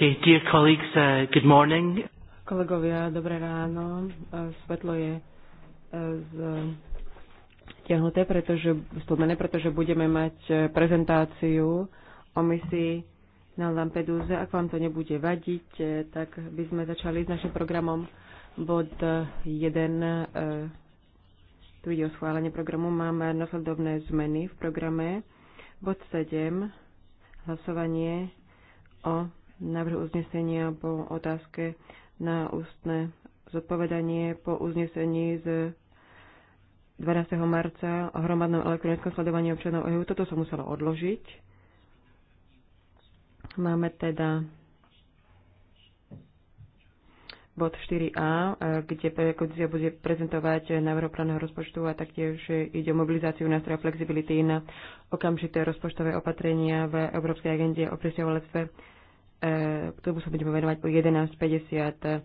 Okay, dear colleagues, uh, good morning. Kolegovia, dobré ráno. E, svetlo je e, z stiahnuté, pretože, studené, pretože budeme mať e, prezentáciu o misii na Lampeduze. Ak vám to nebude vadiť, tak by sme začali s našim programom bod 1. Tu ide o schválenie programu. Máme nasledovné zmeny v programe. Bod 7. Hlasovanie o návrh uznesenia po otázke na ústne zodpovedanie po uznesení z 12. marca o hromadnom elektronickom sledovaní občanov EU. Toto sa muselo odložiť. Máme teda bod 4a, kde komisia bude prezentovať návrh právneho rozpočtu a taktiež ide o mobilizáciu nástroja flexibility na okamžité rozpočtové opatrenia v Európskej agende o presťahovalectve Eh, ktorému sa budeme venovať o 11.50 eh,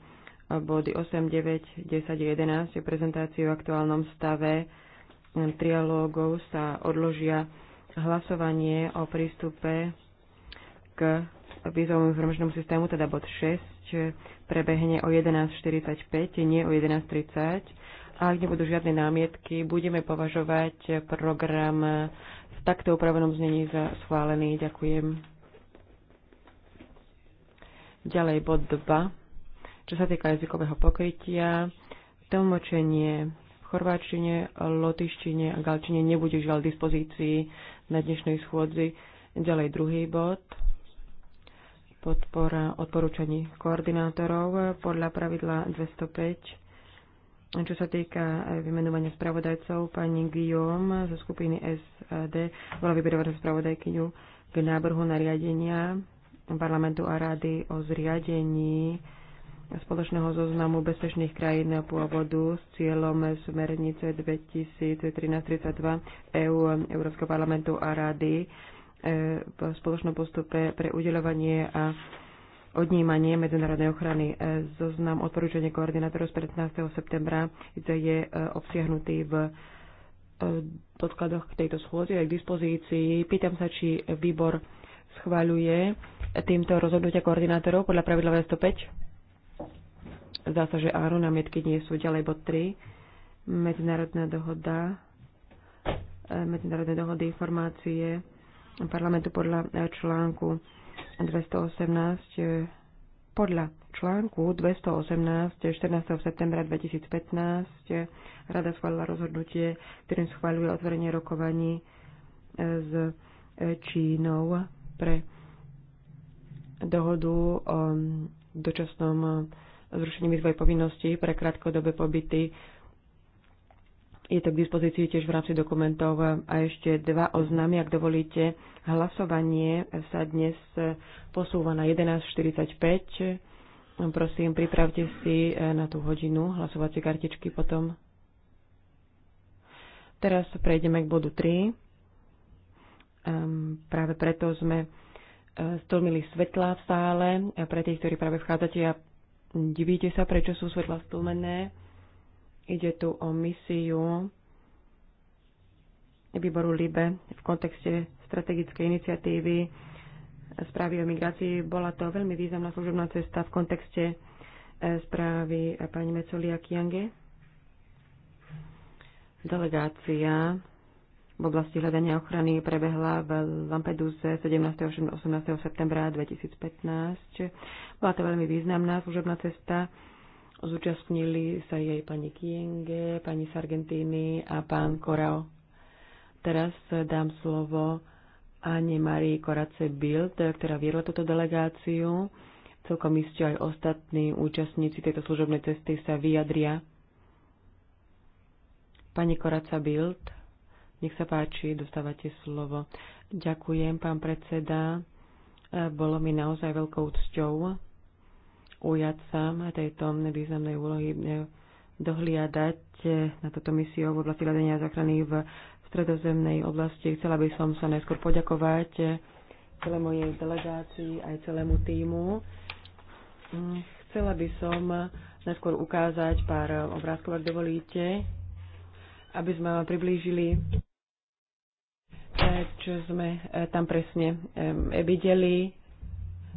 body 8, 9, 10, 11 je prezentáciu o aktuálnom stave eh, trialógov sa odložia hlasovanie o prístupe k vízovom informačnému systému, teda bod 6, prebehne o 11.45, nie o 11.30. A ak nebudú žiadne námietky, budeme považovať program v takto upravenom znení za schválený. Ďakujem. Ďalej bod 2, čo sa týka jazykového pokrytia, tlmočenie v chorváčtine, lotištine a galčine nebude žiaľ dispozícii na dnešnej schôdzi. Ďalej druhý bod, podpora odporúčaní koordinátorov podľa pravidla 205 čo sa týka vymenovania spravodajcov, pani Guillaume zo skupiny SAD bola vyberovaná spravodajkyňu k návrhu nariadenia parlamentu a rady o zriadení spoločného zoznamu bezpečných krajín na pôvodu s cieľom smernice 2013-32 EU Európskeho parlamentu a rady e, v spoločnom postupe pre udeľovanie a odnímanie medzinárodnej ochrany. E, zoznam odporúčania koordinátorov z 15. septembra je e, obsiahnutý v podkladoch k tejto schôdzi aj k dispozícii. Pýtam sa, či výbor schváľuje týmto rozhodnutia koordinátorov podľa pravidla 105. Zdá sa, že áno, námietky nie sú ďalej bod 3. Medzinárodná dohoda, e, medzinárodné dohody, informácie parlamentu podľa e, článku 218 e, podľa článku 218 14. septembra 2015 Rada schválila rozhodnutie, ktorým schváľuje otvorenie rokovaní s Čínou pre dohodu o dočasnom zrušení výzvoj povinností pre krátkodobé pobyty. Je to k dispozícii tiež v rámci dokumentov a ešte dva oznámy, ak dovolíte. Hlasovanie sa dnes posúva na 11.45. Prosím, pripravte si eh, na tú hodinu hlasovacie kartičky potom. Teraz prejdeme k bodu 3. Ehm, práve preto sme e, stlmili svetla v sále pre tých, ktorí práve vchádzate a divíte sa, prečo sú svetla stlmené. Ide tu o misiu výboru LIBE v kontexte strategickej iniciatívy správy o migrácii. Bola to veľmi významná služobná cesta v kontexte e, správy pani Mecolia Kiange. Delegácia v oblasti hľadania ochrany prebehla v Lampeduse 17. 18. septembra 2015. Bola to veľmi významná služobná cesta. Zúčastnili sa jej pani Kienge, pani Sargentini a pán Korao. Teraz dám slovo Anne Marie Korace Bild, ktorá viedla túto delegáciu. Celkom isté aj ostatní účastníci tejto služobnej cesty sa vyjadria. Pani Koraca Bild. Nech sa páči, dostávate slovo. Ďakujem, pán predseda. E, bolo mi naozaj veľkou cťou ujať sa tejto významnej úlohy e, dohliadať e, na toto misiu v oblasti hľadania záchrany v stredozemnej oblasti. Chcela by som sa najskôr poďakovať celé mojej delegácii aj celému týmu. Mm, chcela by som najskôr ukázať pár obrázkov, ak dovolíte, aby sme vám priblížili čo sme e, tam presne e, videli.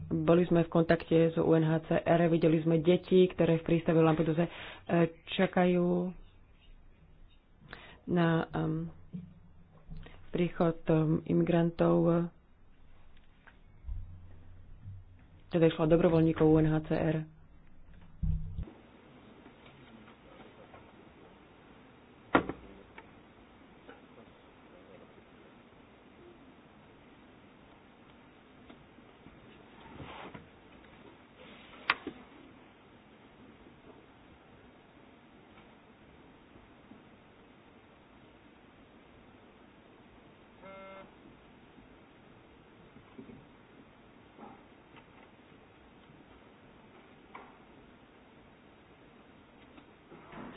Boli sme v kontakte s UNHCR, videli sme deti, ktoré v prístave Lampedusa e, čakajú na príchod imigrantov. Teda išlo dobrovoľníkov UNHCR.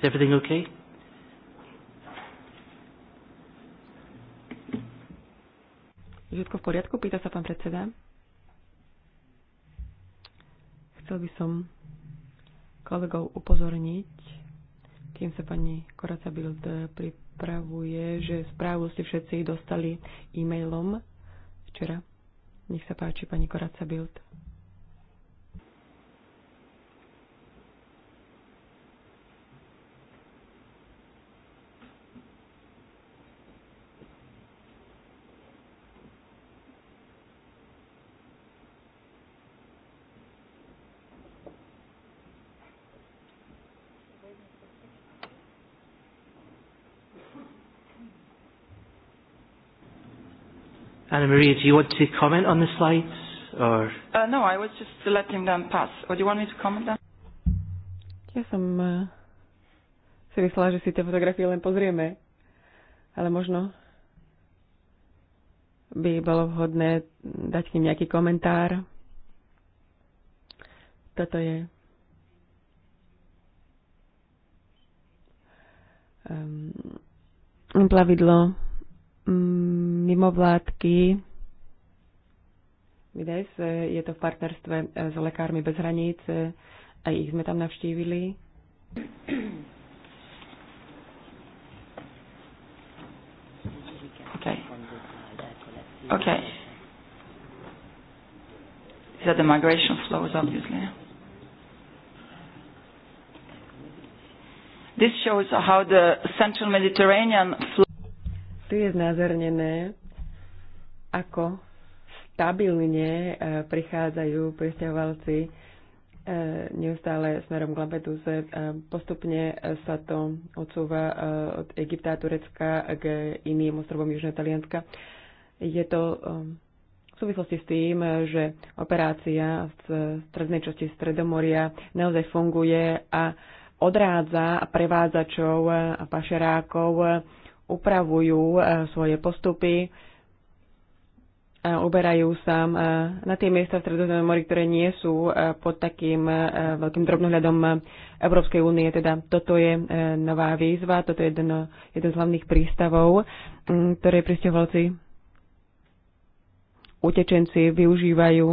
Is everything okay? Všetko v poriadku? Pýta sa pán predseda. Chcel by som kolegov upozorniť, kým sa pani Koraca Bild pripravuje, že správu ste všetci dostali e-mailom včera. Nech sa páči, pani Koraca Bild. Anna Maria, do you want to comment on the slides? Or? Uh, no, I was just letting them pass. Or oh, do you want me to comment them? Ja som uh, si myslela, že si tie fotografie len pozrieme. Ale možno by bolo vhodné dať k nim nejaký komentár. Toto je um, plavidlo Mm, mimovládky MIDES, eh, je to v partnerstve eh, s Lekármi bez hraníc, eh, aj ich sme tam navštívili. OK. Okay. These are the migration flows, obviously. This shows how the central Mediterranean flow tu je znázornené, ako stabilne e, prichádzajú pristahovalci e, neustále smerom k Lampeduse. E, postupne sa to odsúva od Egypta a Turecka k iným ostrovom Južného Talianska. Je to v súvislosti s tým, že operácia v strednej časti Stredomoria naozaj funguje a odrádza prevádzačov a pašerákov upravujú e, svoje postupy, uberajú sa e, na tie miesta v Stredozemnom mori, ktoré nie sú e, pod takým veľkým drobnohľadom Európskej únie. Teda toto je nová výzva, toto je jeden, jeden z hlavných prístavov, ktoré pristahovalci utečenci využívajú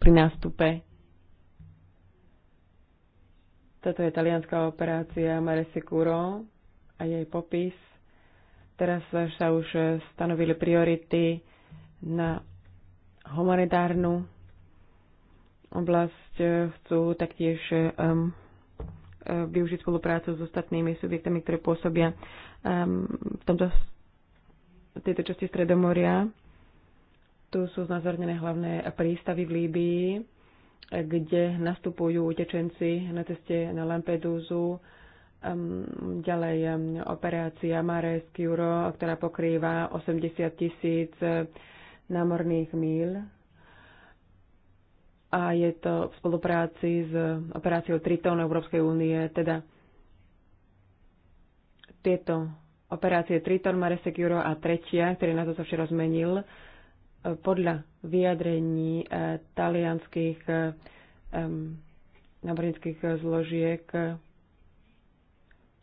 pri nástupe toto je talianská operácia Mare Sicuro a jej popis. Teraz sa už stanovili priority na humanitárnu oblasť. Chcú taktiež um, uh, využiť spoluprácu s ostatnými subjektami, ktoré pôsobia um, v tomto, tejto časti Stredomoria. Tu sú znázornené hlavné prístavy v Líbii, kde nastupujú utečenci na ceste na Lampedúzu ďalej operácia Mare Scuro, ktorá pokrýva 80 tisíc e, námorných míl a je to v spolupráci s operáciou Triton Európskej únie, teda tieto operácie Triton, Mare Securo a tretia, ktorý na to sa včera zmenil, e, podľa vyjadrení e, talianských námornických zložiek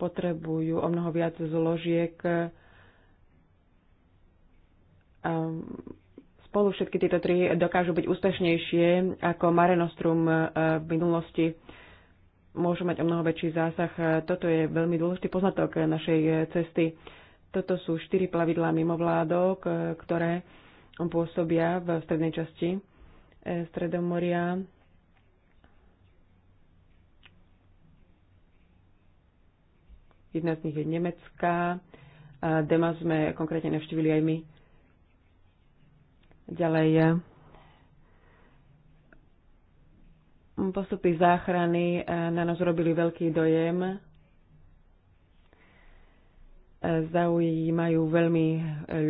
potrebujú o mnoho viac zložiek a spolu všetky tieto tri dokážu byť úspešnejšie ako Marenostrum e, v minulosti môžu mať o mnoho väčší zásah. Toto je veľmi dôležitý poznatok našej cesty. Toto sú štyri plavidlá mimovládok, e, ktoré pôsobia v strednej časti e, Stredomoria. Jedna z nich je nemecká. Dema sme konkrétne navštívili aj my. Ďalej e, postupy záchrany e, na nás robili veľký dojem. E, zaujímajú veľmi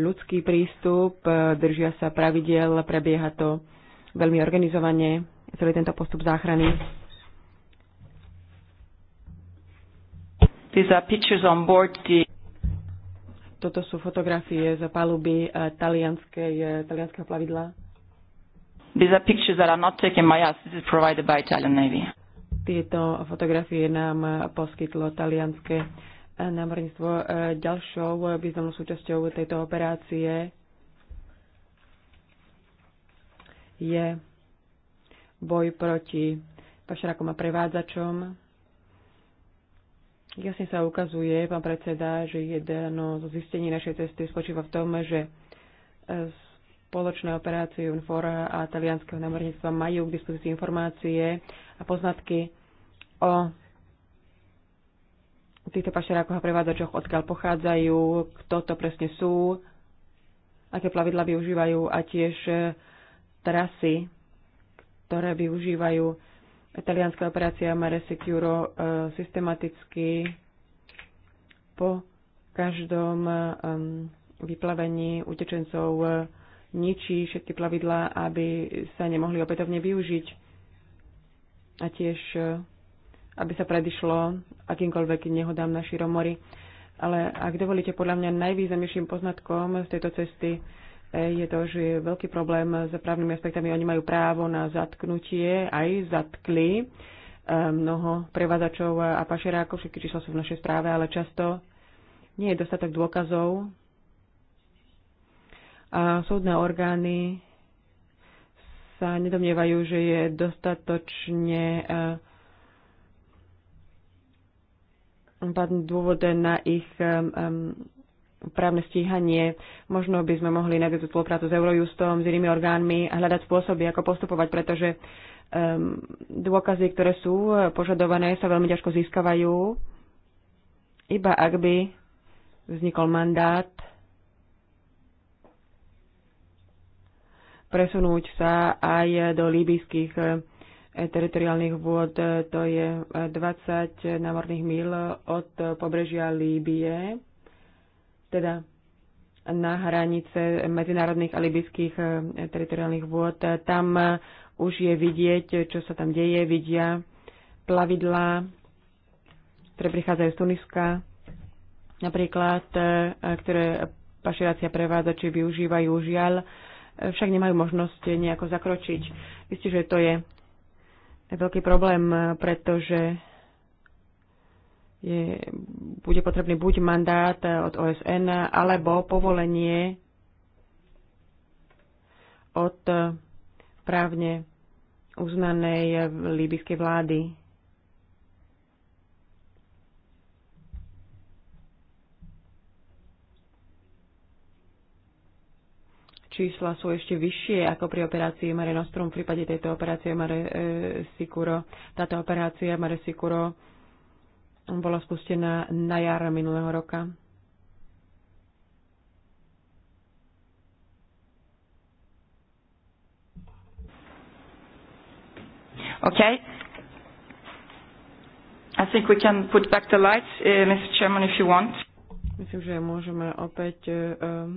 ľudský prístup, držia sa pravidel, prebieha to veľmi organizovane, celý tento postup záchrany. These are pictures on board the toto sú fotografie z paluby e, talianskej, e, talianského plavidla. These are pictures that are not taken by us. This is provided by Italian Navy. Tieto fotografie nám e, poskytlo talianské námorníctvo. Ďalšou významnou súčasťou tejto operácie je boj proti pašerakom a prevádzačom. Jasne sa ukazuje, pán predseda, že jedno zo zistení našej cesty spočíva v tom, že e, spoločné operácie UNFOR a talianského námorníctva majú k dispozícii informácie a poznatky o týchto pašerákoch a prevádzačoch, odkiaľ pochádzajú, kto to presne sú, aké plavidla využívajú a tiež e, trasy, ktoré využívajú italianská operácia Mare Securo e, systematicky po každom e, vyplavení utečencov e, ničí všetky plavidlá, aby sa nemohli opätovne využiť a tiež aby sa predišlo akýmkoľvek nehodám na širom mori. Ale ak dovolíte, podľa mňa najvýznamnejším poznatkom z tejto cesty je to, že je veľký problém s právnymi aspektami. Oni majú právo na zatknutie, aj zatkli eh, mnoho prevádzačov a pašerákov, všetky čísla sú v našej správe, ale často nie je dostatok dôkazov a súdne orgány sa nedomnievajú, že je dostatočne eh, dôvod na ich um, právne stíhanie. Možno by sme mohli nadviazať spoluprácu s Eurojustom, s inými orgánmi a hľadať spôsoby, ako postupovať, pretože um, dôkazy, ktoré sú požadované, sa veľmi ťažko získavajú, iba ak by vznikol mandát presunúť sa aj do líbyských eh, teritoriálnych vôd, to je 20 eh, námorných míl od pobrežia Líbie teda na hranice medzinárodných a libyských eh, teritoriálnych vôd. Tam eh, už je vidieť, čo sa tam deje, vidia plavidlá, ktoré prichádzajú z Tuniska, napríklad, eh, ktoré pašerácia prevádzači využívajú žiaľ, však nemajú možnosť nejako zakročiť. Isté, že to je veľký problém, pretože je, bude potrebný buď mandát eh, od OSN alebo povolenie od eh, právne uznanej eh, líbyskej vlády. Čísla sú ešte vyššie ako pri operácii Mare Nostrum. V prípade tejto operácie Mare e, Sicuro, táto operácia Mare Sicuro bola spustená na jar minulého roka. OK. I think we can put back the lights, uh, eh, Mr. Chairman, if you want. Myslím, že môžeme opäť uh,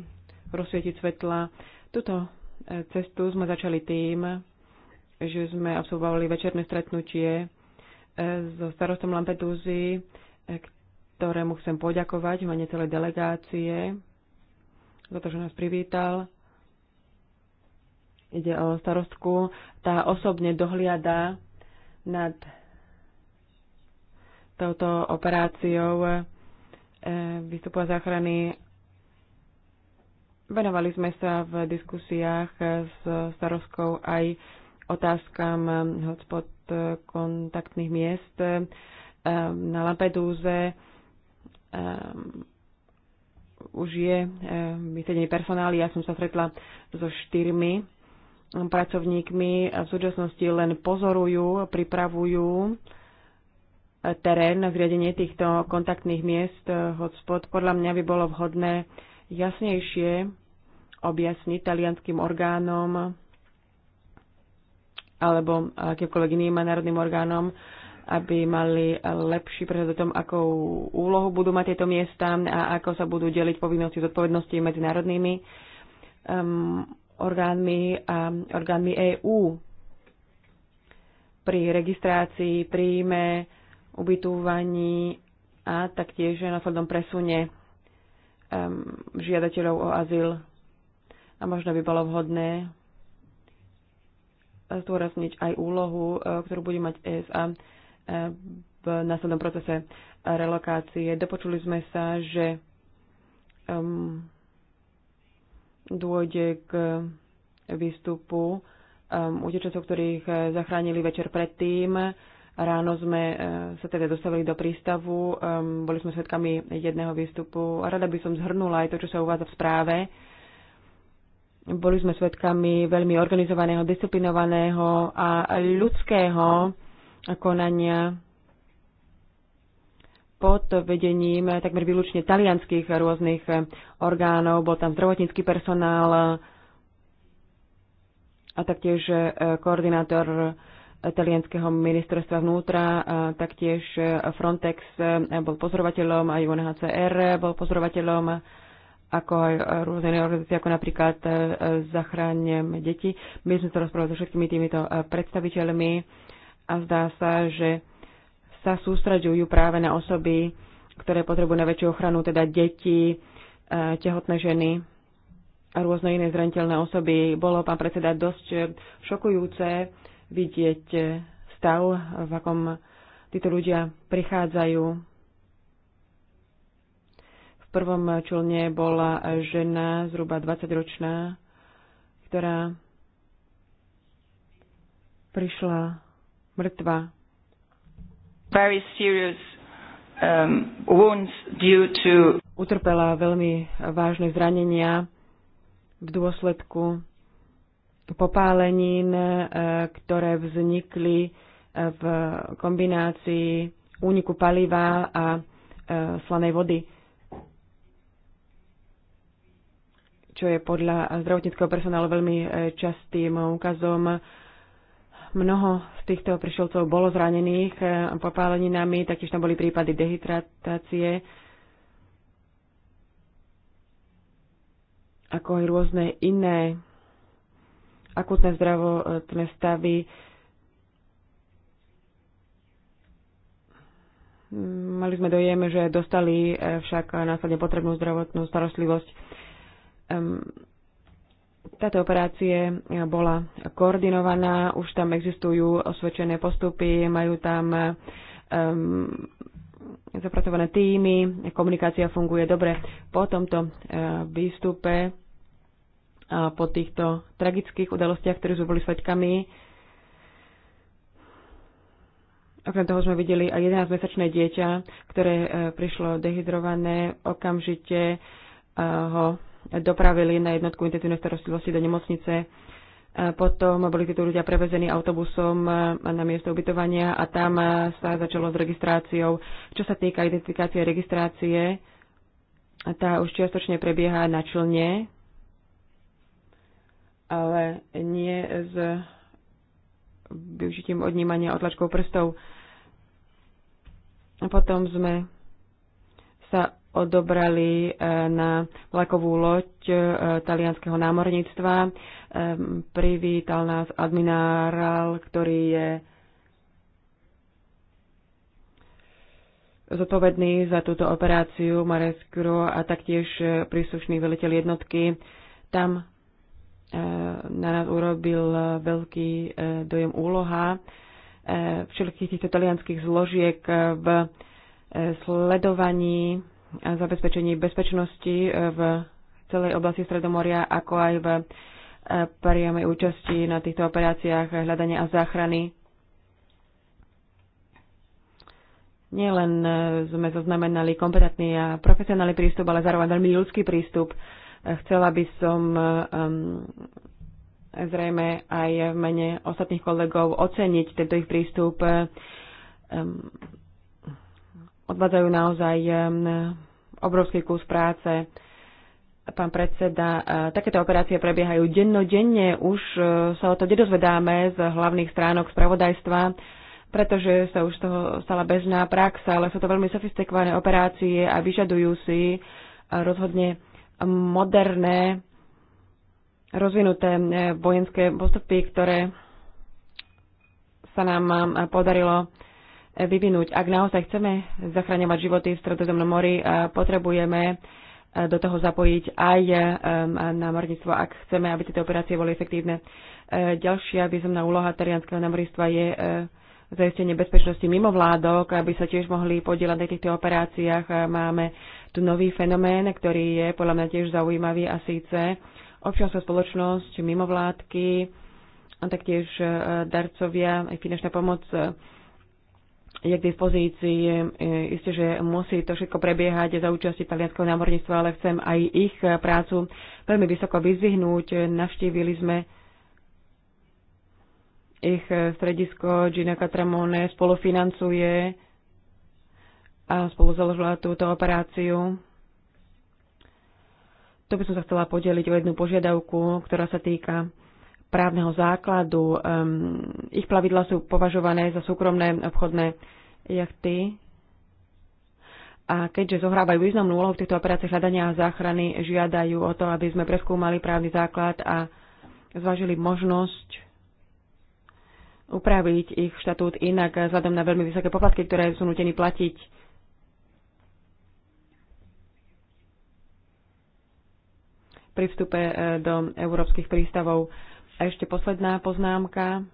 rozsvietiť svetla. Tuto cestu sme začali tým, že sme absolvovali večerné stretnutie so starostom Lampedúzy, e, ktorému chcem poďakovať v mene celej delegácie za to, že nás privítal. Ide o starostku. Tá osobne dohliada nad touto operáciou e, výstupu a záchrany. Venovali sme sa v diskusiách s starostkou aj otázkam hotspot kontaktných miest eh, na Lampedúze. Eh, už je eh, vysedený personál, ja som sa stretla so štyrmi pracovníkmi a v súčasnosti len pozorujú, pripravujú terén na zriadenie týchto kontaktných miest hotspot. Podľa mňa by bolo vhodné jasnejšie objasniť talianským orgánom, alebo akýmkoľvek iným národným orgánom, aby mali lepší prehľad o tom, akou úlohu budú mať tieto miesta a ako sa budú deliť povinnosti zodpovednosti medzi národnými um, orgánmi a orgánmi EÚ pri registrácii, príjme, ubytúvaní a taktiež následnom presune um, žiadateľov o azyl. A možno by bolo vhodné zdôrazniť aj úlohu, e, ktorú bude mať ESA e, v následnom procese relokácie. Dopočuli sme sa, že um, dôjde k výstupu um, utečencov, ktorých e, zachránili večer predtým. Ráno sme uh, sa teda dostavili do prístavu, um, boli sme svedkami jedného výstupu. Rada by som zhrnula aj to, čo sa uvádza v správe. Uh, boli sme svedkami veľmi organizovaného, disciplinovaného a ľudského konania pod vedením takmer výlučne talianských rôznych orgánov. Bol tam zdravotnícky personál a taktiež e, koordinátor talianského ministerstva vnútra, taktiež Frontex e, bol pozorovateľom a UNHCR bol pozorovateľom ako aj rôzne iné organizácie, ako napríklad e, Zachránim deti. My sme sa rozprávali so všetkými týmito e, predstaviteľmi a zdá sa, že sa sústraďujú práve na osoby, ktoré potrebujú najväčšiu ochranu, teda deti, e, tehotné ženy a rôzne iné zraniteľné osoby. Bolo, pán predseda, dosť šokujúce vidieť stav, v akom títo ľudia prichádzajú prvom člne bola žena, zhruba 20-ročná, ktorá prišla mŕtva. Very serious um, wounds due to... Utrpela veľmi vážne zranenia v dôsledku popálenín, eh, ktoré vznikli eh, v kombinácii úniku paliva a eh, slanej vody. čo je podľa zdravotníckého personálu veľmi e, častým úkazom. Mnoho z týchto prišielcov bolo zranených e, popáleninami, taktiež tam boli prípady dehydratácie, ako aj rôzne iné akutné zdravotné stavy. Mali sme dojem, že dostali e, však následne potrebnú zdravotnú starostlivosť. Táto operácie eh, bola koordinovaná, už tam existujú osvedčené postupy, majú tam um, zapracované týmy, komunikácia funguje dobre. Po tomto eh, výstupe, po týchto tragických udalostiach, ktoré sú boli svedkami, Okrem toho sme videli aj 11-mesačné dieťa, ktoré eh, prišlo dehydrované, okamžite ho dopravili na jednotku intenzívnej starostlivosti do nemocnice. E, potom boli títo ľudia prevezení autobusom e, na miesto ubytovania a tam e, sa začalo s registráciou. Čo sa týka identifikácie a registrácie, tá už čiastočne prebieha na člne, ale nie s využitím odnímania otlačkov prstov. A potom sme sa odobrali e, na vlakovú loď e, talianského námorníctva. E, privítal nás admirál, ktorý je zodpovedný za túto operáciu Mareskro a taktiež príslušný veliteľ jednotky. Tam na nás urobil veľký dojem úloha všetkých týchto talianských zložiek v sledovaní zabezpečení bezpečnosti e, v celej oblasti Stredomoria, ako aj v e, priamej účasti na týchto operáciách hľadania a záchrany. Nielen e, sme zaznamenali kompetentný a profesionálny prístup, ale zároveň veľmi ľudský prístup. Chcela by som zrejme aj v mene ostatných kolegov oceniť tento ich prístup. Odvádzajú naozaj obrovský kus práce. Pán predseda, e, takéto operácie prebiehajú dennodenne, už e, sa o to nedozvedáme z hlavných stránok spravodajstva, pretože sa už z toho stala bežná prax, ale sú to veľmi sofistikované operácie a vyžadujú si e, rozhodne moderné, rozvinuté vojenské postupy, ktoré sa nám podarilo vyvinúť. Ak naozaj chceme zachraňovať životy v Stredozemnom mori, eh, potrebujeme eh, do toho zapojiť aj eh, námorníctvo, ak chceme, aby tieto operácie boli efektívne. Ďalšia významná úloha talianského námorníctva je zaistenie bezpečnosti mimo vládok, aby sa tiež mohli podielať na týchto operáciách. Máme tu nový fenomén, ktorý je podľa mňa tiež zaujímavý a síce občianská spoločnosť, mimovládky, a taktiež darcovia, aj finančná pomoc je k dispozícii. Isté, že musí to všetko prebiehať za účasti talianského námorníctva, ale chcem aj ich prácu veľmi vysoko vyzvihnúť. Navštívili sme ich stredisko Gina Catramone spolufinancuje a spolu založila túto operáciu. To by som sa chcela podeliť o jednu požiadavku, ktorá sa týka právneho základu. Um, ich plavidla sú považované za súkromné obchodné jachty. A keďže zohrávajú významnú úlohu v týchto operáciách hľadania a záchrany, žiadajú o to, aby sme preskúmali právny základ a zvažili možnosť upraviť ich štatút inak vzhľadom na veľmi vysoké poplatky, ktoré sú nutení platiť. pri vstupe e, do európskych prístavov. A ešte posledná poznámka.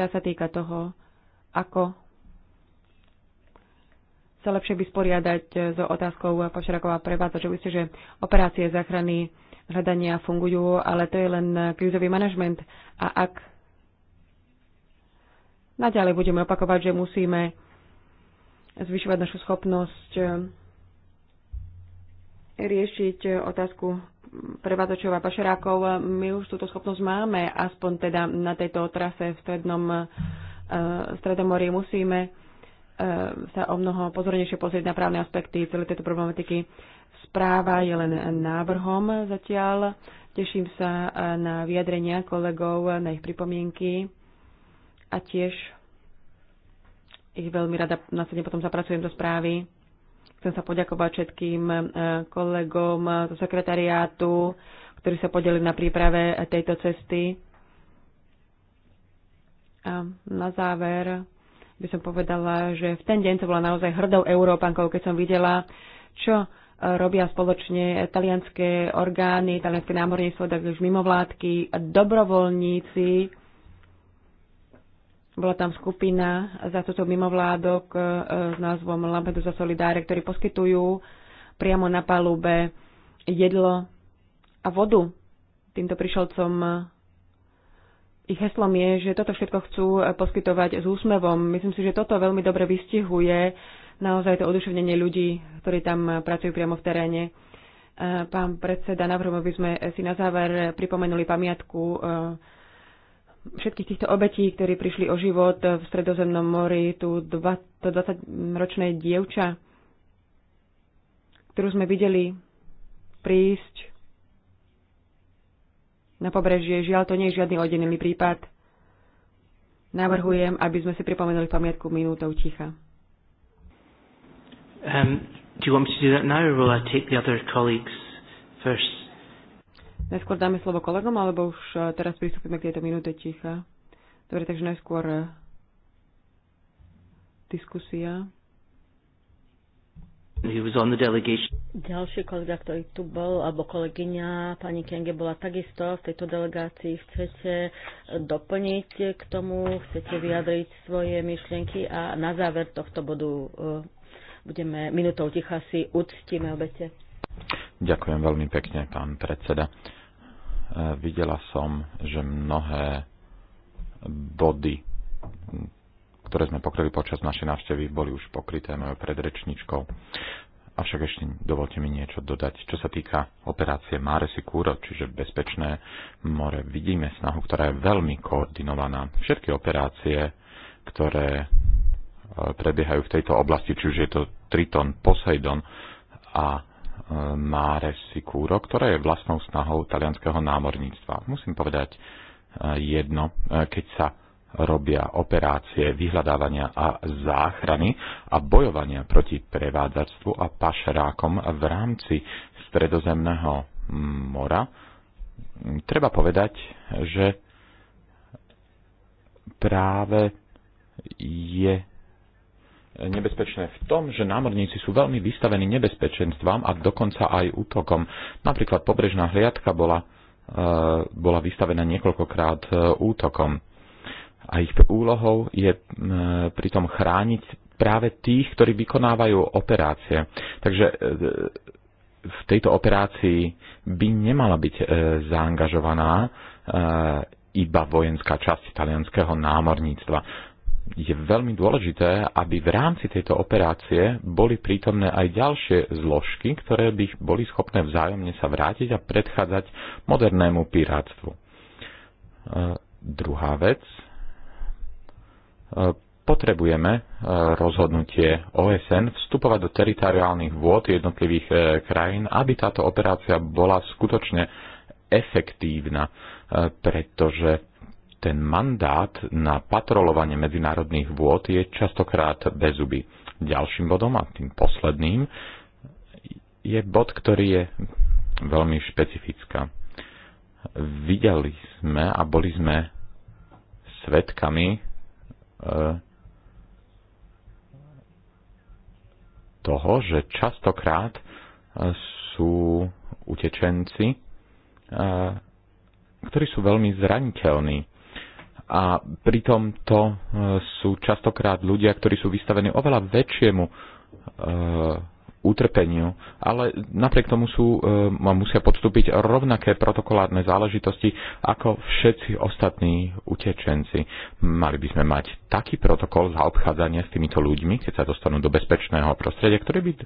Tá sa týka toho, ako sa lepšie vysporiadať eh, s otázkou eh, pašerakova prevádza. Že myslíte, že operácie záchrany hľadania fungujú, ale to je len eh, krízový manažment. A ak naďalej budeme opakovať, že musíme zvyšovať našu schopnosť riešiť otázku prevádzačov a pašerákov. My už túto schopnosť máme, aspoň teda na tejto trase v strednom eh, Stredomorí musíme eh, sa o mnoho pozornejšie pozrieť na právne aspekty celej tejto problematiky. Správa je len návrhom zatiaľ. Teším sa eh, na vyjadrenia kolegov, na ich pripomienky a tiež ich veľmi rada následne potom zapracujem do správy. Chcem sa poďakovať všetkým e, kolegom zo sekretariátu, ktorí sa podelili na príprave tejto cesty. A na záver by som povedala, že v ten deň to bola naozaj hrdou Európankou, keď som videla, čo e, robia spoločne talianské orgány, talianské námorníctvo, takže už mimovládky, dobrovoľníci, bola tam skupina toto mimovládok e, s názvom za Solidáre, ktorí poskytujú priamo na palube jedlo a vodu týmto prišelcom. Ich heslom je, že toto všetko chcú poskytovať s úsmevom. Myslím si, že toto veľmi dobre vystihuje naozaj to oduševnenie ľudí, ktorí tam pracujú priamo v teréne. E, pán predseda, navrhujem, aby sme si na záver pripomenuli pamiatku e, všetkých týchto obetí, ktorí prišli o život v Stredozemnom mori, tú 20-ročné dievča, ktorú sme videli prísť na pobrežie. Žiaľ, to nie je žiadny odenilý prípad. Navrhujem, aby sme si pripomenuli pamiatku minútou ticha. Um, do you want me to do that now, or will I take the other colleagues first? Najskôr dáme slovo kolegom, alebo už eh, teraz pristúpime k tejto minúte ticha. Dobre, takže najskôr eh, diskusia. Ďalší kolega, ktorý tu bol, alebo kolegyňa, pani Kenge bola takisto v tejto delegácii. Chcete eh, doplniť k tomu, chcete vyjadriť svoje myšlienky a na záver tohto bodu budeme minutou ticha si uctíme obete. Ďakujem veľmi pekne, pán predseda. E, videla som, že mnohé body, ktoré sme pokryli počas našej návštevy, boli už pokryté mojou predrečničkou. Avšak ešte dovolte mi niečo dodať, čo sa týka operácie Mare Sicuro, čiže bezpečné more. Vidíme snahu, ktorá je veľmi koordinovaná. Všetky operácie, ktoré e, prebiehajú v tejto oblasti, či už je to Triton, Poseidon a Mare Sicuro, ktoré je vlastnou snahou talianského námorníctva. Musím povedať eh, jedno, eh, keď sa robia operácie vyhľadávania a záchrany a bojovania proti prevádzačstvu a pašerákom v rámci Stredozemného mm, mora. Mm, treba povedať, že práve je nebezpečné v tom, že námorníci sú veľmi vystavení nebezpečenstvám a dokonca aj útokom. Napríklad pobrežná hliadka bola, eh, bola vystavená niekoľkokrát eh, útokom. A ich úlohou je eh, pritom chrániť práve tých, ktorí vykonávajú operácie. Takže v tejto operácii by nemala byť zaangažovaná iba vojenská časť talianského námorníctva je veľmi dôležité, aby v rámci tejto operácie boli prítomné aj ďalšie zložky, ktoré by boli schopné vzájomne sa vrátiť a predchádzať modernému pirátstvu. E, druhá vec. E, potrebujeme e, rozhodnutie OSN vstupovať do teritoriálnych vôd jednotlivých krajín, aby táto operácia bola skutočne efektívna, pretože ten mandát na patrolovanie medzinárodných vôd je častokrát bezuby. Ďalším bodom a tým posledným je bod, ktorý je veľmi špecifická. Videli sme a boli sme svetkami e, toho, že častokrát e, sú utečenci, e, ktorí sú veľmi zraniteľní a pritom to e, sú častokrát ľudia, ktorí sú vystavení oveľa väčšiemu e, utrpeniu, ale napriek tomu sú, e, musia podstúpiť rovnaké protokolárne záležitosti ako všetci ostatní utečenci. Mali by sme mať taký protokol za obchádzanie s týmito ľuďmi, keď sa dostanú do bezpečného prostredia, ktorý by e,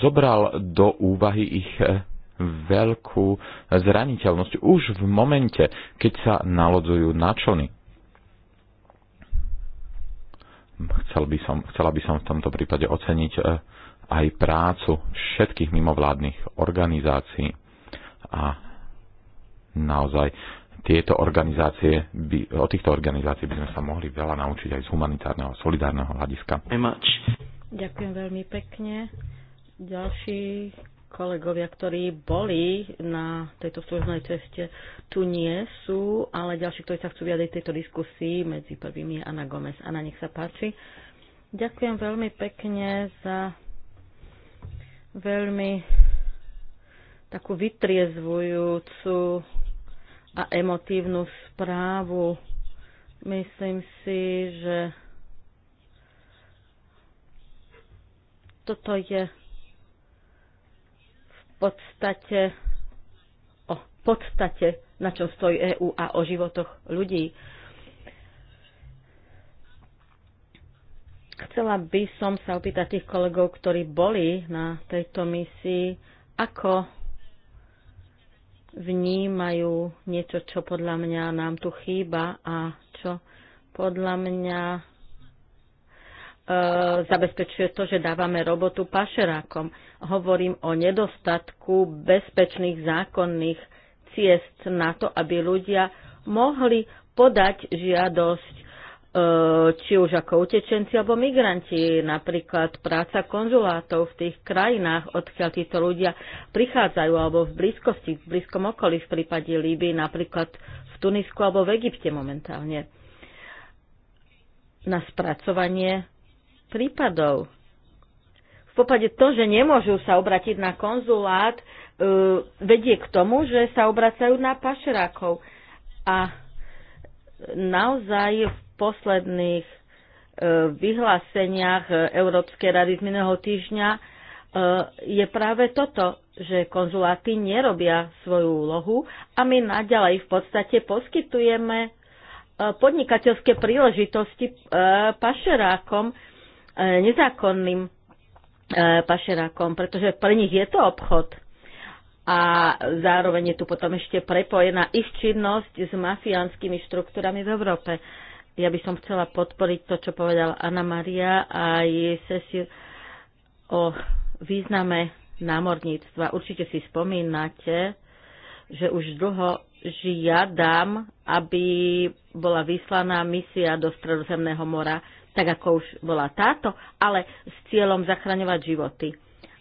zobral do úvahy ich e, veľkú zraniteľnosť už v momente, keď sa nalodzujú na člny. Chcel by som, chcela by som v tomto prípade oceniť eh, aj prácu všetkých mimovládnych organizácií a naozaj tieto organizácie by, o týchto organizácií by sme sa mohli veľa naučiť aj z humanitárneho, solidárneho hľadiska. Ďakujem veľmi pekne. Ďalší kolegovia, ktorí boli na tejto služnej ceste, tu nie sú, ale ďalší, ktorí sa chcú vyjadriť tejto diskusii, medzi prvými je Ana Gomez. Ana, nech sa páči. Ďakujem veľmi pekne za veľmi takú vytriezvujúcu a emotívnu správu. Myslím si, že toto je podstate o podstate, na čom stojí EÚ a o životoch ľudí. Chcela by som sa opýtať tých kolegov, ktorí boli na tejto misii, ako vnímajú niečo, čo podľa mňa nám tu chýba a čo podľa mňa E, zabezpečuje to, že dávame robotu pašerákom. Hovorím o nedostatku bezpečných zákonných ciest na to, aby ľudia mohli podať žiadosť e, či už ako utečenci alebo migranti, napríklad práca konzulátov v tých krajinách, odkiaľ títo ľudia prichádzajú, alebo v blízkosti, v blízkom okolí, v prípade Líby, napríklad v Tunisku alebo v Egypte momentálne. Na spracovanie prípadov. V popade to, že nemôžu sa obratiť na konzulát, e, vedie k tomu, že sa obracajú na pašerákov. A naozaj v posledných e, vyhláseniach Európskej rady z minulého týždňa e, je práve toto, že konzuláty nerobia svoju úlohu a my naďalej v podstate poskytujeme podnikateľské príležitosti pašerákom, E, nezákonným e, pašerákom, pretože pre nich je to obchod a zároveň je tu potom ešte prepojená ich činnosť s mafiánskymi štruktúrami v Európe. Ja by som chcela podporiť to, čo povedala Anna Maria a jej sesiu o význame námorníctva. Určite si spomínate, že už dlho žiadam, aby bola vyslaná misia do Stredozemného mora tak ako už bola táto, ale s cieľom zachraňovať životy.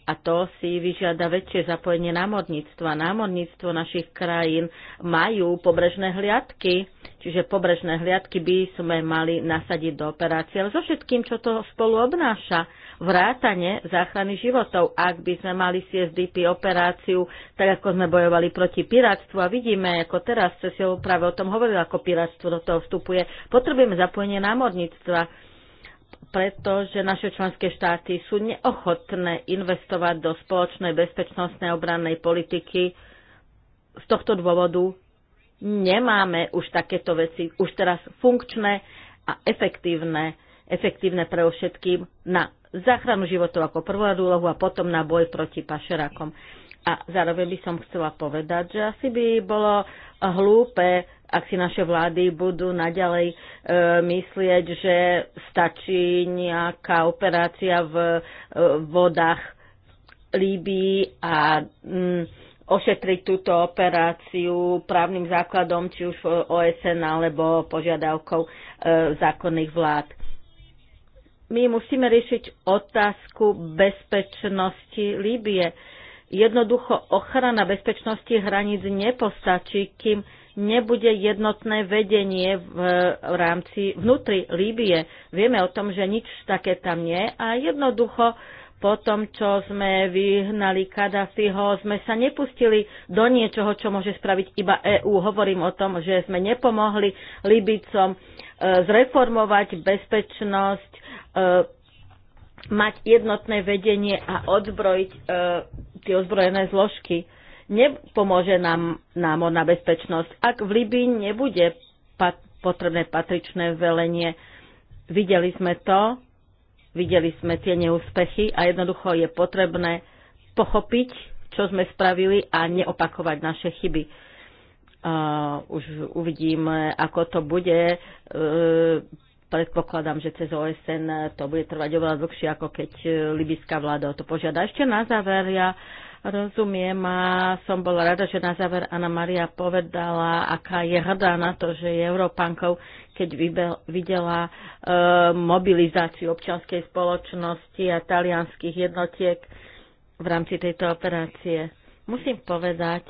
A to si vyžiada väčšie zapojenie námorníctva. Námorníctvo našich krajín majú pobrežné hliadky, čiže pobrežné hliadky by sme mali nasadiť do operácie, ale so všetkým, čo to spolu obnáša. Vrátane záchrany životov, ak by sme mali CSDP operáciu, tak ako sme bojovali proti piráctvu a vidíme, ako teraz si práve o tom hovoril, ako pirátstvo do toho vstupuje, potrebujeme zapojenie námorníctva pretože naše členské štáty sú neochotné investovať do spoločnej bezpečnostnej obrannej politiky. Z tohto dôvodu nemáme už takéto veci, už teraz funkčné a efektívne, efektívne pre všetkým na záchranu životov ako prvú úlohu a potom na boj proti pašerakom. A zároveň by som chcela povedať, že asi by bolo hlúpe ak si naše vlády budú naďalej e, myslieť, že stačí nejaká operácia v e, vodách Líbii a mm, ošetriť túto operáciu právnym základom, či už OSN alebo požiadavkou e, zákonných vlád. My musíme riešiť otázku bezpečnosti Líbie. Jednoducho ochrana bezpečnosti hraníc nepostačí, kým nebude jednotné vedenie v rámci vnútri Líbie. Vieme o tom, že nič také tam nie a jednoducho po tom, čo sme vyhnali Kadafiho, sme sa nepustili do niečoho, čo môže spraviť iba EÚ. Hovorím o tom, že sme nepomohli Libicom e, zreformovať bezpečnosť, e, mať jednotné vedenie a odbrojiť e, tie ozbrojené zložky nepomôže nám námorná bezpečnosť, ak v Libii nebude pat- potrebné patričné velenie. Videli sme to, videli sme tie neúspechy a jednoducho je potrebné pochopiť, čo sme spravili a neopakovať naše chyby. Uh, už uvidíme, ako to bude. Uh, predpokladám, že cez OSN to bude trvať oveľa dlhšie, ako keď e, libyská vláda o to požiada. Ešte na záver ja uh, Rozumiem a som bola rada, že na záver Anna Maria povedala, aká je hrdá na to, že je Európankou, keď videla e, mobilizáciu občianskej spoločnosti a talianských jednotiek v rámci tejto operácie. Musím povedať,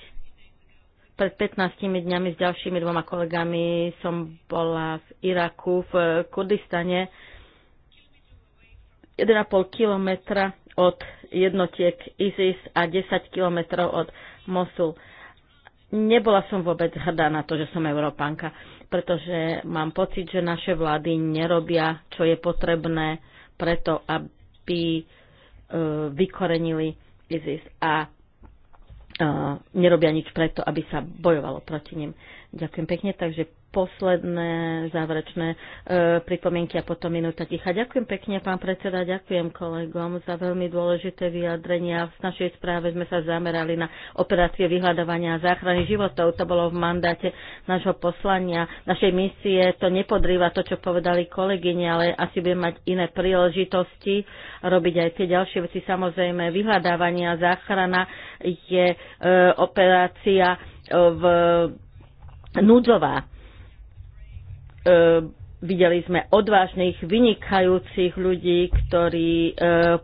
pred 15 dňami s ďalšími dvoma kolegami som bola v Iraku, v Kurdistane, 1,5 kilometra od jednotiek ISIS a 10 kilometrov od Mosul. Nebola som vôbec hrdá na to, že som Európanka, pretože mám pocit, že naše vlády nerobia, čo je potrebné preto, aby e, vykorenili ISIS a e, nerobia nič preto, aby sa bojovalo proti nim. Ďakujem pekne, takže posledné záverečné e, pripomienky a potom minúta ticha. Ďakujem pekne, pán predseda, ďakujem kolegom za veľmi dôležité vyjadrenia. V našej správe sme sa zamerali na operácie vyhľadávania a záchrany životov. To bolo v mandáte nášho poslania, našej misie. To nepodrýva to, čo povedali kolegyne, ale asi budeme mať iné príležitosti robiť aj tie ďalšie veci. Samozrejme, vyhľadávania a záchrana je e, operácia e, v núdzová E, videli sme odvážnych, vynikajúcich ľudí, ktorí e,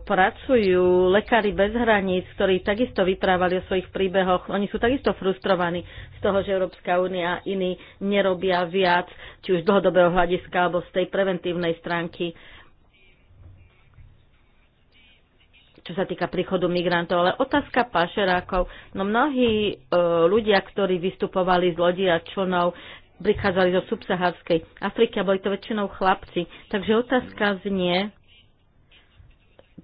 pracujú, lekári bez hraníc, ktorí takisto vyprávali o svojich príbehoch. Oni sú takisto frustrovaní z toho, že Európska únia a iní nerobia viac, či už z dlhodobého hľadiska alebo z tej preventívnej stránky. čo sa týka príchodu migrantov, ale otázka pašerákov. No mnohí e, ľudia, ktorí vystupovali z lodi a člnov, prichádzali zo subsahárskej Afriky a boli to väčšinou chlapci. Takže otázka znie,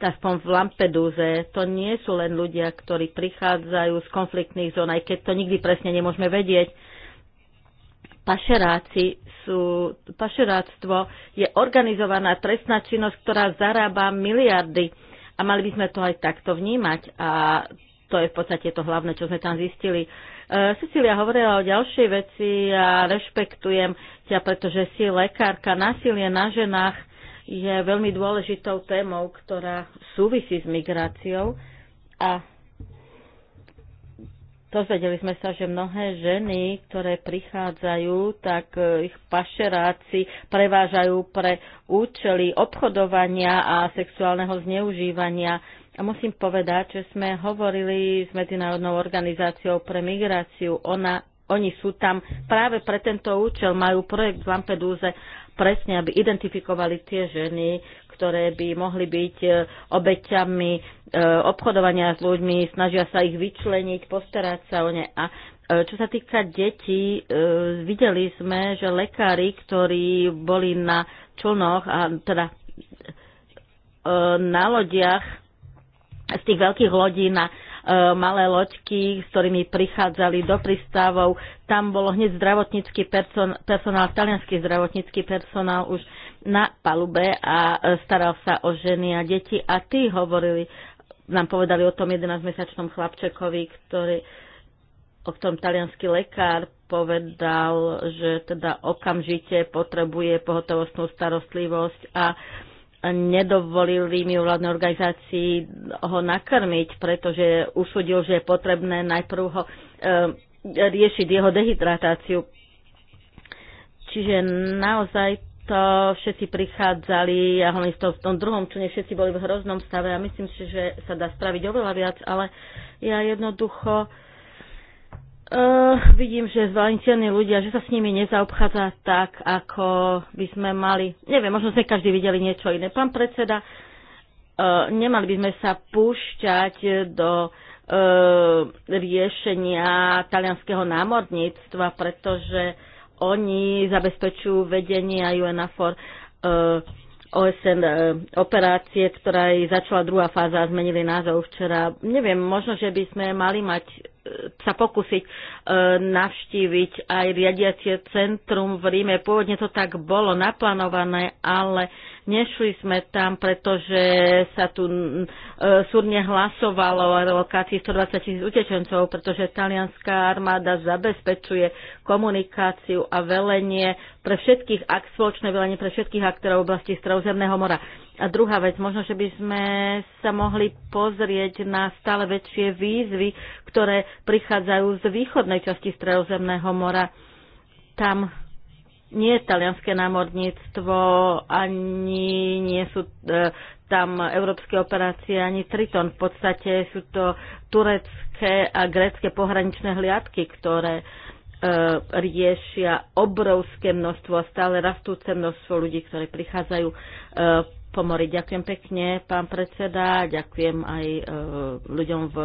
aspoň v Lampedúze, to nie sú len ľudia, ktorí prichádzajú z konfliktných zón, aj keď to nikdy presne nemôžeme vedieť. Pašeráci sú, pašeráctvo je organizovaná trestná činnosť, ktorá zarába miliardy a mali by sme to aj takto vnímať a to je v podstate to hlavné, čo sme tam zistili. Uh, E, Cecília hovorila o ďalšej veci a rešpektujem ťa, pretože si lekárka. Násilie na ženách je veľmi dôležitou témou, ktorá súvisí s migráciou a Dozvedeli sme sa, že mnohé ženy, ktoré prichádzajú, tak e, ich pašeráci prevážajú pre účely obchodovania a sexuálneho zneužívania a musím povedať, že sme hovorili s Medzinárodnou organizáciou pre migráciu. Ona, oni sú tam práve pre tento účel, majú projekt v Lampedúze presne, aby identifikovali tie ženy, ktoré by mohli byť e, obeťami e, obchodovania s ľuďmi, snažia sa ich vyčleniť, postarať sa o ne. A e, čo sa týka detí, videli sme, že lekári, ktorí boli na člnoch, a teda na lodiach, z tých veľkých lodí na e, malé loďky, s ktorými prichádzali do prístavov. Tam bolo hneď zdravotnícky person, personál, talianský zdravotnícky personál už na palube a e, staral sa o ženy a deti. A tí hovorili, nám povedali o tom 11-mesačnom chlapčekovi, ktorý, o ktorom talianský lekár povedal, že teda okamžite potrebuje pohotovostnú starostlivosť a nedovolili mimovládnej organizácii ho nakrmiť, pretože usúdil, že je potrebné najprv ho e, riešiť jeho dehydratáciu. Čiže naozaj to všetci prichádzali a hlavne v tom druhom čune všetci boli v hroznom stave a myslím si, že sa dá spraviť oveľa viac, ale ja jednoducho E, Uh, vidím, že zraniteľní ľudia, že sa s nimi nezaobchádza tak, ako by sme mali. Neviem, možno sme každý videli niečo iné. Pán predseda, uh, nemali by sme sa púšťať do uh, riešenia talianského námorníctva, pretože oni zabezpečujú vedenie a UNAFOR uh, OSN e, operácie, ktorá začala druhá fáza a zmenili názov včera. Neviem, možno, že by sme mali mať e, sa pokúsiť e, navštíviť aj riadiacie centrum v Ríme. Pôvodne to tak bolo naplánované, ale Nešli sme tam, pretože sa tu e, súdne hlasovalo o relokácii 120 tisíc utečencov, pretože talianská armáda zabezpečuje komunikáciu a velenie pre všetkých, ak spoločné velenie pre všetkých aktérov v oblasti Stredozemného mora. A druhá vec, možno, že by sme sa mohli pozrieť na stále väčšie výzvy, ktoré prichádzajú z východnej časti Stredozemného mora. Tam nie je talianské námorníctvo, ani nie sú e, tam európske operácie, ani Triton. V podstate sú to turecké a grécké pohraničné hliadky, ktoré e, riešia obrovské množstvo a stále rastúce množstvo ľudí, ktorí prichádzajú e, po mori. Ďakujem pekne, pán predseda, ďakujem aj e, ľuďom v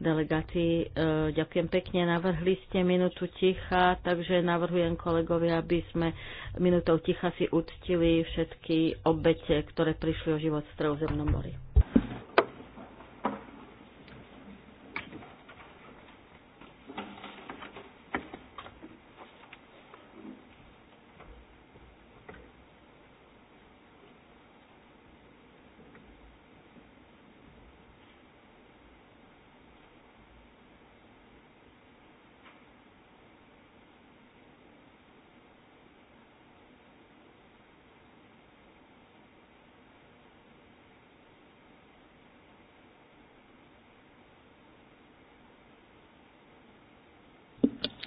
delegácii. E, ďakujem pekne, navrhli ste minútu ticha, takže navrhujem kolegovi, aby sme minútou ticha si uctili všetky obete, ktoré prišli o život v Stredozemnom mori.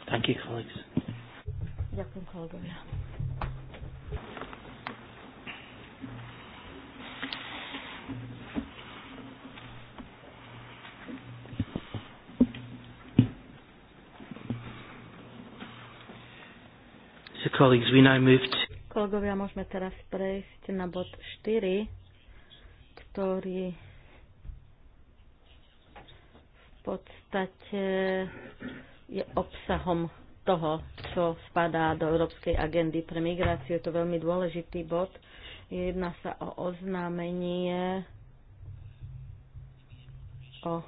Thank you, colleagues. Ďakujem kolegovia. So colleagues, we now move to kolegovia, môžeme teraz prejsť na bod 4, ktorý v podstate je obsahom toho, čo spadá do Európskej agendy pre migráciu. Je to veľmi dôležitý bod. Jedná sa o oznámenie o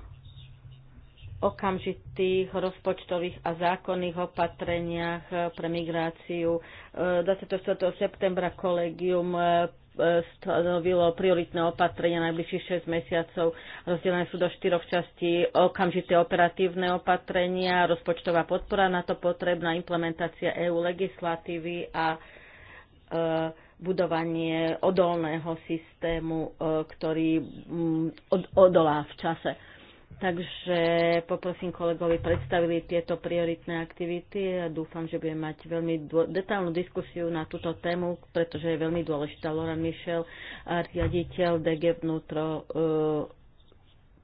okamžitých rozpočtových a zákonných opatreniach pre migráciu. E, 24. septembra kolegium stanovilo prioritné opatrenia najbližších 6 mesiacov. Rozdelené sú do štyroch častí okamžité operatívne opatrenia, rozpočtová podpora na to potrebná, implementácia EU legislatívy a e, budovanie odolného systému, e, ktorý m, od, odolá v čase. Takže poprosím kolegovi, predstavili tieto prioritné aktivity a dúfam, že budeme mať veľmi detálnu diskusiu na túto tému, pretože je veľmi dôležitá. Laura Michel, riaditeľ DG Vnútro, e,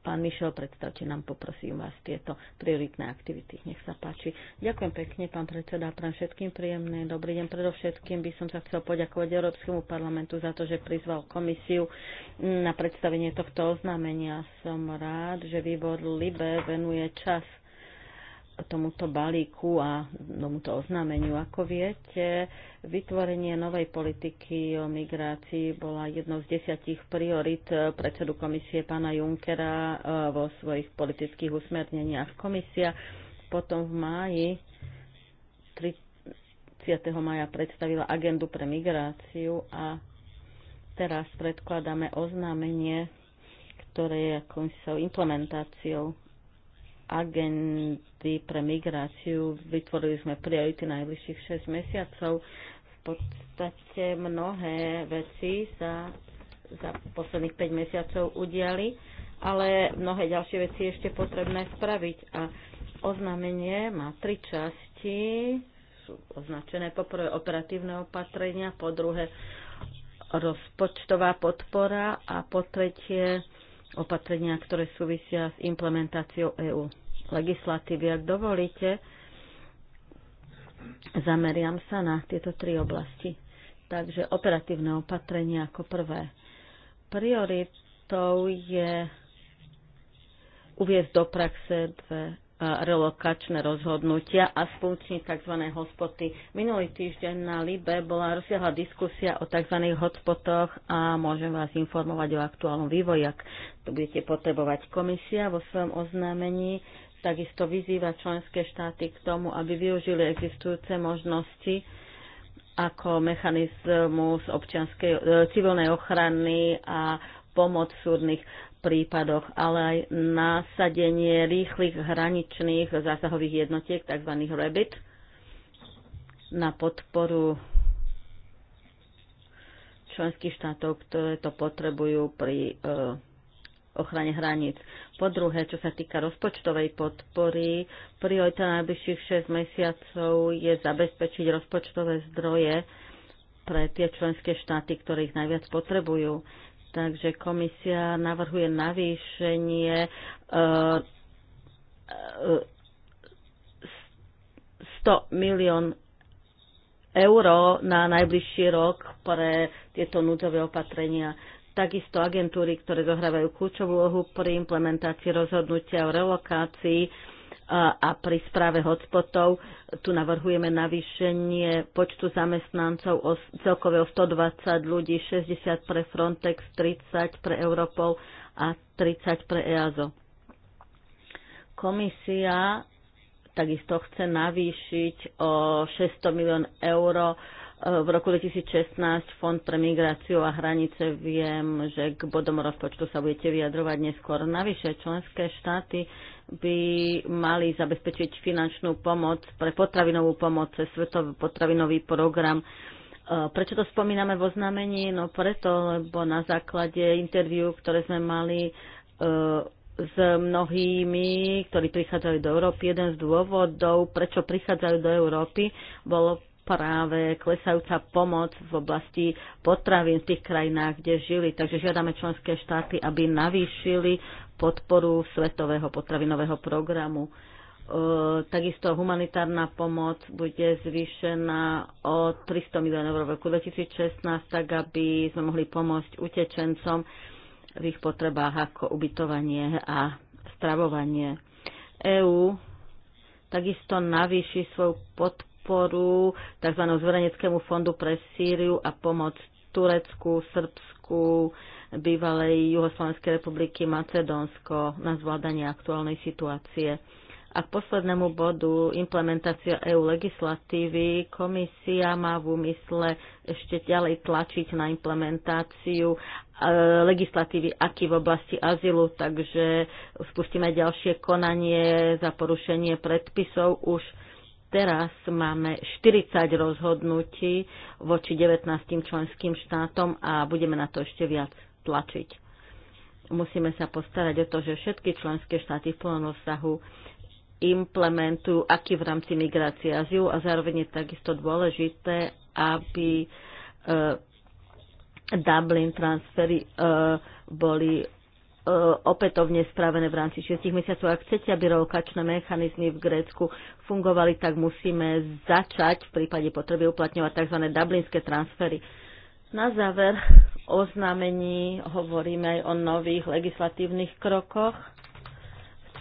Pán Mišel, predstavte nám, poprosím vás, tieto prioritné aktivity. Nech sa páči. Ďakujem pekne, pán predseda, pán všetkým príjemné. Dobrý deň. Predovšetkým by som sa chcel poďakovať Európskemu parlamentu za to, že prizval komisiu mm, na predstavenie tohto oznámenia. Som rád, že výbor LIBE venuje čas tomuto balíku a tomuto oznámeniu. Ako viete, vytvorenie novej politiky o migrácii bola jednou z desiatich priorit predsedu komisie pána Junckera e, vo svojich politických usmerneniach. Komisia potom v máji 30. maja predstavila agendu pre migráciu a teraz predkladáme oznámenie, ktoré je akousi implementáciou agendy pre migráciu. Vytvorili sme priority najbližších 6 mesiacov. V podstate mnohé veci sa za posledných 5 mesiacov udiali, ale mnohé ďalšie veci je ešte potrebné spraviť. A oznámenie má tri časti. Sú označené poprvé operatívne opatrenia, po druhé rozpočtová podpora a po tretie opatrenia, ktoré súvisia s implementáciou EÚ legislatívy. Ak dovolíte, zameriam sa na tieto tri oblasti. Takže operatívne opatrenia ako prvé. Prioritou je uviezť do praxe dve relokačné rozhodnutia a funkční tzv. hotspoty. Minulý týždeň na Libe bola rozsiahla diskusia o tzv. hotspotoch a môžem vás informovať o aktuálnom vývoji, ak to budete potrebovať. Komisia vo svojom oznámení takisto vyzýva členské štáty k tomu, aby využili existujúce možnosti ako mechanizmus občianskej, e, civilnej ochrany a pomoc súdnych prípadoch, ale aj nasadenie rýchlych hraničných zásahových jednotiek, tzv. rebit, na podporu členských štátov, ktoré to potrebujú pri e, ochrane hraníc. Po druhé, čo sa týka rozpočtovej podpory, priorita najbližších 6 mesiacov je zabezpečiť rozpočtové zdroje pre tie členské štáty, ktoré ich najviac potrebujú. Takže komisia navrhuje navýšenie 100 e, e, milión euro na najbližší rok pre tieto núdzové opatrenia. Takisto agentúry, ktoré zohrávajú kľúčovú úlohu pri implementácii rozhodnutia o relokácii, a pri správe hotspotov tu navrhujeme navýšenie počtu zamestnancov o, celkové o 120 ľudí, 60 pre Frontex, 30 pre Europol a 30 pre EASO. Komisia takisto chce navýšiť o 600 milión eur Eh, v roku 2016 Fond pre migráciu a hranice viem, že k bodom rozpočtu sa budete vyjadrovať neskôr. Navyše členské štáty by mali zabezpečiť finančnú pomoc pre potravinovú pomoc cez Svetový potravinový program. Eh, prečo to spomíname vo znamení? No preto, lebo na základe interviu, ktoré sme mali eh, s mnohými, ktorí prichádzajú do Európy. Jeden z dôvodov, prečo prichádzajú do Európy, bolo práve klesajúca pomoc v oblasti potravín v tých krajinách, kde žili. Takže žiadame členské štáty, aby navýšili podporu Svetového potravinového programu. E, takisto humanitárna pomoc bude zvýšená o 300 miliónov eur v roku 2016, tak aby sme mohli pomôcť utečencom v ich potrebách ako ubytovanie a stravovanie. EÚ takisto navýši svoju podporu podporu tzv. zvereneckému fondu pre Sýriu a pomoc Turecku, Srbsku, bývalej Juhoslovenskej republiky Macedónsko na zvládanie aktuálnej situácie. A k poslednému bodu implementácia EU legislatívy. Komisia má v úmysle ešte ďalej tlačiť na implementáciu e, legislatívy aký v oblasti azylu, takže spustíme ďalšie konanie za porušenie predpisov už teraz máme 40 rozhodnutí voči 19 členským štátom a budeme na to ešte viac tlačiť. Musíme sa postarať o to, že všetky členské štáty v plnom rozsahu implementujú, aký v rámci migrácie azylu a zároveň je takisto dôležité, aby e, Dublin transfery e, boli E, opätovne spravené v rámci 6 mesiacov. Ak chcete, aby relokačné mechanizmy v Grécku fungovali, tak musíme začať v prípade potreby uplatňovať tzv. dublinské transfery. Na záver oznámení hovoríme aj o nových legislatívnych krokoch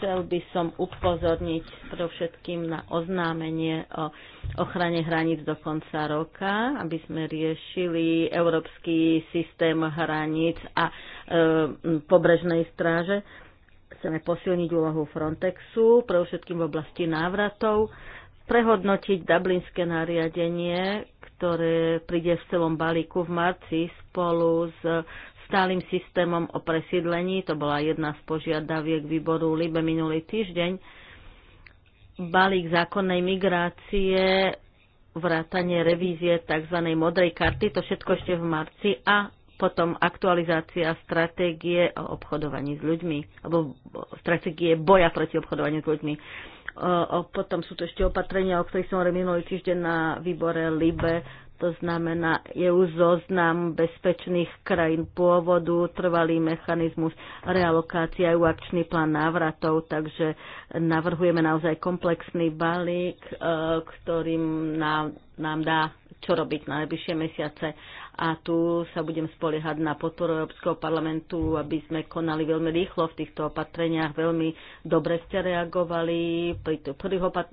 Chcel by som upozorniť všetkým na oznámenie o ochrane hraníc do konca roka, aby sme riešili európsky systém hraníc a e, pobrežnej stráže. Chceme posilniť úlohu Frontexu, všetkým v oblasti návratov, prehodnotiť dublinské nariadenie, ktoré príde v celom balíku v marci spolu s stálym systémom o presídlení, to bola jedna z požiadaviek výboru Libe minulý týždeň, balík zákonnej migrácie, vrátanie revízie tzv. modrej karty, to všetko ešte v marci a potom aktualizácia stratégie o obchodovaní s ľuďmi, alebo stratégie boja proti obchodovaniu s ľuďmi. O, o, potom sú to ešte opatrenia, o ktorých som hovoril minulý týždeň na výbore LIBE to znamená, je už zoznam bezpečných krajín pôvodu, trvalý mechanizmus realokácia, aj akčný plán návratov, takže navrhujeme naozaj komplexný balík, e, ktorým nám, nám dá čo robiť na najbližšie mesiace a tu sa budem spoliehať na podporu Európskeho parlamentu, aby sme konali veľmi rýchlo v týchto opatreniach. Veľmi dobre ste reagovali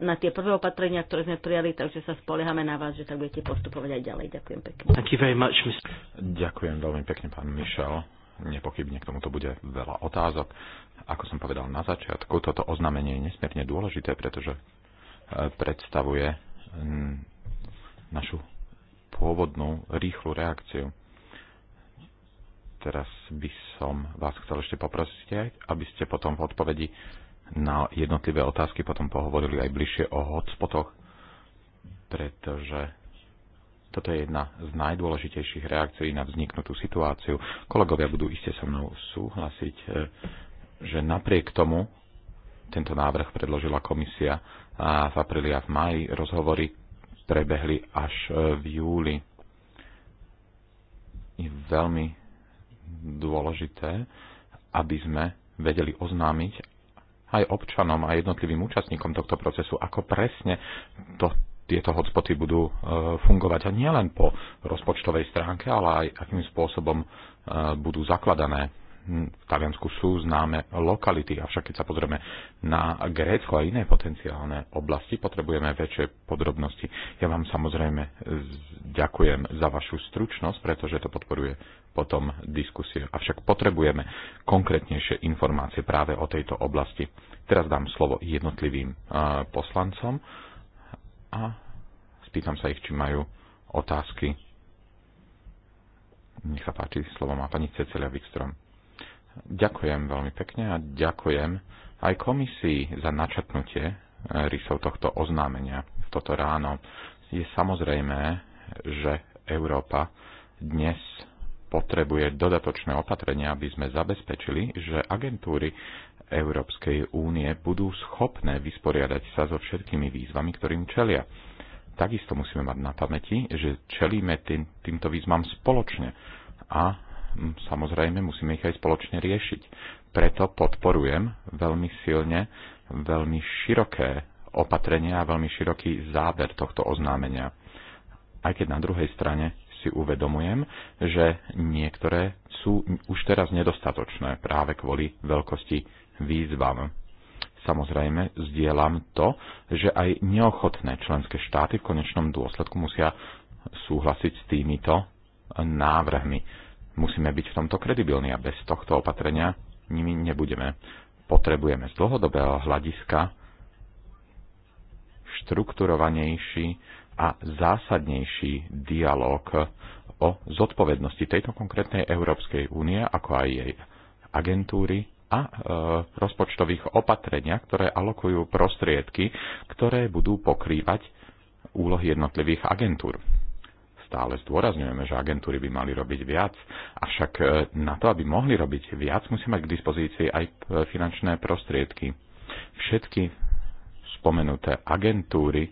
na tie prvé opatrenia, ktoré sme prijali, takže sa spoliehame na vás, že tak budete postupovať aj ďalej. Ďakujem pekne. Much, Ďakujem veľmi pekne, pán Michel. Nepochybne k tomuto bude veľa otázok. Ako som povedal na začiatku, toto oznámenie je nesmierne dôležité, pretože eh, predstavuje mm, našu pôvodnú rýchlu reakciu. Teraz by som vás chcel ešte poprosiť, aby ste potom v odpovedi na jednotlivé otázky potom pohovorili aj bližšie o hotspotoch, pretože toto je jedna z najdôležitejších reakcií na vzniknutú situáciu. Kolegovia budú iste so mnou súhlasiť, e, že napriek tomu tento návrh predložila komisia a v apríli a v máji rozhovory prebehli až e, v júli. Je veľmi dôležité, aby sme vedeli oznámiť aj občanom a jednotlivým účastníkom tohto procesu, ako presne to, tieto hotspoty budú e, fungovať a nielen po rozpočtovej stránke, ale aj akým spôsobom e, budú zakladané v Taliansku sú známe lokality, avšak keď sa pozrieme na Grécko a iné potenciálne oblasti, potrebujeme väčšie podrobnosti. Ja vám samozrejme ďakujem za vašu stručnosť, pretože to podporuje potom diskusie. Avšak potrebujeme konkrétnejšie informácie práve o tejto oblasti. Teraz dám slovo jednotlivým e, poslancom a spýtam sa ich, či majú otázky. Nech sa páči, slovo má pani Cecelia Wikstrom. Ďakujem veľmi pekne a ďakujem aj komisii za načetnutie eh, rysov tohto oznámenia v toto ráno. Je samozrejme, že Európa dnes potrebuje dodatočné opatrenia, aby sme zabezpečili, že agentúry Európskej únie budú schopné vysporiadať sa so všetkými výzvami, ktorým čelia. Takisto musíme mať na pamäti, že čelíme tým, týmto výzvam spoločne a samozrejme musíme ich aj spoločne riešiť. Preto podporujem veľmi silne veľmi široké opatrenia a veľmi široký záber tohto oznámenia. Aj keď na druhej strane si uvedomujem, že niektoré sú už teraz nedostatočné práve kvôli veľkosti výzvam. Samozrejme, zdieľam to, že aj neochotné členské štáty v konečnom dôsledku musia súhlasiť s týmito návrhmi Musíme byť v tomto kredibilní a bez tohto opatrenia nimi nebudeme. Potrebujeme z dlhodobého hľadiska štrukturovanejší a zásadnejší dialog o zodpovednosti tejto konkrétnej Európskej únie, ako aj jej agentúry a e, rozpočtových opatrenia, ktoré alokujú prostriedky, ktoré budú pokrývať úlohy jednotlivých agentúr. Stále zdôrazňujeme, že agentúry by mali robiť viac, avšak e, na to, aby mohli robiť viac, musí mať k dispozícii aj e, finančné prostriedky. Všetky spomenuté agentúry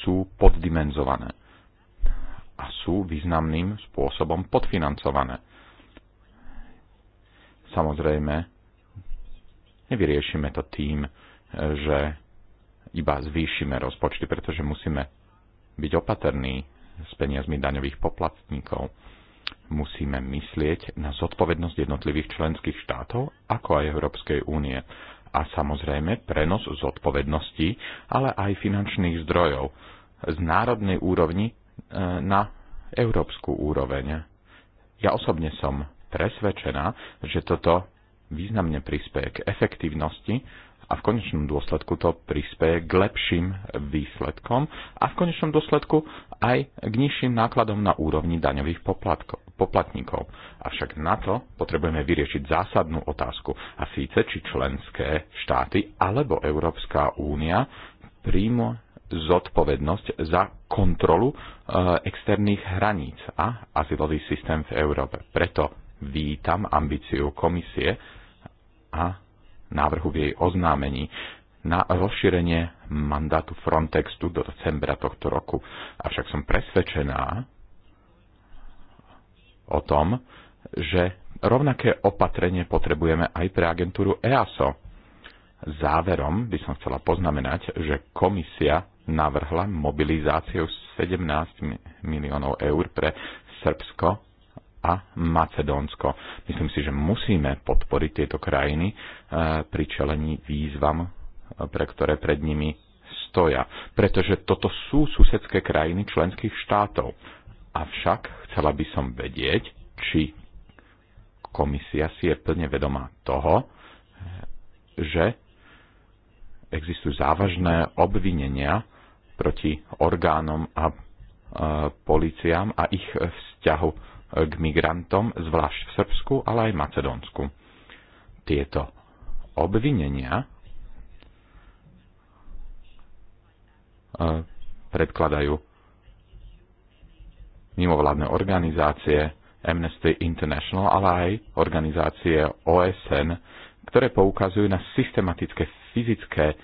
sú poddimenzované a sú významným spôsobom podfinancované. Samozrejme, nevyriešime to tým, e, že iba zvýšime rozpočty, pretože musíme byť opatrní s peniazmi daňových poplatníkov. Musíme myslieť na zodpovednosť jednotlivých členských štátov, ako aj Európskej únie a samozrejme prenos zodpovednosti, ale aj finančných zdrojov z národnej úrovni e, na európsku úroveň. Ja osobne som presvedčená, že toto významne prispieje k efektívnosti a v konečnom dôsledku to prispieje k lepším výsledkom a v konečnom dôsledku aj k nižším nákladom na úrovni daňových poplatkov, poplatníkov. Avšak na to potrebujeme vyriešiť zásadnú otázku a síce, či členské štáty alebo Európska únia príjmu zodpovednosť za kontrolu e, externých hraníc a azylový systém v Európe. Preto vítam ambíciu komisie a návrhu v jej oznámení na rozšírenie mandátu Frontextu do decembra tohto roku. Avšak som presvedčená o tom, že rovnaké opatrenie potrebujeme aj pre agentúru EASO. Záverom by som chcela poznamenať, že komisia navrhla mobilizáciu 17 miliónov eur pre Srbsko a Macedónsko. Myslím si, že musíme podporiť tieto krajiny e, pri čelení výzvam, e, pre ktoré pred nimi stoja, pretože toto sú susedské krajiny členských štátov. Avšak chcela by som vedieť, či komisia si je plne vedomá toho, e, že existujú závažné obvinenia proti orgánom a e, policiám a ich vzťahu k migrantom, zvlášť v Srbsku, ale aj v Macedónsku. Tieto obvinenia e, predkladajú mimovládne organizácie Amnesty International, ale aj organizácie OSN, ktoré poukazujú na systematické fyzické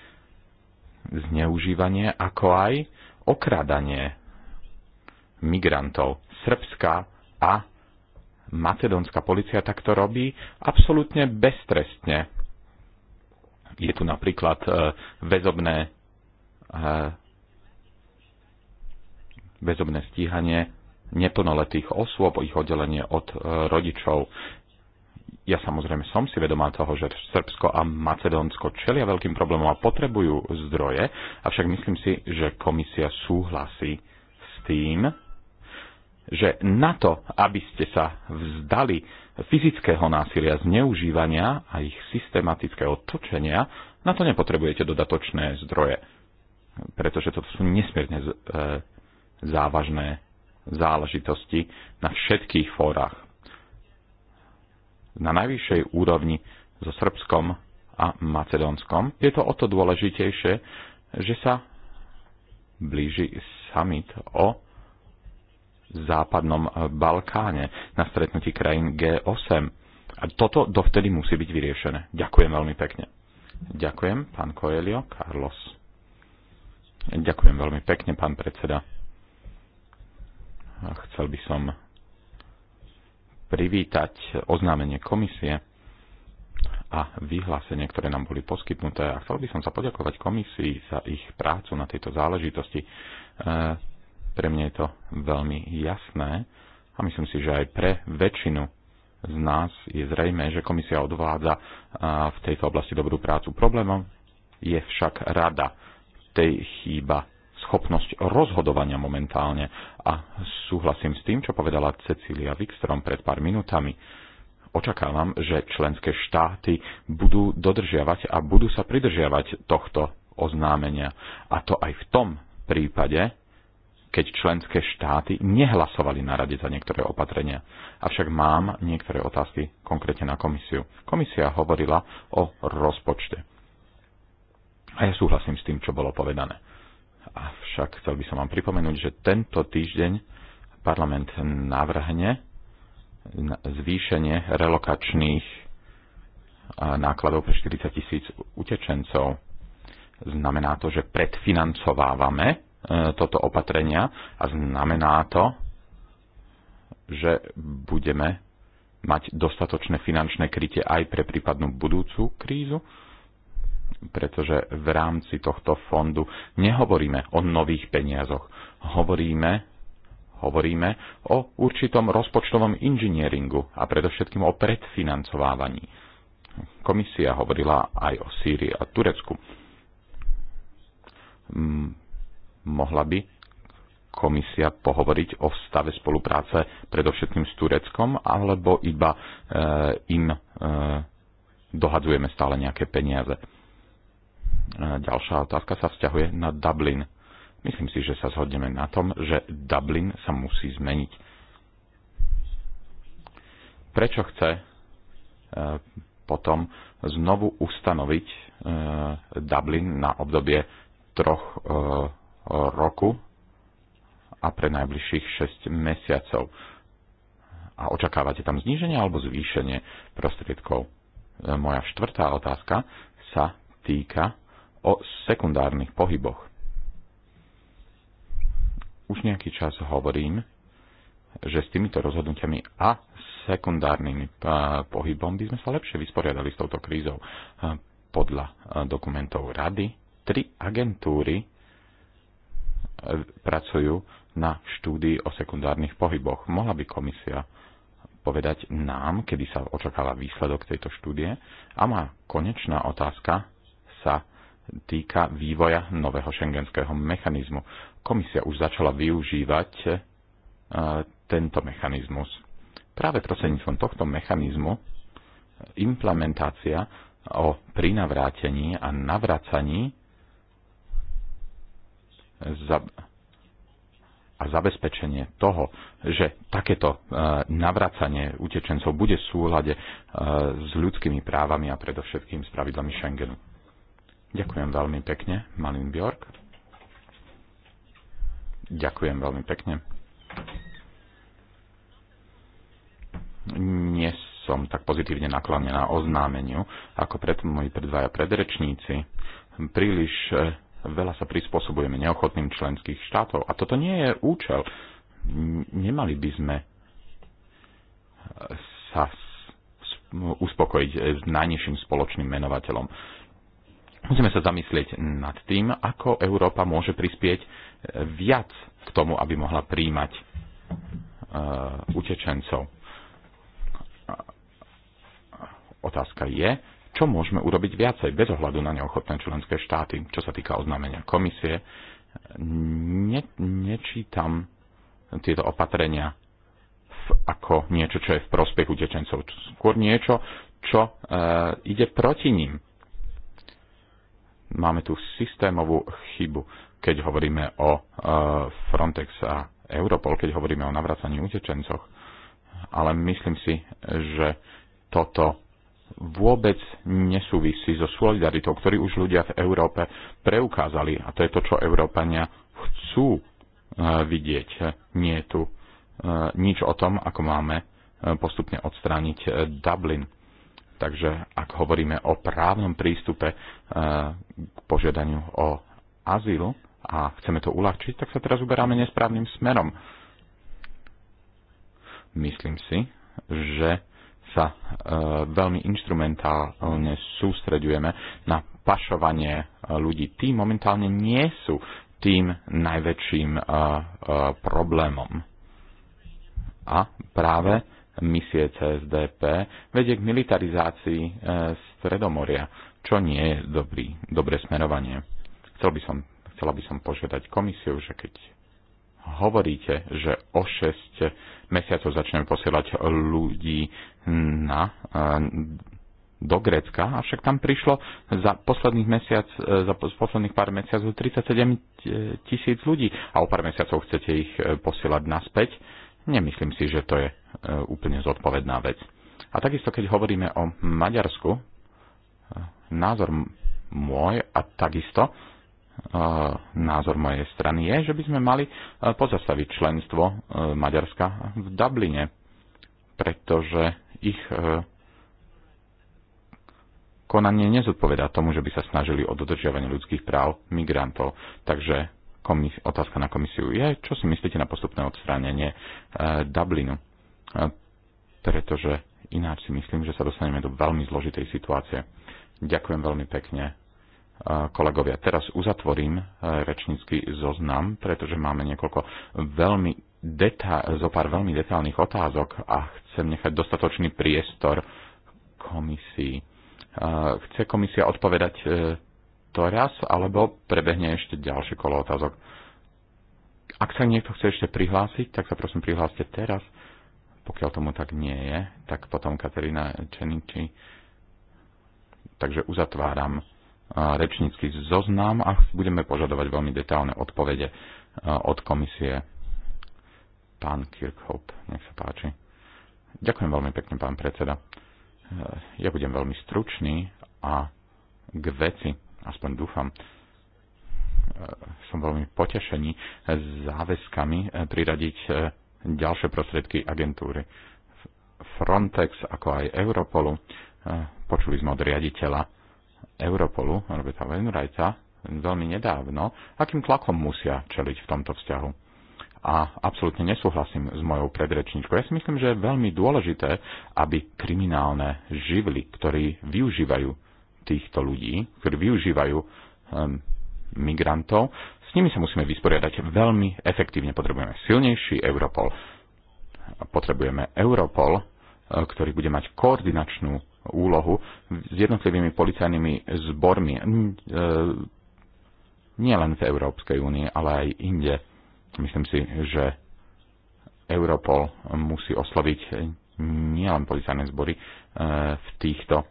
zneužívanie, ako aj okradanie migrantov. Srbská a macedónska policia takto robí absolútne beztrestne. Je tu napríklad e, väzobné, e, väzobné stíhanie neplnoletých osôb, ich oddelenie od e, rodičov. Ja samozrejme som si vedomá toho, že Srbsko a Macedónsko čelia veľkým problémom a potrebujú zdroje, avšak myslím si, že komisia súhlasí s tým, že na to, aby ste sa vzdali fyzického násilia, zneužívania a ich systematického točenia, na to nepotrebujete dodatočné zdroje, pretože to sú nesmierne e, závažné záležitosti na všetkých fórach. Na najvyššej úrovni so Srbskom a Macedónskom je to o to dôležitejšie, že sa blíži summit o západnom eh, Balkáne na stretnutí krajín G8. A toto dovtedy musí byť vyriešené. Ďakujem veľmi pekne. Ďakujem, pán Coelho, Carlos. Ďakujem veľmi pekne, pán predseda. A chcel by som privítať oznámenie komisie a vyhlásenie, ktoré nám boli poskytnuté. A chcel by som sa poďakovať komisii za ich prácu na tejto záležitosti eh, pre mňa je to veľmi jasné a myslím si, že aj pre väčšinu z nás je zrejme, že komisia odvádza v tejto oblasti dobrú prácu. Problémom je však rada. Tej chýba schopnosť rozhodovania momentálne a súhlasím s tým, čo povedala Cecília Wikstrom pred pár minútami. Očakávam, že členské štáty budú dodržiavať a budú sa pridržiavať tohto oznámenia. A to aj v tom prípade, keď členské štáty nehlasovali na rade za niektoré opatrenia. Avšak mám niektoré otázky konkrétne na komisiu. Komisia hovorila o rozpočte. A ja súhlasím s tým, čo bolo povedané. Avšak chcel by som vám pripomenúť, že tento týždeň parlament navrhne zvýšenie relokačných nákladov pre 40 tisíc utečencov. Znamená to, že predfinancovávame toto opatrenia a znamená to, že budeme mať dostatočné finančné krytie aj pre prípadnú budúcu krízu, pretože v rámci tohto fondu nehovoríme o nových peniazoch, hovoríme, hovoríme o určitom rozpočtovom inžinieringu a predovšetkým o predfinancovávaní. Komisia hovorila aj o Sýrii a Turecku mm, Mohla by komisia pohovoriť o stave spolupráce predovšetkým s Tureckom, alebo iba e, im e, dohadzujeme stále nejaké peniaze? E, ďalšia otázka sa vzťahuje na Dublin. Myslím si, že sa zhodneme na tom, že Dublin sa musí zmeniť. Prečo chce e, potom znovu ustanoviť e, Dublin na obdobie troch e, roku a pre najbližších 6 mesiacov. A očakávate tam zníženie alebo zvýšenie prostriedkov? E, moja štvrtá otázka sa týka o sekundárnych pohyboch. Už nejaký čas hovorím, že s týmito rozhodnutiami a sekundárnym e, pohybom by sme sa lepšie vysporiadali s touto krízou. E, podľa dokumentov rady, tri agentúry pracujú na štúdii o sekundárnych pohyboch. Mohla by komisia povedať nám, kedy sa očakáva výsledok tejto štúdie? A má konečná otázka sa týka vývoja nového šengenského mechanizmu. Komisia už začala využívať e, tento mechanizmus. Práve prostredníctvom tohto mechanizmu implementácia o prinavrátení a navracaní a zabezpečenie toho, že takéto e, navracanie utečencov bude v súhľade e, s ľudskými právami a predovšetkým s pravidlami Schengenu. Ďakujem veľmi pekne, Malin Bjork. Ďakujem veľmi pekne. Nie som tak pozitívne naklonená oznámeniu, ako pred moji predvaja predrečníci. Príliš e, veľa sa prispôsobujeme neochotným členských štátov. A toto nie je účel. Nemali by sme e, sa uspokojiť s najnižším spoločným menovateľom. Musíme sa zamyslieť nad tým, ako Európa môže prispieť e, viac k tomu, aby mohla príjmať e, utečencov. Otázka je, čo môžeme urobiť viacej bez ohľadu na neochotné členské štáty. Čo sa týka oznámenia komisie, ne, nečítam tieto opatrenia v, ako niečo, čo je v prospech utečencov. Skôr niečo, čo e, ide proti ním. Máme tu systémovú chybu, keď hovoríme o e, Frontex a Europol, keď hovoríme o navracaní utečencoch. Ale myslím si, že toto vôbec nesúvisí so solidaritou, ktorý už ľudia v Európe preukázali. A to je to, čo Európania chcú e, vidieť. Nie je tu e, nič o tom, ako máme e, postupne odstrániť Dublin. Takže ak hovoríme o právnom prístupe k požiadaniu o azyl a chceme to uľahčiť, tak sa teraz uberáme nesprávnym smerom. Myslím si, že sa e, veľmi instrumentálne sústreďujeme na pašovanie e, ľudí. Tí momentálne nie sú tým najväčším e, problémom. A práve misie CSDP vedie k militarizácii Stredomoria, čo nie je dobrý, dobré smerovanie. Chcel by som, chcela by som požiadať komisiu, že keď hovoríte, že o 6 mesiacov začneme posielať ľudí na, e, do Grécka, avšak tam prišlo za posledných, mesiac, e, za posledných pár mesiacov 37 tisíc ľudí a o pár mesiacov chcete ich e, posielať naspäť. Nemyslím si, že to je úplne zodpovedná vec. A takisto, keď hovoríme o Maďarsku, názor môj a takisto názor mojej strany je, že by sme mali e, pozastaviť členstvo e, Maďarska v Dubline, pretože ich e, konanie nezodpovedá tomu, že by sa snažili o dodržiavanie ľudských práv migrantov. Takže otázka na komisiu je, čo si myslíte na postupné odstránenie Dublinu? pretože ináč si myslím, že sa dostaneme do veľmi zložitej situácie. Ďakujem veľmi pekne kolegovia. Teraz uzatvorím e, rečnícky zoznam, pretože máme niekoľko veľmi zo pár veľmi detálnych otázok a chcem nechať dostatočný priestor komisii. E, chce komisia odpovedať e, to raz, alebo prebehne ešte ďalšie kolo otázok? Ak sa niekto chce ešte prihlásiť, tak sa prosím prihláste teraz. Pokiaľ tomu tak nie je, tak potom Katerina Čeniči. Takže uzatváram rečnícky zoznam a budeme požadovať veľmi detálne odpovede e, od komisie. Pán Kirkhope, nech sa páči. Ďakujem veľmi pekne, pán predseda. E, ja budem veľmi stručný a k veci, aspoň dúfam, e, som veľmi potešený záväzkami priradiť ďalšie prostriedky agentúry Frontex, ako aj Europolu. Počuli sme od riaditeľa Europolu Roberta Wainwrighta veľmi nedávno, akým tlakom musia čeliť v tomto vzťahu. A absolútne nesúhlasím s mojou predrečníčkou. Ja si myslím, že je veľmi dôležité, aby kriminálne živly, ktorí využívajú týchto ľudí, ktorí využívajú um, migrantov, s nimi sa musíme vysporiadať veľmi efektívne. Potrebujeme silnejší Europol. Potrebujeme Europol, e, ktorý bude mať koordinačnú úlohu s jednotlivými policajnými zbormi, e, nielen v Európskej únie, ale aj inde. Myslím si, že Europol musí osloviť nielen policajné zbory e, v týchto e,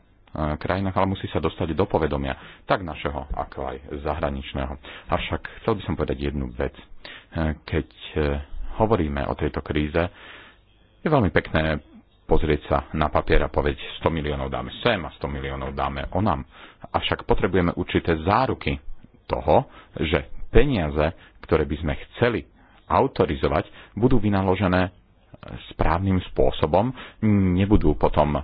krajinách, ale musí sa dostať do povedomia tak našeho, ako aj zahraničného. Avšak chcel by som povedať jednu vec. Keď hovoríme o tejto kríze, je veľmi pekné pozrieť sa na papier a povedať 100 miliónov dáme sem a 100 miliónov dáme onam. Avšak potrebujeme určité záruky toho, že peniaze, ktoré by sme chceli autorizovať, budú vynaložené e, správnym spôsobom, nebudú potom e,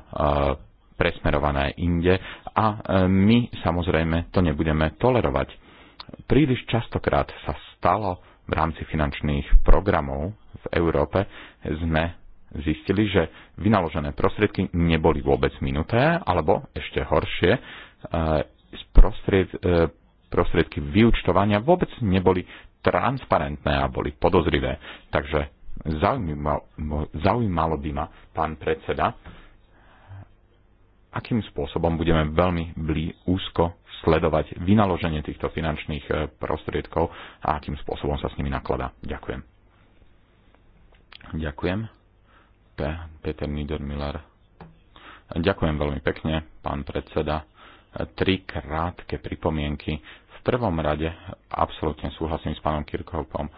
presmerované inde a e, my samozrejme to nebudeme tolerovať. Príliš častokrát sa stalo v rámci finančných programov v Európe, sme zistili, že vynaložené prostriedky neboli vôbec minuté, alebo ešte horšie, e, e, prostriedky vyučtovania vôbec neboli transparentné a boli podozrivé. Takže zaujímalo, zaujímalo by ma, pán predseda, akým spôsobom budeme veľmi blí, úzko sledovať vynaloženie týchto finančných e, prostriedkov a akým spôsobom sa s nimi nakladá. Ďakujem. Ďakujem. Peter Niedermiller. Ďakujem veľmi pekne, pán predseda. Tri krátke pripomienky. V prvom rade absolútne súhlasím s pánom Kirchhoffom.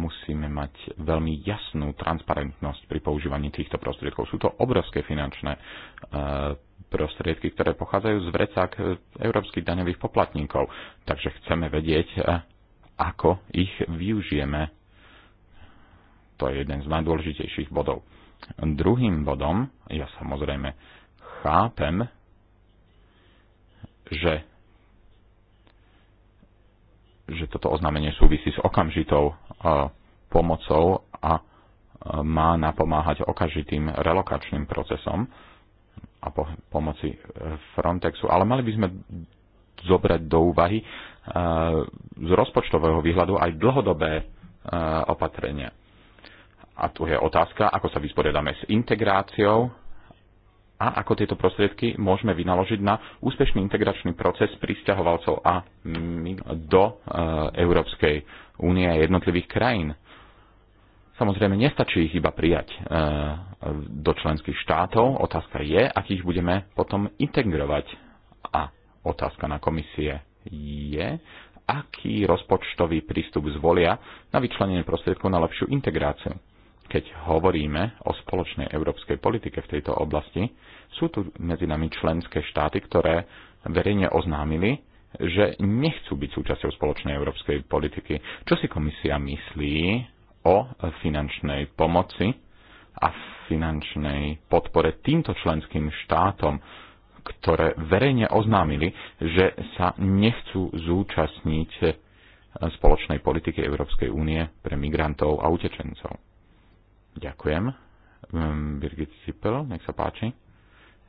Musíme mať veľmi jasnú transparentnosť pri používaní týchto prostriedkov. Sú to obrovské finančné e, prostriedky, ktoré pochádzajú z vrecák európskych daňových poplatníkov. Takže chceme vedieť, e, ako ich využijeme to je jeden z najdôležitejších bodov. Druhým bodom, ja samozrejme chápem, že, že toto oznámenie súvisí s okamžitou pomocou a má napomáhať okamžitým relokačným procesom a po, pomoci e, Frontexu. Ale mali by sme zobrať do úvahy e, z rozpočtového výhľadu aj dlhodobé e, opatrenia. A tu je otázka, ako sa vysporiadame s integráciou a ako tieto prostriedky môžeme vynaložiť na úspešný integračný proces pristahovalcov a do e, Európskej únie a jednotlivých krajín. Samozrejme, nestačí ich iba prijať e, do členských štátov. Otázka je, akých budeme potom integrovať. A otázka na komisie je, aký rozpočtový prístup zvolia na vyčlenenie prostriedkov na lepšiu integráciu. Keď hovoríme o spoločnej európskej politike v tejto oblasti, sú tu medzi nami členské štáty, ktoré verejne oznámili, že nechcú byť súčasťou spoločnej európskej politiky. Čo si komisia myslí o finančnej pomoci a finančnej podpore týmto členským štátom, ktoré verejne oznámili, že sa nechcú zúčastniť spoločnej politiky Európskej únie pre migrantov a utečencov. Ďakujem. Mm, Birgit Sipel, nech sa páči.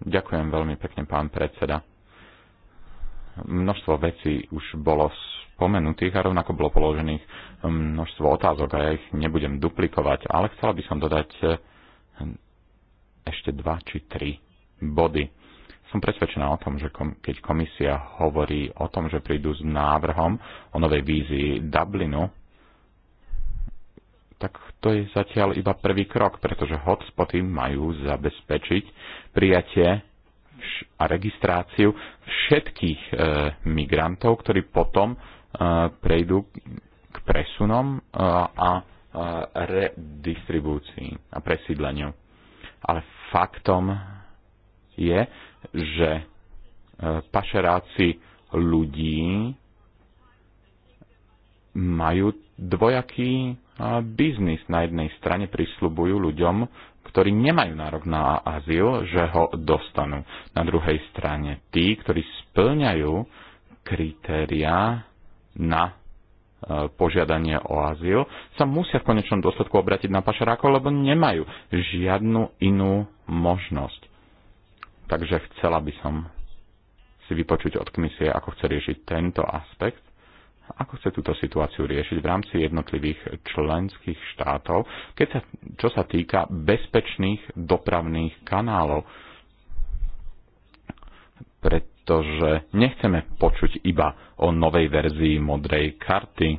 Ďakujem veľmi pekne, pán predseda. Množstvo vecí už bolo spomenutých a rovnako bolo položených množstvo otázok a ja ich nebudem duplikovať, ale chcela by som dodať eh, ešte dva či tri body. Som presvedčená o tom, že kom, keď komisia hovorí o tom, že prídu s návrhom o novej vízii Dublinu, tak to je zatiaľ iba prvý krok, pretože hotspoty majú zabezpečiť prijatie a registráciu všetkých e, migrantov, ktorí potom e, prejdú k presunom e, a e, redistribúcii a presídleniu. Ale faktom je, že e, pašeráci ľudí majú dvojaký biznis. Na jednej strane prislubujú ľuďom, ktorí nemajú nárok na azyl, že ho dostanú. Na druhej strane tí, ktorí splňajú kritériá na e, požiadanie o azyl, sa musia v konečnom dôsledku obratiť na pašerákov, lebo nemajú žiadnu inú možnosť. Takže chcela by som si vypočuť od komisie, ako chce riešiť tento aspekt ako chce túto situáciu riešiť v rámci jednotlivých členských štátov, keď sa, čo sa týka bezpečných dopravných kanálov? Pretože nechceme počuť iba o novej verzii modrej karty,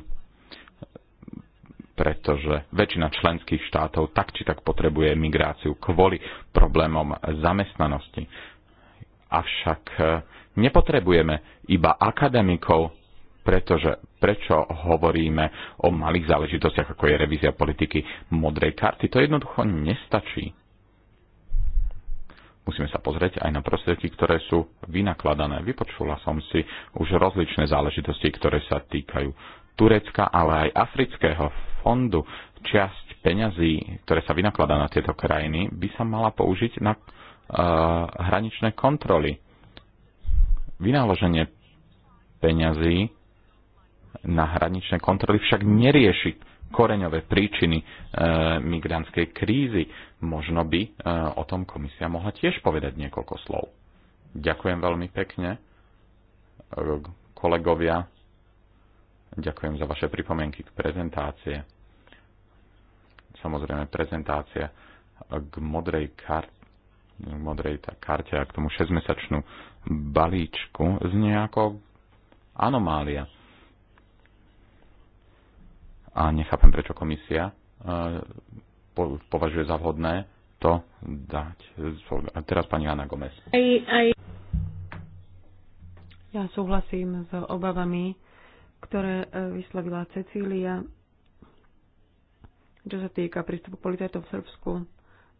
pretože väčšina členských štátov tak či tak potrebuje migráciu kvôli problémom zamestnanosti. Avšak eh, nepotrebujeme iba akademikov pretože prečo hovoríme o malých záležitostiach, ako je revízia politiky modrej karty, to jednoducho nestačí. Musíme sa pozrieť aj na prostriedky, ktoré sú vynakladané. Vypočula som si už rozličné záležitosti, ktoré sa týkajú Turecka, ale aj Afrického fondu. Časť peňazí, ktoré sa vynakladá na tieto krajiny, by sa mala použiť na uh, hraničné kontroly. Vynaloženie peňazí na hraničné kontroly však nerieši koreňové príčiny e, migrantskej krízy. Možno by e, o tom komisia mohla tiež povedať niekoľko slov. Ďakujem veľmi pekne, e, kolegovia. Ďakujem za vaše pripomienky k prezentácie. Samozrejme, prezentácia k modrej karte modrej tá karte a k tomu 6-mesačnú balíčku znie ako anomália a nechápem, prečo komisia e, považuje za vhodné to dať. teraz pani Anna Gomez. Aj, aj. Ja súhlasím s obavami, ktoré e, vyslovila Cecília, čo sa týka prístupu policajtov v Srbsku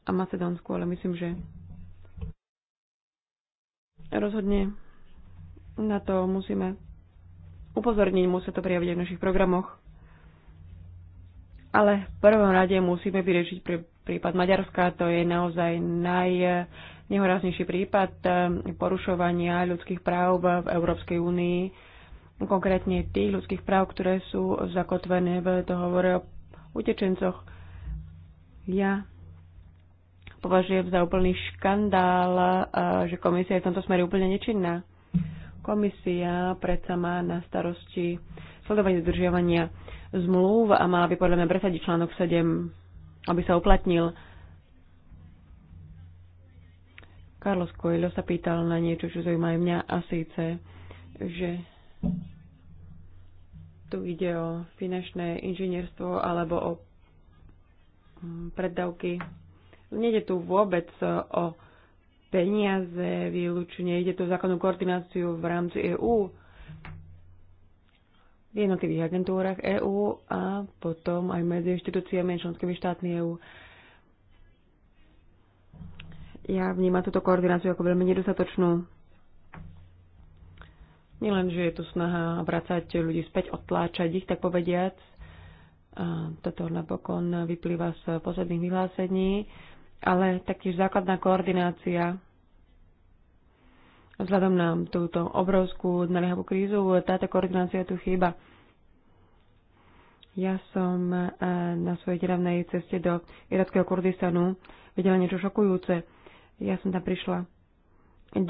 a Macedónsku, ale myslím, že rozhodne na to musíme upozorniť, musia to prijaviť aj v našich programoch. Ale v prvom rade musíme vyriešiť prípad Maďarska. To je naozaj najnehoraznejší eh, prípad eh, porušovania ľudských práv v Európskej únii, konkrétne tých ľudských práv, ktoré sú zakotvené v dohovore o utečencoch. Ja považujem za úplný škandál, eh, že komisia je v tomto smere úplne nečinná. Komisia predsa má na starosti sledovanie dodržiavania zmluv a mala by podľa mňa presadiť článok 7, aby sa uplatnil. Carlos Coelho sa pýtal na niečo, čo zaujíma aj mňa a síce, že tu ide o finančné inžinierstvo alebo o mm, preddavky. Nede tu vôbec o peniaze výlučne, ide tu o zákonnú koordináciu v rámci EÚ v jednotlivých agentúrach EÚ a potom aj medzi inštitúciami a členskými štátmi EÚ. Ja vnímam túto koordináciu ako veľmi nedostatočnú. Nielen, že je tu snaha vrácať ľudí späť, odtláčať ich, tak povediac. A toto napokon vyplýva z posledných vyhlásení, ale taktiež základná koordinácia Vzhľadom na túto obrovskú naliehavú krízu, táto koordinácia tu chýba. Ja som e, na svojej nedávnej ceste do irackého Kurdistanu videla niečo šokujúce. Ja som tam prišla 9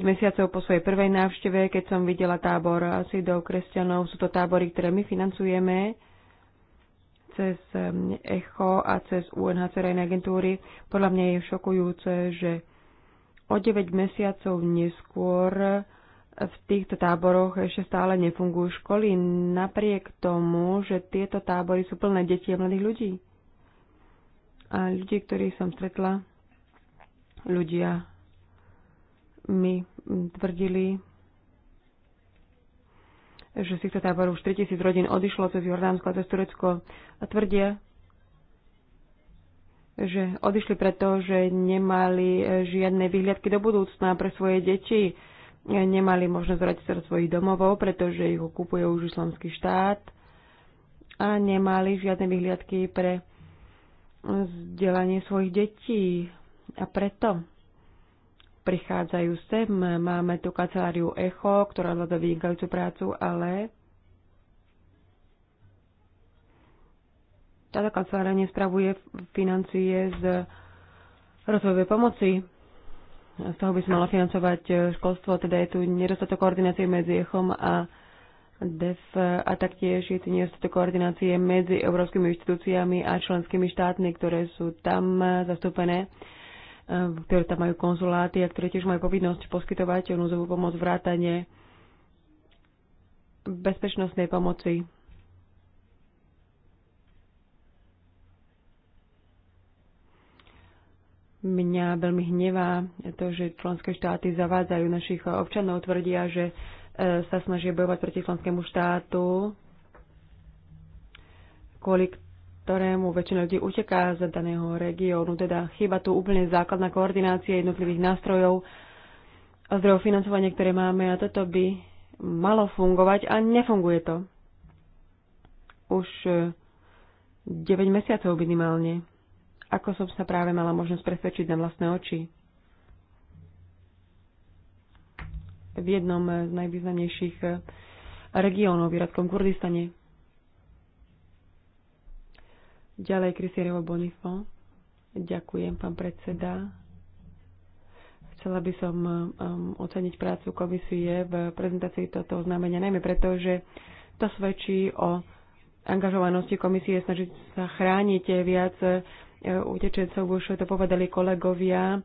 mesiacov po svojej prvej návšteve, keď som videla tábor do kresťanov. Sú to tábory, ktoré my financujeme cez e, ECHO a cez UNHCR agentúry. Podľa mňa je šokujúce, že o 9 mesiacov neskôr v týchto táboroch ešte stále nefungujú školy, napriek tomu, že tieto tábory sú plné detí a mladých ľudí. A ľudí, ktorých som stretla, ľudia mi tvrdili, že z týchto táborov 4000 rodín odišlo cez Jordánsko a cez Turecko a tvrdia, že odišli preto, že nemali e, žiadne vyhliadky do budúcna pre svoje deti, e, nemali možnosť vrátiť sa do svojich domovov, pretože ich okupuje už islamský štát a nemali žiadne vyhliadky pre vzdelanie svojich detí. A preto prichádzajú sem. Máme tu kanceláriu ECHO, ktorá hľadá vynikajúcu prácu, ale Táto kancelária nespravuje financie z rozvojovej pomoci. Z toho by sa malo financovať e, školstvo, teda je tu nedostatok koordinácie medzi ECHOM a DEF e a taktiež je tu nedostatok koordinácie medzi európskymi inštitúciami a členskými štátmi, ktoré sú tam e, zastúpené ktoré tam majú konzuláty a ktoré tiež majú povinnosť poskytovať núzovú pomoc vrátane bezpečnostnej pomoci Mňa veľmi hnevá to, že členské štáty zavádzajú našich občanov, tvrdia, že e, sa snažia bojovať proti členskému štátu, kvôli ktorému väčšina ľudí uteká z daného regiónu. Teda chyba tu úplne základná koordinácia jednotlivých nástrojov a zdrojov financovania, ktoré máme a toto by malo fungovať a nefunguje to. Už 9 e, mesiacov minimálne ako som sa práve mala možnosť presvedčiť na vlastné oči. V jednom z najvýznamnejších eh, regiónov v Iradkom Kurdistane. Ďalej Krisierovo Bonifo. Ďakujem, pán predseda. Chcela by som eh, oceniť prácu komisie v prezentácii tohto oznámenia, najmä preto, že to svedčí o angažovanosti komisie snažiť sa chrániť eh, viac utečencov, už to povedali kolegovia,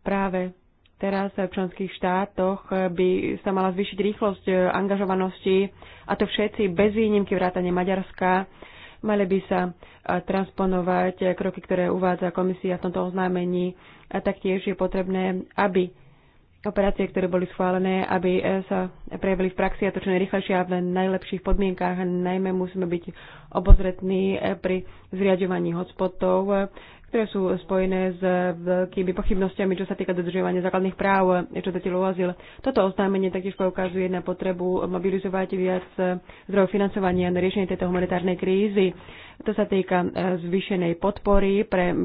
práve teraz v členských štátoch by sa mala zvýšiť rýchlosť e, angažovanosti a to všetci bez výnimky vrátane Maďarska. Mali by sa e, transponovať kroky, ktoré uvádza komisia v tomto oznámení a taktiež je potrebné, aby operácie, ktoré boli schválené, aby e, sa prejavili v praxi a to čo najrychlejšie a v najlepších podmienkách. Najmä musíme byť obozretní e, pri zriadovaní hotspotov, e, ktoré sú spojené s veľkými pochybnosťami, čo sa týka dodržiavania základných práv čo to telo azyl. Toto oznámenie taktiež poukazuje na potrebu mobilizovať viac zdrojov financovania na riešenie tejto humanitárnej krízy. To sa týka zvýšenej podpory pre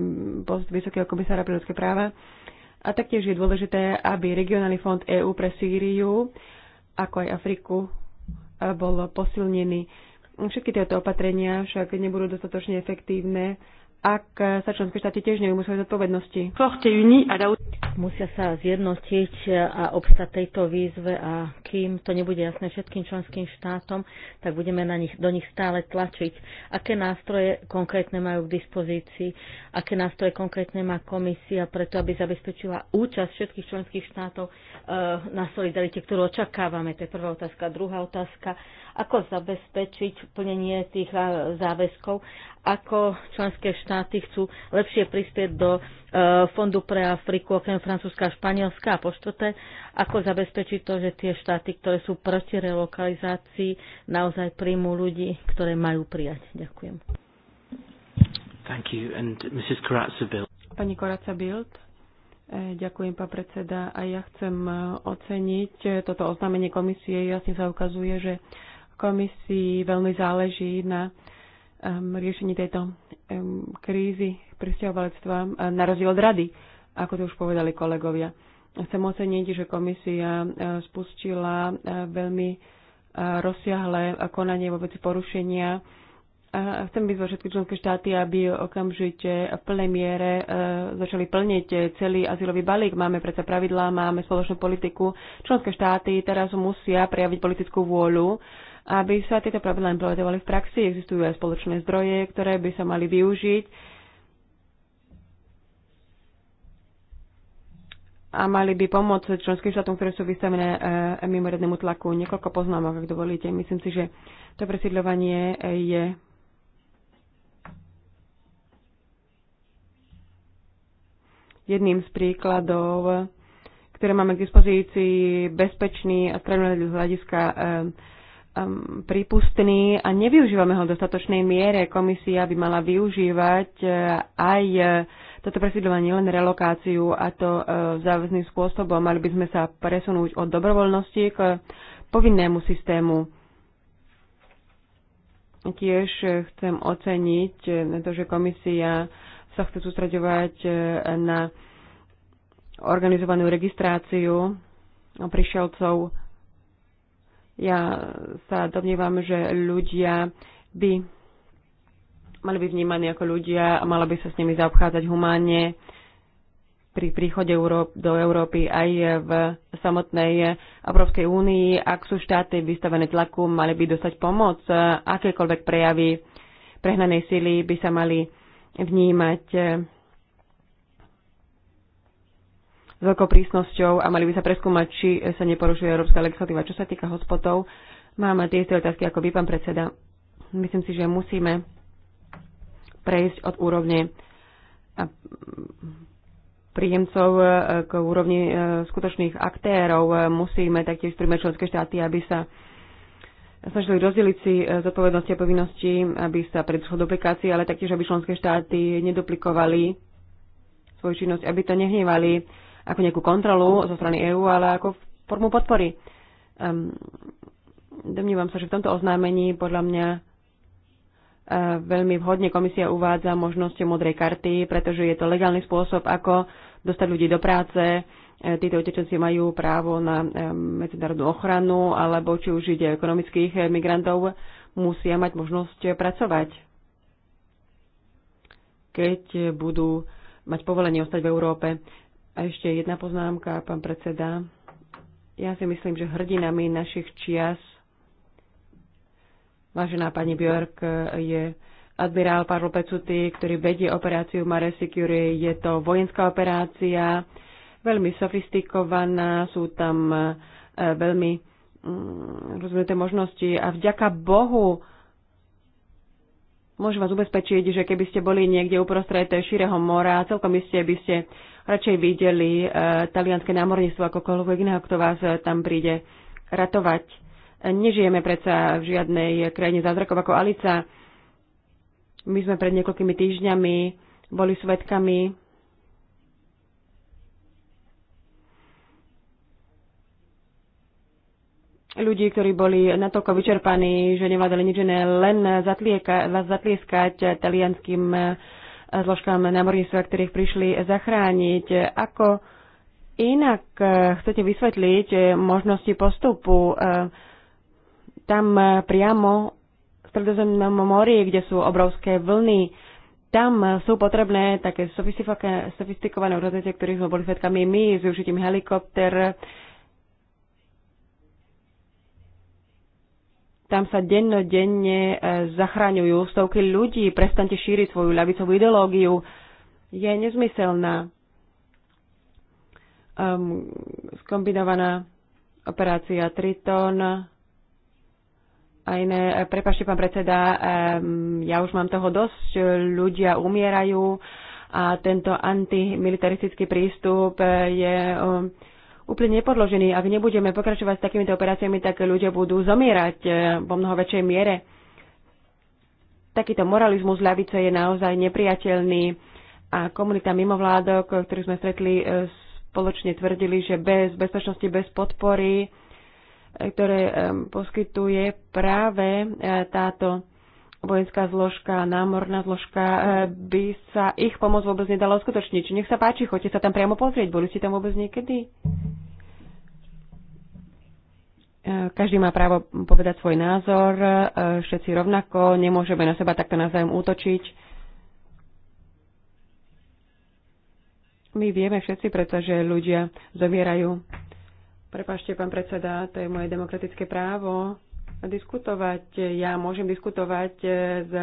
post Vysokého komisára pre ľudské práva a taktiež je dôležité, aby regionálny fond EÚ pre Sýriu, ako aj Afriku, e, bol posilnený. Všetky tieto opatrenia však nebudú dostatočne efektívne, ak sa členské štáty tiež neujmú svoje zodpovednosti. Musia sa zjednotiť a obstať tejto výzve a kým to nebude jasné všetkým členským štátom, tak budeme na nich, do nich stále tlačiť. Aké nástroje konkrétne majú k dispozícii, aké nástroje konkrétne má komisia preto, aby zabezpečila účasť všetkých členských štátov Eh, na solidarite, ktorú očakávame. To je prvá otázka. Druhá otázka, ako zabezpečiť plnenie tých eh, záväzkov, ako členské štáty chcú lepšie prispieť do eh, Fondu pre Afriku okrem Francúzska a Španielska. A po ako zabezpečiť to, že tie štáty, ktoré sú proti relokalizácii, naozaj príjmú ľudí, ktoré majú prijať. Ďakujem. Thank you. And Mrs. Pani Koraca Bild. Eh, ďakujem, pán predseda. A ja chcem eh, oceniť eh, toto oznámenie komisie. Jasne sa ukazuje, že komisii veľmi záleží na ehm, riešení tejto ehm, krízy pristahovalectva na rozdiel od rady, ako to už povedali kolegovia. Chcem oceniť, že komisia spustila veľmi rozsiahle konanie vo veci porušenia a chcem vyzvať všetky členské štáty, aby okamžite v plnej miere e, začali plniť e, celý azylový balík. Máme predsa pravidlá, máme spoločnú politiku. Členské štáty teraz musia prejaviť politickú vôľu, aby sa tieto pravidlá implementovali v praxi. Existujú aj spoločné zdroje, ktoré by sa mali využiť a mali by pomôcť členským štátom, ktoré sú vystavené e, mimoriadnemu tlaku. Niekoľko poznámok, ak dovolíte. Myslím si, že to presídľovanie je jedným z príkladov, ktoré máme k dispozícii, bezpečný a z hľadiska um, prípustný a nevyužívame ho v dostatočnej miere. Komisia by mala využívať eh, aj eh, toto presídľovanie, len relokáciu a to uh, záväzným spôsobom. Mali by sme sa presunúť od dobrovoľnosti k povinnému systému. Tiež chcem oceniť to, že komisia sa chce sústraďovať e, na organizovanú registráciu prišielcov. Ja sa domnívam, že ľudia by mali byť vnímaní ako ľudia a mala by sa s nimi zaobchádzať humánne pri príchode do Európy aj v samotnej Európskej únii. Ak sú štáty vystavené tlaku, mali by dostať pomoc. Akékoľvek prejavy prehnanej sily by sa mali vnímať eh, s veľkou prísnosťou a mali by sa preskúmať, či eh, sa neporušuje európska legislatíva. Čo sa týka hospotov, máme tie isté otázky ako vy, pán predseda. Myslím si, že musíme prejsť od úrovne eh, príjemcov k úrovni skutočných aktérov. Musíme taktiež príjmať členské štáty, aby sa snažili rozdeliť si e, zodpovednosti a povinnosti, aby sa predšlo duplikácii, ale taktiež, aby členské štáty neduplikovali svoju činnosť, aby to nehnevali ako nejakú kontrolu zo strany EÚ, ale ako formu podpory. Um, domnívam sa, že v tomto oznámení podľa mňa e, veľmi vhodne komisia uvádza možnosť modrej karty, pretože je to legálny spôsob, ako dostať ľudí do práce, títo utečenci majú právo na medzinárodnú ochranu, alebo či už ide ekonomických migrantov, musia mať možnosť pracovať. Keď budú mať povolenie ostať v Európe. A ešte jedna poznámka, pán predseda. Ja si myslím, že hrdinami našich čias, vážená pani Björk, je admirál Pavel Pecuty, ktorý vedie operáciu Mare Security. Je to vojenská operácia, veľmi sofistikovaná, sú tam e, veľmi mm, rozvinuté možnosti a vďaka Bohu môžem vás ubezpečiť, že keby ste boli niekde uprostred šíreho mora, celkom iste by ste radšej videli e, talianské námorníctvo akokoľvek iného, kto vás e, tam príde ratovať. Nežijeme predsa v žiadnej krajine zázrakov ako Alica. My sme pred niekoľkými týždňami boli svetkami ľudí, ktorí boli natoľko vyčerpaní, že nevládali nič iné, len zatlieka, zatlieskať talianským eh, zložkám námorníctva, ktorých prišli zachrániť. Ako inak eh, chcete vysvetliť eh, možnosti postupu tam priamo v stredozemnom mori, kde sú obrovské vlny, tam sú potrebné také sofistikované rozhodnutia, ktorých sme boli svetkami my s využitím helikopter, Tam sa dennodenne e, zachraňujú stovky ľudí. Prestante šíriť svoju ľavicovú ideológiu. Je nezmyselná um, skombinovaná operácia Triton a iné. E, prepašte, pán predseda, um, ja už mám toho dosť. Ľudia umierajú a tento antimilitaristický prístup e, je um, úplne nepodložený. Ak nebudeme pokračovať s takýmito operáciami, tak ľudia budú zomierať e, vo mnoho väčšej miere. Takýto moralizmus ľavice je naozaj nepriateľný a komunita mimovládok, ktorú sme stretli, e, spoločne tvrdili, že bez bezpečnosti, bez podpory, e, ktoré poskytuje práve táto vojenská zložka, námorná zložka, e, by sa ich pomoc vôbec nedala uskutočniť. Nech sa páči, choďte sa tam priamo pozrieť. Boli ste tam vôbec niekedy? E, každý má právo povedať svoj názor, e, všetci rovnako, nemôžeme na seba takto navzájom útočiť. My vieme všetci, pretože ľudia zomierajú. Prepašte, pán predseda, to je moje demokratické právo diskutovať. Ja môžem diskutovať e, s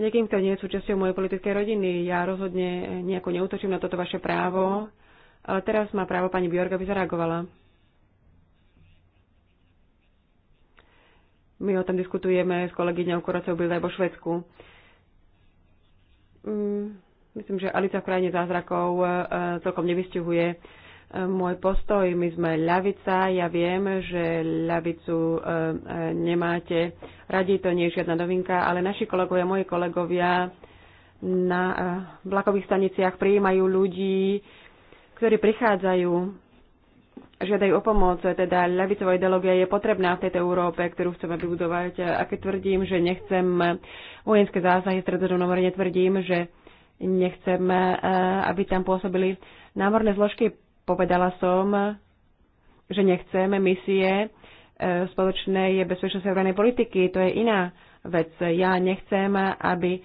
niekým, kto nie je súčasťou mojej politickej rodiny. Ja rozhodne nejako neutočím na toto vaše právo, ale teraz má právo pani Bjorga, aby zareagovala. My o tom diskutujeme s kolegyňou Koracou Bildaj vo Švedsku. Mm, myslím, že Alica v krajine zázrakov e, e, celkom nevystihuje môj postoj. My sme ľavica, ja viem, že ľavicu e, e, nemáte radi, to nie je žiadna novinka, ale naši kolegovia, moji kolegovia na e, vlakových staniciach prijímajú ľudí, ktorí prichádzajú, žiadajú o pomoc, teda ľavicová ideológia je potrebná v tejto Európe, ktorú chceme vybudovať. A keď tvrdím, že nechcem vojenské zásahy v tvrdím, netvrdím, že nechcem, aby tam pôsobili námorné zložky Povedala som, že nechceme misie e, spoločnej bezpečnosti obranej politiky. To je iná vec. Ja nechcem, aby e,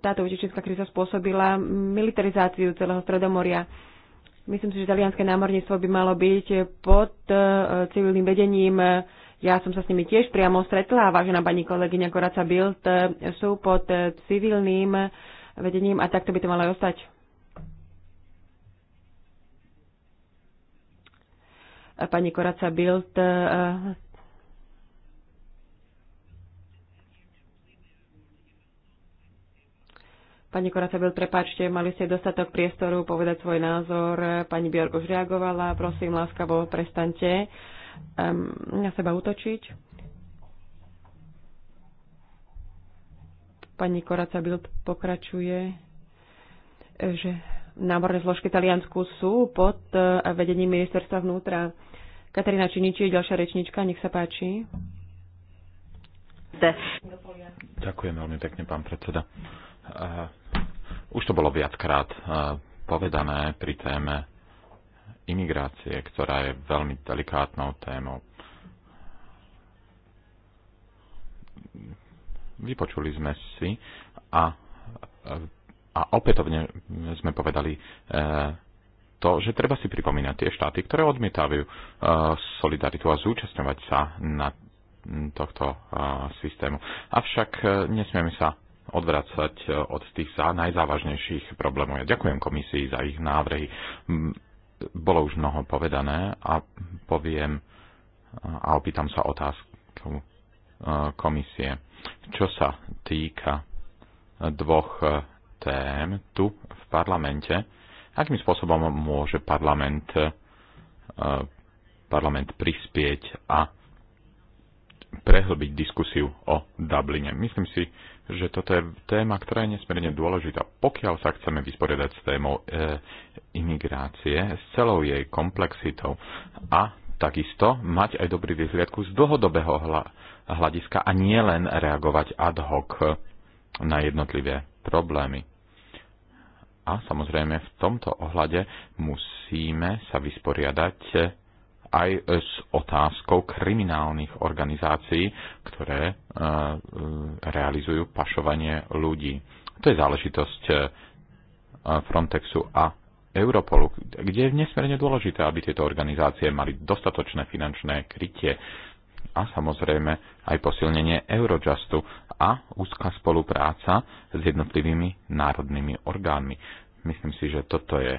táto utečenská kríza spôsobila militarizáciu celého Stredomoria. Myslím si, že talianské námorníctvo by malo byť pod e, civilným vedením. Ja som sa s nimi tiež priamo stretla, vážená pani kolegyňa Koraca Bild, sú pod civilným vedením a takto by to malo aj ostať. pani Koraca Bild e, Pani byl prepáčte, mali ste dostatok priestoru povedať svoj názor. Pani Bjork už reagovala. Prosím, láskavo, prestante um, na seba utočiť. Pani Koraca Bild pokračuje, že námorné zložky Taliansku sú pod e, vedením ministerstva vnútra. Katarína Činiči je ďalšia rečnička, nech sa páči. Ďakujem veľmi pekne, pán predseda. Eh, už to bolo viackrát eh, povedané pri téme imigrácie, ktorá je veľmi delikátnou témou. Vypočuli sme si a, a opätovne sme povedali eh, to, že treba si pripomínať tie štáty, ktoré odmietajú e, solidaritu a zúčastňovať sa na tohto e, systému. Avšak e, nesmieme sa odvracať od tých najzávažnejších problémov. Ja ďakujem komisii za ich návrhy. Bolo už mnoho povedané a poviem a opýtam sa otázku komisie. Čo sa týka dvoch tém tu v parlamente, Akým spôsobom môže parlament, e, parlament prispieť a prehlbiť diskusiu o Dubline. Myslím si, že toto je téma, ktorá je nesmierne dôležitá. Pokiaľ sa chceme vysporiadať s témou e, imigrácie, s celou jej komplexitou a takisto mať aj dobrý výhľadku z dlhodobého hla, hľadiska a nielen reagovať ad hoc na jednotlivé problémy. A samozrejme v tomto ohľade musíme sa vysporiadať aj s otázkou kriminálnych organizácií, ktoré e, e, realizujú pašovanie ľudí. To je záležitosť e, Frontexu a Europolu, kde je nesmierne dôležité, aby tieto organizácie mali dostatočné finančné krytie, a samozrejme aj posilnenie Eurojustu a úzka spolupráca s jednotlivými národnými orgánmi. Myslím si, že toto je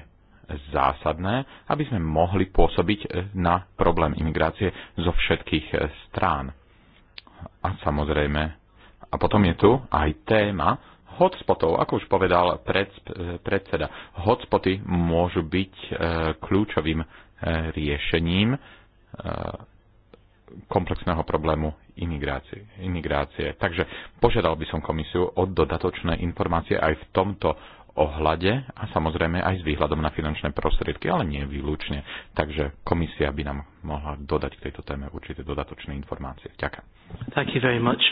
zásadné, aby sme mohli pôsobiť na problém imigrácie zo všetkých strán. A samozrejme, a potom je tu aj téma hotspotov, ako už povedal predseda. Hotspoty môžu byť eh, kľúčovým eh, riešením eh, komplexného problému imigrácie. imigrácie. Takže požiadal by som komisiu o dodatočné informácie aj v tomto ohľade a samozrejme aj s výhľadom na finančné prostriedky, ale nie výlučne. Takže komisia by nám mohla dodať k tejto téme určité dodatočné informácie. Ďakujem. Thank you very much.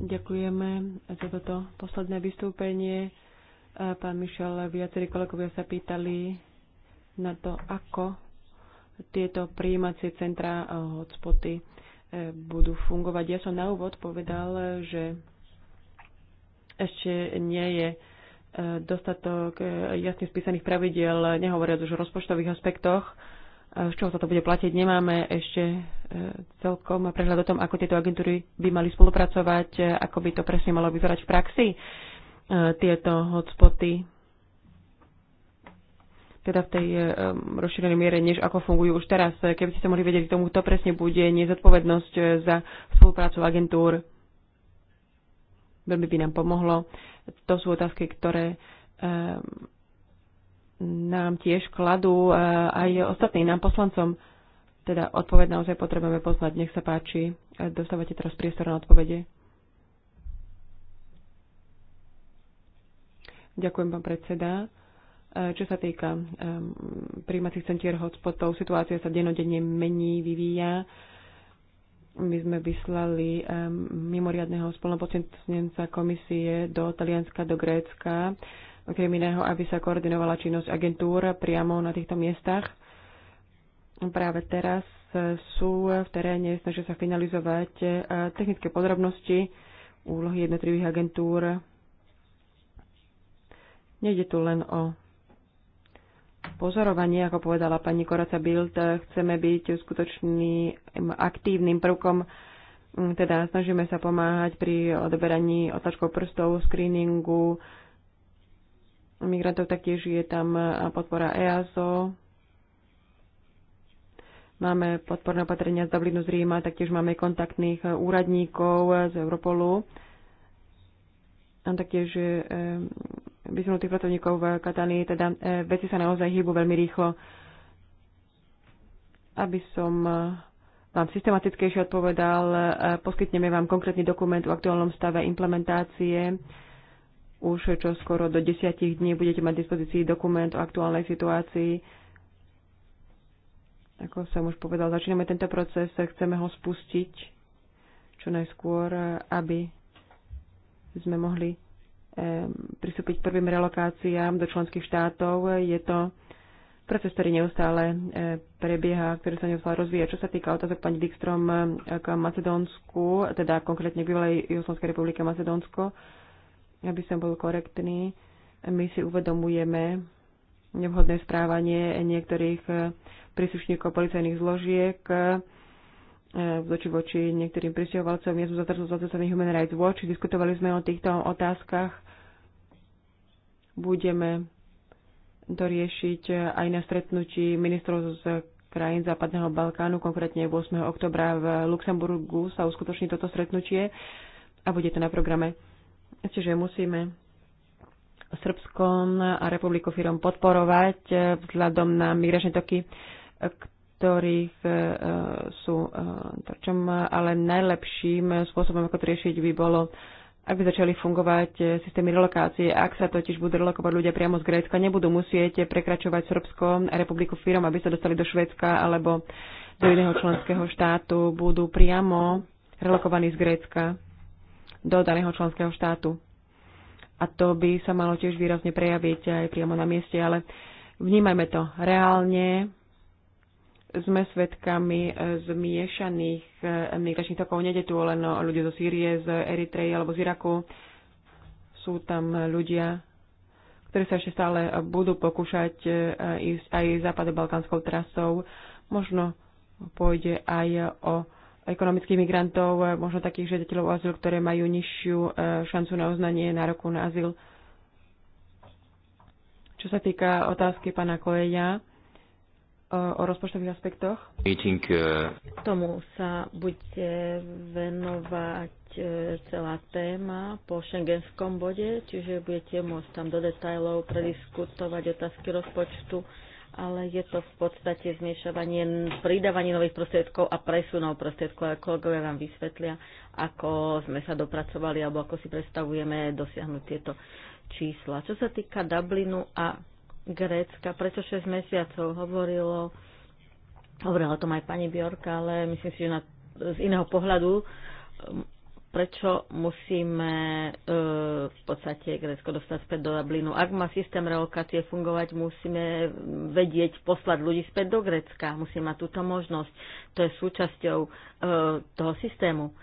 Ďakujeme za toto posledné vystúpenie. Pán Mišel, viacerí kolegovia sa pýtali na to, ako tieto príjímacie centra a eh, hotspoty eh, budú fungovať. Ja som na úvod povedal, že ešte nie je eh, dostatok jasne spísaných pravidiel, nehovoriac už o rozpočtových aspektoch, z čoho sa to bude platiť. Nemáme ešte celkom prehľad o tom, ako tieto agentúry by mali spolupracovať, ako by to presne malo vyzerať v praxi. Tieto hotspoty teda v tej e, rozšírenej miere, než ako fungujú už teraz. Keby ste sa mohli vedieť k tomu, to presne bude nezodpovednosť e, za spoluprácu agentúr. Veľmi by nám pomohlo. To sú otázky, ktoré e, nám tiež kladú aj ostatným nám poslancom. Teda odpoveď naozaj potrebujeme poznať. Nech sa páči. Dostávate teraz priestor na odpovede. Ďakujem, pán predseda. Eh, čo sa týka príjmacích centier hotspotov, situácia sa denodenne mení, vyvíja. My sme vyslali mimoriadného spolnopocentnenca komisie do Talianska, do Grécka, okrem iného, aby sa koordinovala činnosť agentúr priamo na týchto miestach. Práve teraz eh, sú v teréne, snažia sa finalizovať eh, technické podrobnosti úlohy jednotlivých agentúr. Nejde tu len o pozorovanie, ako povedala pani Koraca Bild, chceme byť skutočným aktívnym prvkom, mm, teda snažíme sa pomáhať pri odberaní otlačkov prstov, screeningu migrantov, taktiež je tam podpora EASO. Máme podporné opatrenia z Dublinu z Ríma, taktiež máme kontaktných úradníkov z Europolu tam taktiež eh, vysunutých pracovníkov v Katani, teda eh, veci sa naozaj hýbu veľmi rýchlo. Aby som eh, vám systematickejšie odpovedal, poskytneme vám konkrétny dokument o aktuálnom stave implementácie. Už čo skoro do desiatich dní budete mať dispozícii dokument o aktuálnej situácii. Ako som už povedal, začíname tento proces, chceme ho spustiť čo najskôr, aby sme mohli pristúpiť k prvým relokáciám do členských štátov. Je to proces, ktorý neustále prebieha, ktorý sa neustále rozvíja. Čo sa týka otázok pani Dikstrom k Macedónsku, teda konkrétne k bývalej Jugoslavskej republike Macedónsko, aby som bol korektný, my si uvedomujeme nevhodné správanie niektorých eh, príslušníkov policajných zložiek, voči e, voči niektorým prisťahovalcom. Ja som zatratil zatracený Human Rights Watch. Diskutovali sme o týchto otázkach. Budeme to riešiť aj na stretnutí ministrov z krajín Západného Balkánu, konkrétne 8. oktobra v Luxemburgu sa uskutoční toto stretnutie a bude to na programe. Čiže musíme Srbskom a Republiku Firom podporovať e, vzhľadom na migračné toky, ktorých e, sú e, terčom, ale najlepším spôsobom, ako to riešiť, by bolo, ak by začali fungovať e, systémy relokácie. Ak sa totiž budú relokovať ľudia priamo z Grécka, nebudú musieť prekračovať Srbsko a republiku Fírom, aby sa dostali do Švédska alebo do iného členského štátu. Budú priamo relokovaní z Grécka do daného členského štátu. A to by sa malo tiež výrazne prejaviť aj priamo na mieste, ale vnímajme to reálne, sme svedkami e, zmiešaných e, migračných tokov. Nede tu len o zo Sýrie, z Eritreji alebo z Iraku. Sú tam ľudia, ktorí sa ešte stále budú pokúšať e, ísť aj západe Balkánskou trasou. Možno pôjde aj o ekonomických migrantov, možno takých žiadateľov o azyl, ktoré majú nižšiu šancu na uznanie nároku na azyl. Čo sa týka otázky pána Koeja, o rozpočtových aspektoch. Meeting, uh... Tomu sa bude venovať eh, celá téma po šengenskom bode, čiže budete môcť tam do detajlov prediskutovať otázky rozpočtu, ale je to v podstate zmiešavanie, pridávanie nových prostriedkov a presunov prostriedkov. ako kolegovia vám vysvetlia, ako sme sa dopracovali alebo ako si predstavujeme dosiahnuť tieto čísla. Čo sa týka Dublinu a Grécka, preto 6 mesiacov hovorilo, hovorila o tom aj pani Bjorka, ale myslím si, že na, z iného pohľadu, prečo musíme e, v podstate Grécko dostať späť do Dublinu. Ak má systém relokácie fungovať, musíme vedieť poslať ľudí späť do Grécka. Musí mať túto možnosť. To je súčasťou e, toho systému.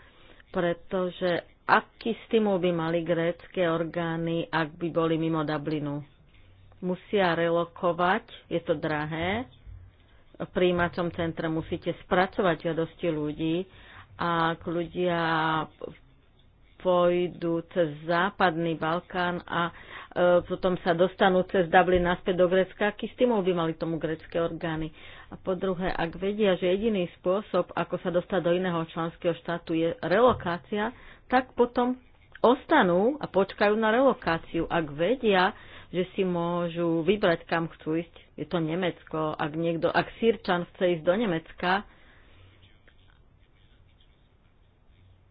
Pretože aký stimul by mali grécké orgány, ak by boli mimo Dublinu? musia relokovať, je to drahé, v príjmacom centre musíte spracovať žiadosti ľudí a ak ľudia pôjdu cez západný Balkán a e, potom sa dostanú cez Dublin naspäť do Grecka, aký stimul by mali tomu grecké orgány. A po druhé, ak vedia, že jediný spôsob, ako sa dostať do iného členského štátu je relokácia, tak potom ostanú a počkajú na relokáciu. Ak vedia, že si môžu vybrať, kam chcú ísť. Je to Nemecko. Ak niekto, ak Sýrčan chce ísť do Nemecka,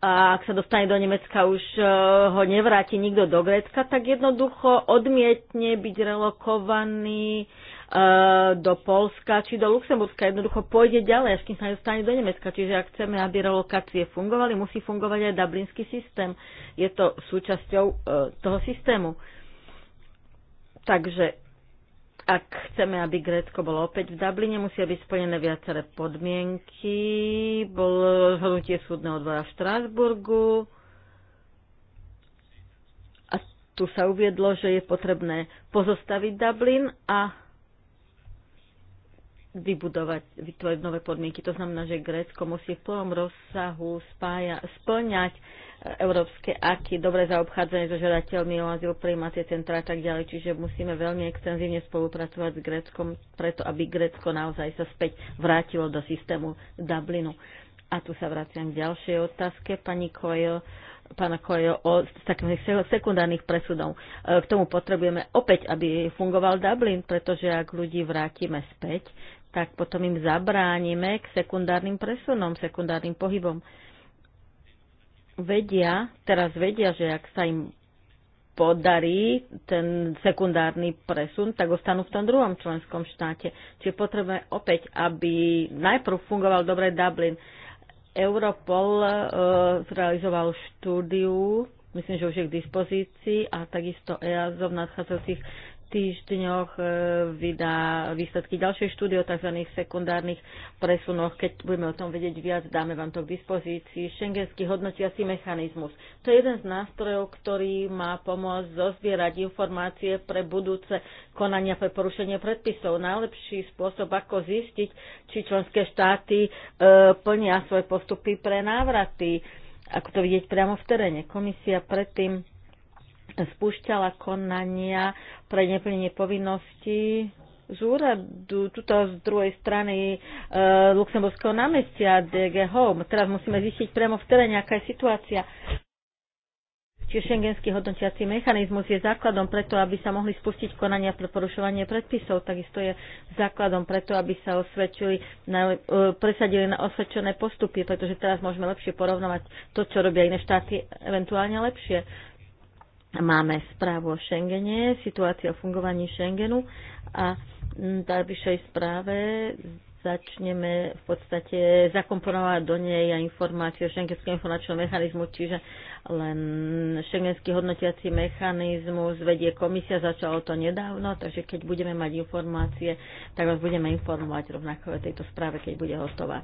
a ak sa dostane do Nemecka, už e, ho nevráti nikto do Grécka, tak jednoducho odmietne byť relokovaný e, do Polska či do Luxemburska. Jednoducho pôjde ďalej, až kým sa nedostane do Nemecka. Čiže ak chceme, aby relokácie fungovali, musí fungovať aj dublinský systém. Je to súčasťou e, toho systému. Takže ak chceme, aby Grécko bolo opäť v Dubline, musia byť splnené viaceré podmienky. Bol rozhodnutie súdneho dvora v Štrásburgu a tu sa uviedlo, že je potrebné pozostaviť Dublin a vybudovať, vytvoriť nové podmienky. To znamená, že Grécko musí v plnom rozsahu spája, splňať európske aky, dobre zaobchádzanie so žiadateľmi o azyl, prijímacie centra a tak ďalej. Čiže musíme veľmi extenzívne spolupracovať s Gréckom, preto aby Grécko naozaj sa späť vrátilo do systému Dublinu. A tu sa vraciam k ďalšej otázke. Pani Kojo, pána Kojo o takých sekundárnych presudov. E, k tomu potrebujeme opäť, aby fungoval Dublin, pretože ak ľudí vrátime späť, tak potom im zabránime k sekundárnym presunom, sekundárnym pohybom vedia, teraz vedia, že ak sa im podarí ten sekundárny presun, tak ostanú v tom druhom členskom štáte. Čiže potrebujeme opäť, aby najprv fungoval dobre Dublin. Europol e, zrealizoval štúdiu, myslím, že už je k dispozícii, a takisto EASO v nadchádzajúcich týždňoch e, vydá výsledky ďalšej štúdie o tzv. sekundárnych presunoch. Keď budeme o tom vedieť viac, dáme vám to k dispozícii. Schengenský hodnotiaci mechanizmus. To je jeden z nástrojov, ktorý má pomôcť zozbierať informácie pre budúce konania pre porušenie predpisov. Najlepší spôsob, ako zistiť, či členské štáty e, plnia svoje postupy pre návraty. Ako to vidieť priamo v teréne. Komisia predtým spúšťala konania pre neplnenie povinností z úradu, tuto z druhej strany e, Luxemburského námestia DG Home. Teraz musíme zistiť priamo v teréne, aká je situácia. Čiže šengenský hodnotiací mechanizmus je základom preto, aby sa mohli spustiť konania pre porušovanie predpisov. Takisto je základom preto, aby sa osvedčili, na, e, presadili na osvedčené postupy, pretože teraz môžeme lepšie porovnovať to, čo robia iné štáty, eventuálne lepšie. Máme správu o Schengene, situácia o fungovaní Schengenu a mm, v najbližšej správe začneme v podstate zakomponovať do nej aj informácie o šengenskom informačnom mechanizmu, čiže len šengenský hodnotiaci mechanizmus vedie komisia, začalo to nedávno, takže keď budeme mať informácie, tak vás budeme informovať rovnako o tejto správe, keď bude hotová.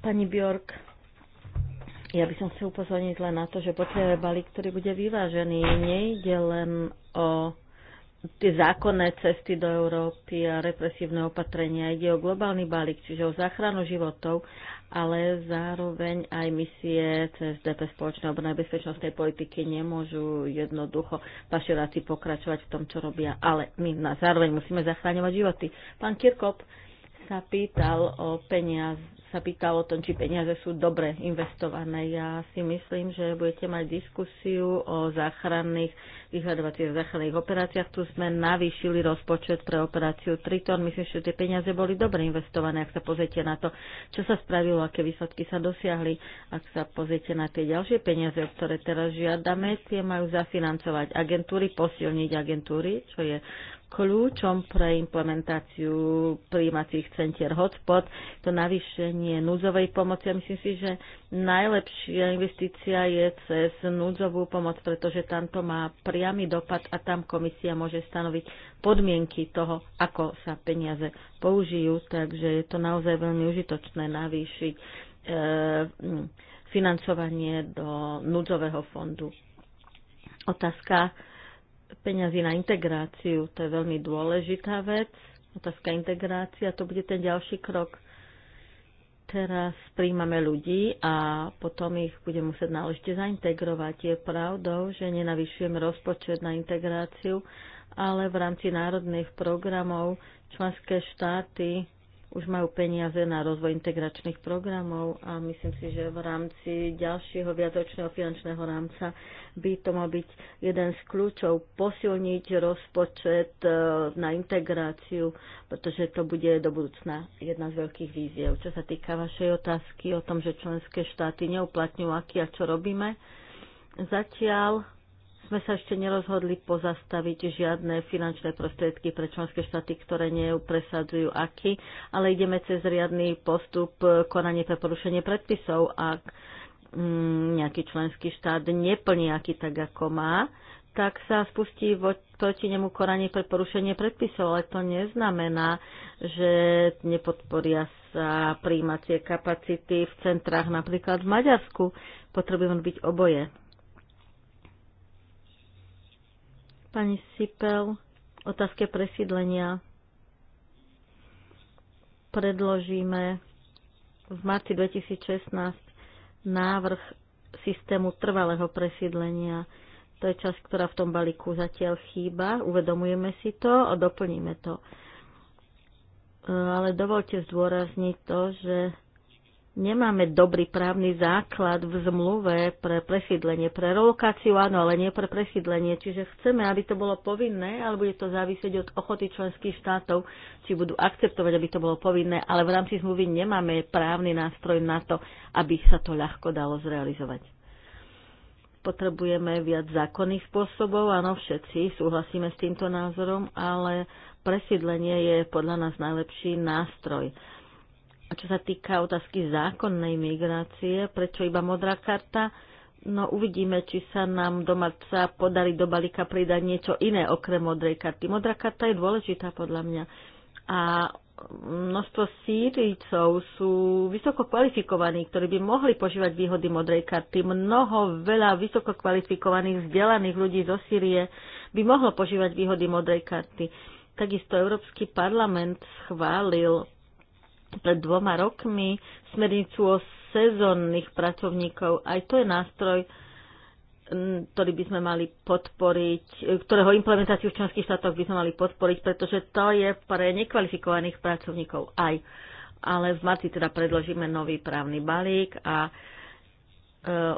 Pani Bjork. Ja by som chcel upozorniť len na to, že potrebujeme balík, ktorý bude vyvážený. Nejde len o tie zákonné cesty do Európy a represívne opatrenia. Ide o globálny balík, čiže o záchranu životov, ale zároveň aj misie DP spoločnej obrnej bezpečnostnej politiky nemôžu jednoducho pašeráci pokračovať v tom, čo robia, ale my na zároveň musíme zachráňovať životy. Pán Kirkop sa pýtal o peniaz, sa pýtal o tom, či peniaze sú dobre investované. Ja si myslím, že budete mať diskusiu o záchranných, vyhľadovacích záchranných operáciách. Tu sme navýšili rozpočet pre operáciu Triton. Myslím, že tie peniaze boli dobre investované, ak sa pozriete na to, čo sa spravilo, aké výsledky sa dosiahli. Ak sa pozriete na tie ďalšie peniaze, o ktoré teraz žiadame, tie majú zafinancovať agentúry, posilniť agentúry, čo je kľúčom pre implementáciu príjímacích centier hotspot, to navýšenie núdzovej pomoci. Ja myslím si, že najlepšia investícia je cez núdzovú pomoc, pretože tam to má priamy dopad a tam komisia môže stanoviť podmienky toho, ako sa peniaze použijú. Takže je to naozaj veľmi užitočné navýšiť e, financovanie do núdzového fondu. Otázka peňazí na integráciu. To je veľmi dôležitá vec. Otázka integrácia, to bude ten ďalší krok. Teraz príjmame ľudí a potom ich budeme musieť náležite zaintegrovať. Je pravdou, že nenavyšujeme rozpočet na integráciu, ale v rámci národných programov členské štáty už majú peniaze na rozvoj integračných programov a myslím si, že v rámci ďalšieho viatočného finančného rámca by to mal byť jeden z kľúčov posilniť rozpočet e, na integráciu, pretože to bude do budúcna jedna z veľkých víziev. Čo sa týka vašej otázky o tom, že členské štáty neuplatňujú aký a čo robíme, zatiaľ sme sa ešte nerozhodli pozastaviť žiadne finančné prostriedky pre členské štáty, ktoré presadzujú aký, ale ideme cez riadny postup konanie pre porušenie predpisov. Ak mm, nejaký členský štát neplní aký tak, ako má, tak sa spustí vo, proti nemu koranie pre porušenie predpisov, ale to neznamená, že nepodporia sa príjmacie kapacity v centrách, napríklad v Maďarsku. Potrebujeme byť oboje. Pani Sipel, otázke presídlenia predložíme v marci 2016 návrh systému trvalého presídlenia. To je časť, ktorá v tom balíku zatiaľ chýba. Uvedomujeme si to a doplníme to. E, ale dovolte zdôrazniť to, že nemáme dobrý právny základ v zmluve pre presídlenie. Pre relokáciu áno, ale nie pre presídlenie. Čiže chceme, aby to bolo povinné, ale bude to závisieť od ochoty členských štátov, či budú akceptovať, aby to bolo povinné, ale v rámci zmluvy nemáme právny nástroj na to, aby sa to ľahko dalo zrealizovať. Potrebujeme viac zákonných spôsobov, áno, všetci súhlasíme s týmto názorom, ale presídlenie je podľa nás najlepší nástroj čo sa týka otázky zákonnej migrácie, prečo iba modrá karta, no uvidíme, či sa nám do marca podarí do balíka pridať niečo iné okrem modrej karty. Modrá karta je dôležitá podľa mňa. A množstvo Sýrijcov sú vysoko kvalifikovaní, ktorí by mohli požívať výhody modrej karty. Mnoho, veľa vysoko kvalifikovaných, vzdelaných ľudí zo Sýrie by mohlo požívať výhody modrej karty. Takisto Európsky parlament schválil pred dvoma rokmi smernicu o sezónnych pracovníkov. Aj to je nástroj, ktorý by sme mali podporiť, ktorého implementáciu v členských štátoch by sme mali podporiť, pretože to je pre nekvalifikovaných pracovníkov aj. Ale v marci teda predložíme nový právny balík a e,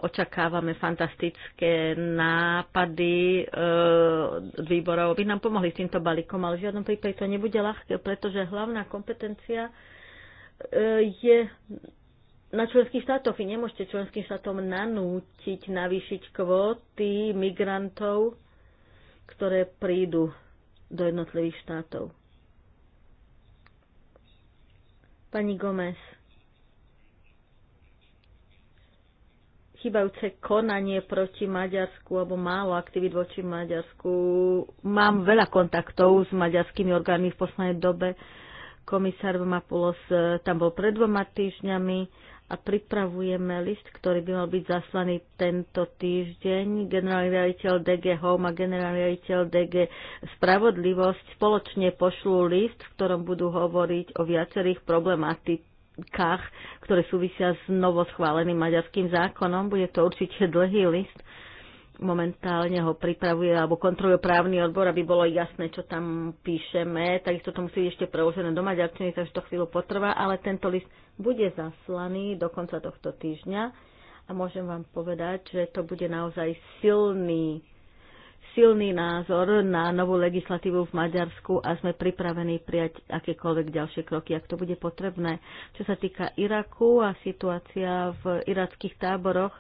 očakávame fantastické nápady e, od výborov, aby nám pomohli s týmto balíkom, ale v žiadnom prípade to nebude ľahké, pretože hlavná kompetencia e, je na členských štátoch. Vy nemôžete členským štátom nanútiť navýšiť kvóty migrantov, ktoré prídu do jednotlivých štátov. Pani Gomez. chýbajúce konanie proti Maďarsku alebo málo aktivít voči Maďarsku. Mám veľa kontaktov s maďarskými orgánmi v poslednej dobe Komisár Mapulos e, tam bol pred dvoma týždňami a pripravujeme list, ktorý by mal byť zaslaný tento týždeň. Generálny riaditeľ DG Home a generálny riaditeľ DG Spravodlivosť spoločne pošlú list, v ktorom budú hovoriť o viacerých problematikách, ktoré súvisia s novoschváleným maďarským zákonom. Bude to určite dlhý list momentálne ho pripravuje alebo kontroluje právny odbor, aby bolo jasné, čo tam píšeme. Takisto to musí ešte preložené do maďarčiny, takže to chvíľu potrvá, ale tento list bude zaslaný do konca tohto týždňa a môžem vám povedať, že to bude naozaj silný silný názor na novú legislatívu v Maďarsku a sme pripravení prijať akékoľvek ďalšie kroky, ak to bude potrebné. Čo sa týka Iraku a situácia v irackých táboroch,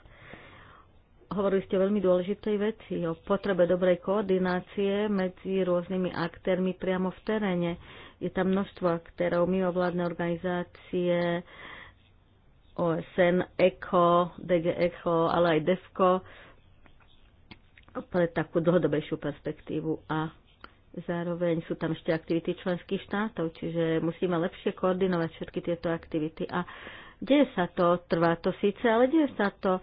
hovorili ste o veľmi dôležitej veci, o potrebe dobrej koordinácie medzi rôznymi aktérmi priamo v teréne. Je tam množstvo aktérov, mimovládne organizácie, OSN, ECHO, DG ECHO, ale aj DEFCO pre takú dlhodobejšiu perspektívu a zároveň sú tam ešte aktivity členských štátov, čiže musíme lepšie koordinovať všetky tieto aktivity a Deje sa to, trvá to síce, ale deje sa to. E,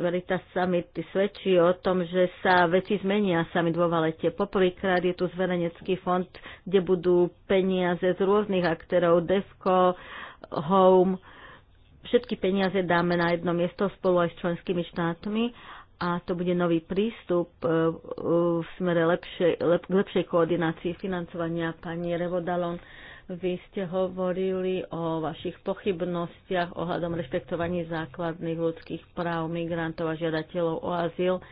Veritas Summit svedčí o tom, že sa veci zmenia sami vo Valete. Poprvýkrát je tu zverejnecký fond, kde budú peniaze z rôznych aktérov, DEFCO, HOME. Všetky peniaze dáme na jedno miesto spolu aj s členskými štátmi a to bude nový prístup e, e, v smere lepšej, lep, lepšej koordinácii financovania. Pani Revodalon vy ste hovorili o vašich pochybnostiach ohľadom rešpektovaní základných ľudských práv migrantov a žiadateľov o azyl e,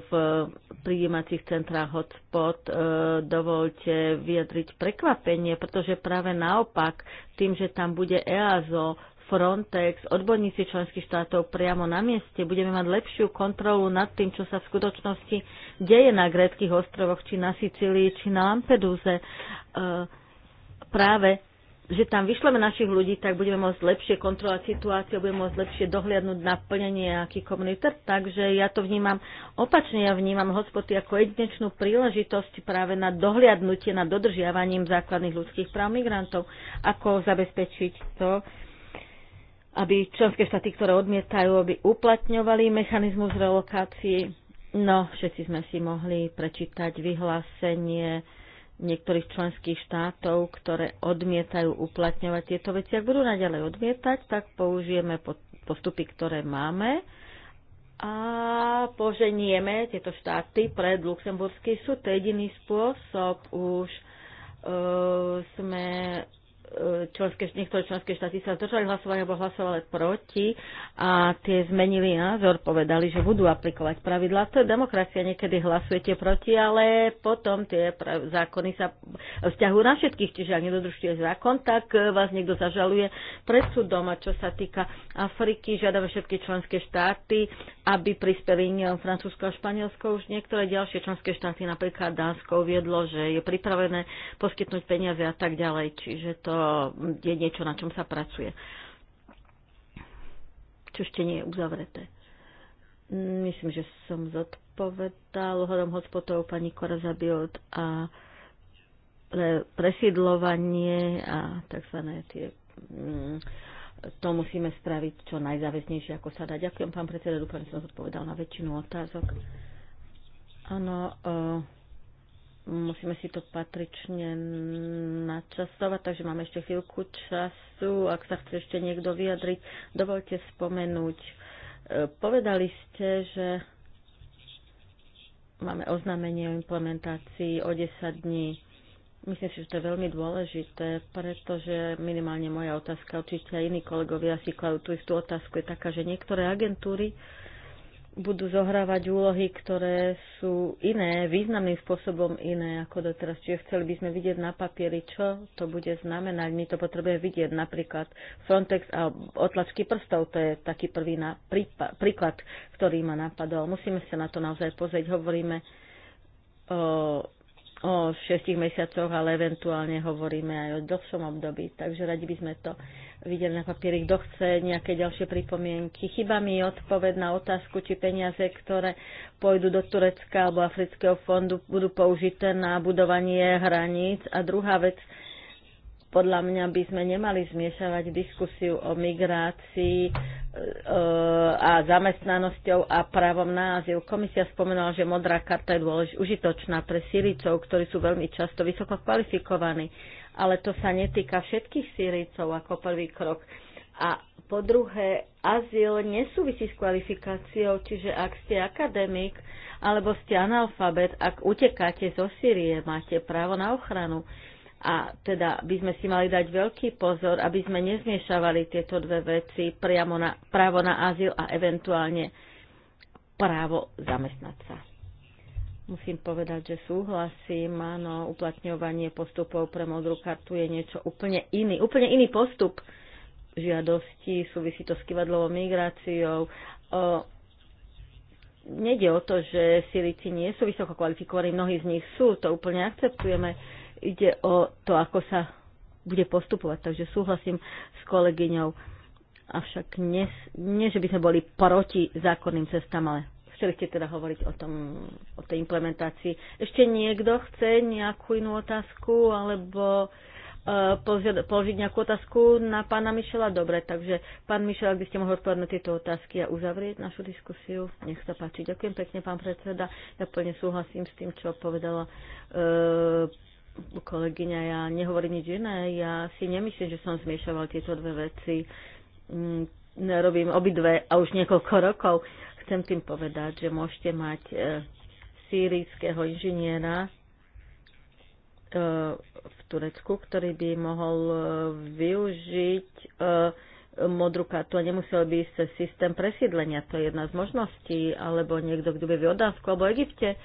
v prijímacích centrách hotspot. E, dovolte vyjadriť prekvapenie, pretože práve naopak, tým, že tam bude EASO, Frontex, odborníci členských štátov priamo na mieste, budeme mať lepšiu kontrolu nad tým, čo sa v skutočnosti deje na gréckých ostrovoch, či na Sicílii, či na Lampeduze. E, práve že tam vyšleme našich ľudí, tak budeme môcť lepšie kontrolovať situáciu, budeme môcť lepšie dohliadnúť na plnenie nejaký komunity. Takže ja to vnímam opačne, ja vnímam hospody ako jedinečnú príležitosť práve na dohliadnutie, na dodržiavaním základných ľudských práv migrantov. Ako zabezpečiť to, aby členské štáty, ktoré odmietajú, aby uplatňovali mechanizmus relokácií. No, všetci sme si mohli prečítať vyhlásenie niektorých členských štátov, ktoré odmietajú uplatňovať tieto veci. Ak budú naďalej odmietať, tak použijeme postupy, ktoré máme a poženieme tieto štáty pred Luxemburský súd. To je jediný spôsob. Už uh, sme E, členské, niektoré členské štáty sa zdržali hlasovania alebo hlasovali proti a tie zmenili názor, povedali, že budú aplikovať pravidlá. To je demokracia, niekedy hlasujete proti, ale potom tie zákony sa vzťahujú na všetkých, čiže ak nedodržíte zákon, tak e, vás niekto zažaluje pred súdom. A čo sa týka Afriky, žiadame všetky členské štáty, aby prispeli Francúzsko a Španielsko. Už niektoré ďalšie členské štáty, napríklad Dánsko, uviedlo, že je pripravené poskytnúť peniaze a tak ďalej. Čiže to E, je niečo, na čom sa pracuje. Čo ešte nie je uzavreté. Myslím, že som zodpovedal hodom hospodov pani Korazabiot a pre presiedlovanie a tzv. tie mm, to musíme spraviť čo najzáväznejšie, ako sa dá. Ďakujem, pán predseda, dúfam, že som zodpovedal na väčšinu otázok. Áno, uh, Musíme si to patrične načasovať, takže máme ešte chvíľku času. Ak sa chce ešte niekto vyjadriť, dovolte spomenúť. E, povedali ste, že máme oznámenie o implementácii o 10 dní. Myslím si, že to je veľmi dôležité, pretože minimálne moja otázka, určite aj iní kolegovia si klajú tú istú otázku, je taká, že niektoré agentúry budú zohrávať úlohy, ktoré sú iné, významným spôsobom iné ako doteraz. Čiže chceli by sme vidieť na papieri, čo to bude znamenať. My to potrebujeme vidieť napríklad Frontex a otlačky prstov. To je taký prvý na, prípa, príklad, ktorý ma napadol. Musíme sa na to naozaj pozrieť. Hovoríme o o šestich mesiacoch, ale eventuálne hovoríme aj o dlhšom období. Takže radi by sme to videli na papieri. Kto chce nejaké ďalšie pripomienky? Chyba mi odpoved na otázku, či peniaze, ktoré pôjdu do Turecka alebo Afrického fondu, budú použité na budovanie hraníc. A druhá vec, podľa mňa by sme nemali zmiešavať diskusiu o migrácii E, a zamestnanosťou a právom na azyl. Komisia spomenula, že modrá karta je dôlež, užitočná pre Syrícov, ktorí sú veľmi často vysoko kvalifikovaní, ale to sa netýka všetkých Syrícov ako prvý krok. A po druhé, azyl nesúvisí s kvalifikáciou, čiže ak ste akademik alebo ste analfabet, ak utekáte zo Syrie, máte právo na ochranu. A teda by sme si mali dať veľký pozor, aby sme nezmiešavali tieto dve veci, priamo na, právo na azyl a eventuálne právo zamestnať sa. Musím povedať, že súhlasím, áno, uplatňovanie postupov pre modrú kartu je niečo úplne iný, úplne iný postup žiadosti, súvisí to s kivadlovou migráciou. O, nede o to, že Sirici nie sú vysoko kvalifikovaní, mnohí z nich sú, to úplne akceptujeme ide o to, ako sa bude postupovať. Takže súhlasím s kolegyňou. Avšak nie, nie, že by sme boli proti zákonným cestám, ale chceli ste teda hovoriť o, tom, o tej implementácii. Ešte niekto chce nejakú inú otázku alebo e, položiť nejakú otázku na pána Mišela? Dobre, takže pán Mišela, ak by ste mohli odpovedať na tieto otázky a uzavrieť našu diskusiu, nech sa páči. Ďakujem pekne, pán predseda. Ja plne súhlasím s tým, čo povedala e, kolegyňa, ja nehovorím nič iné. Ja si nemyslím, že som zmiešoval tieto dve veci. Mm, robím obidve a už niekoľko rokov. Chcem tým povedať, že môžete mať e, sírického inžiniera e, v Turecku, ktorý by mohol e, využiť modrú kartu a nemusel by ísť cez systém presídlenia. To je jedna z možností. Alebo niekto, kto by v Jordánsku alebo Egypte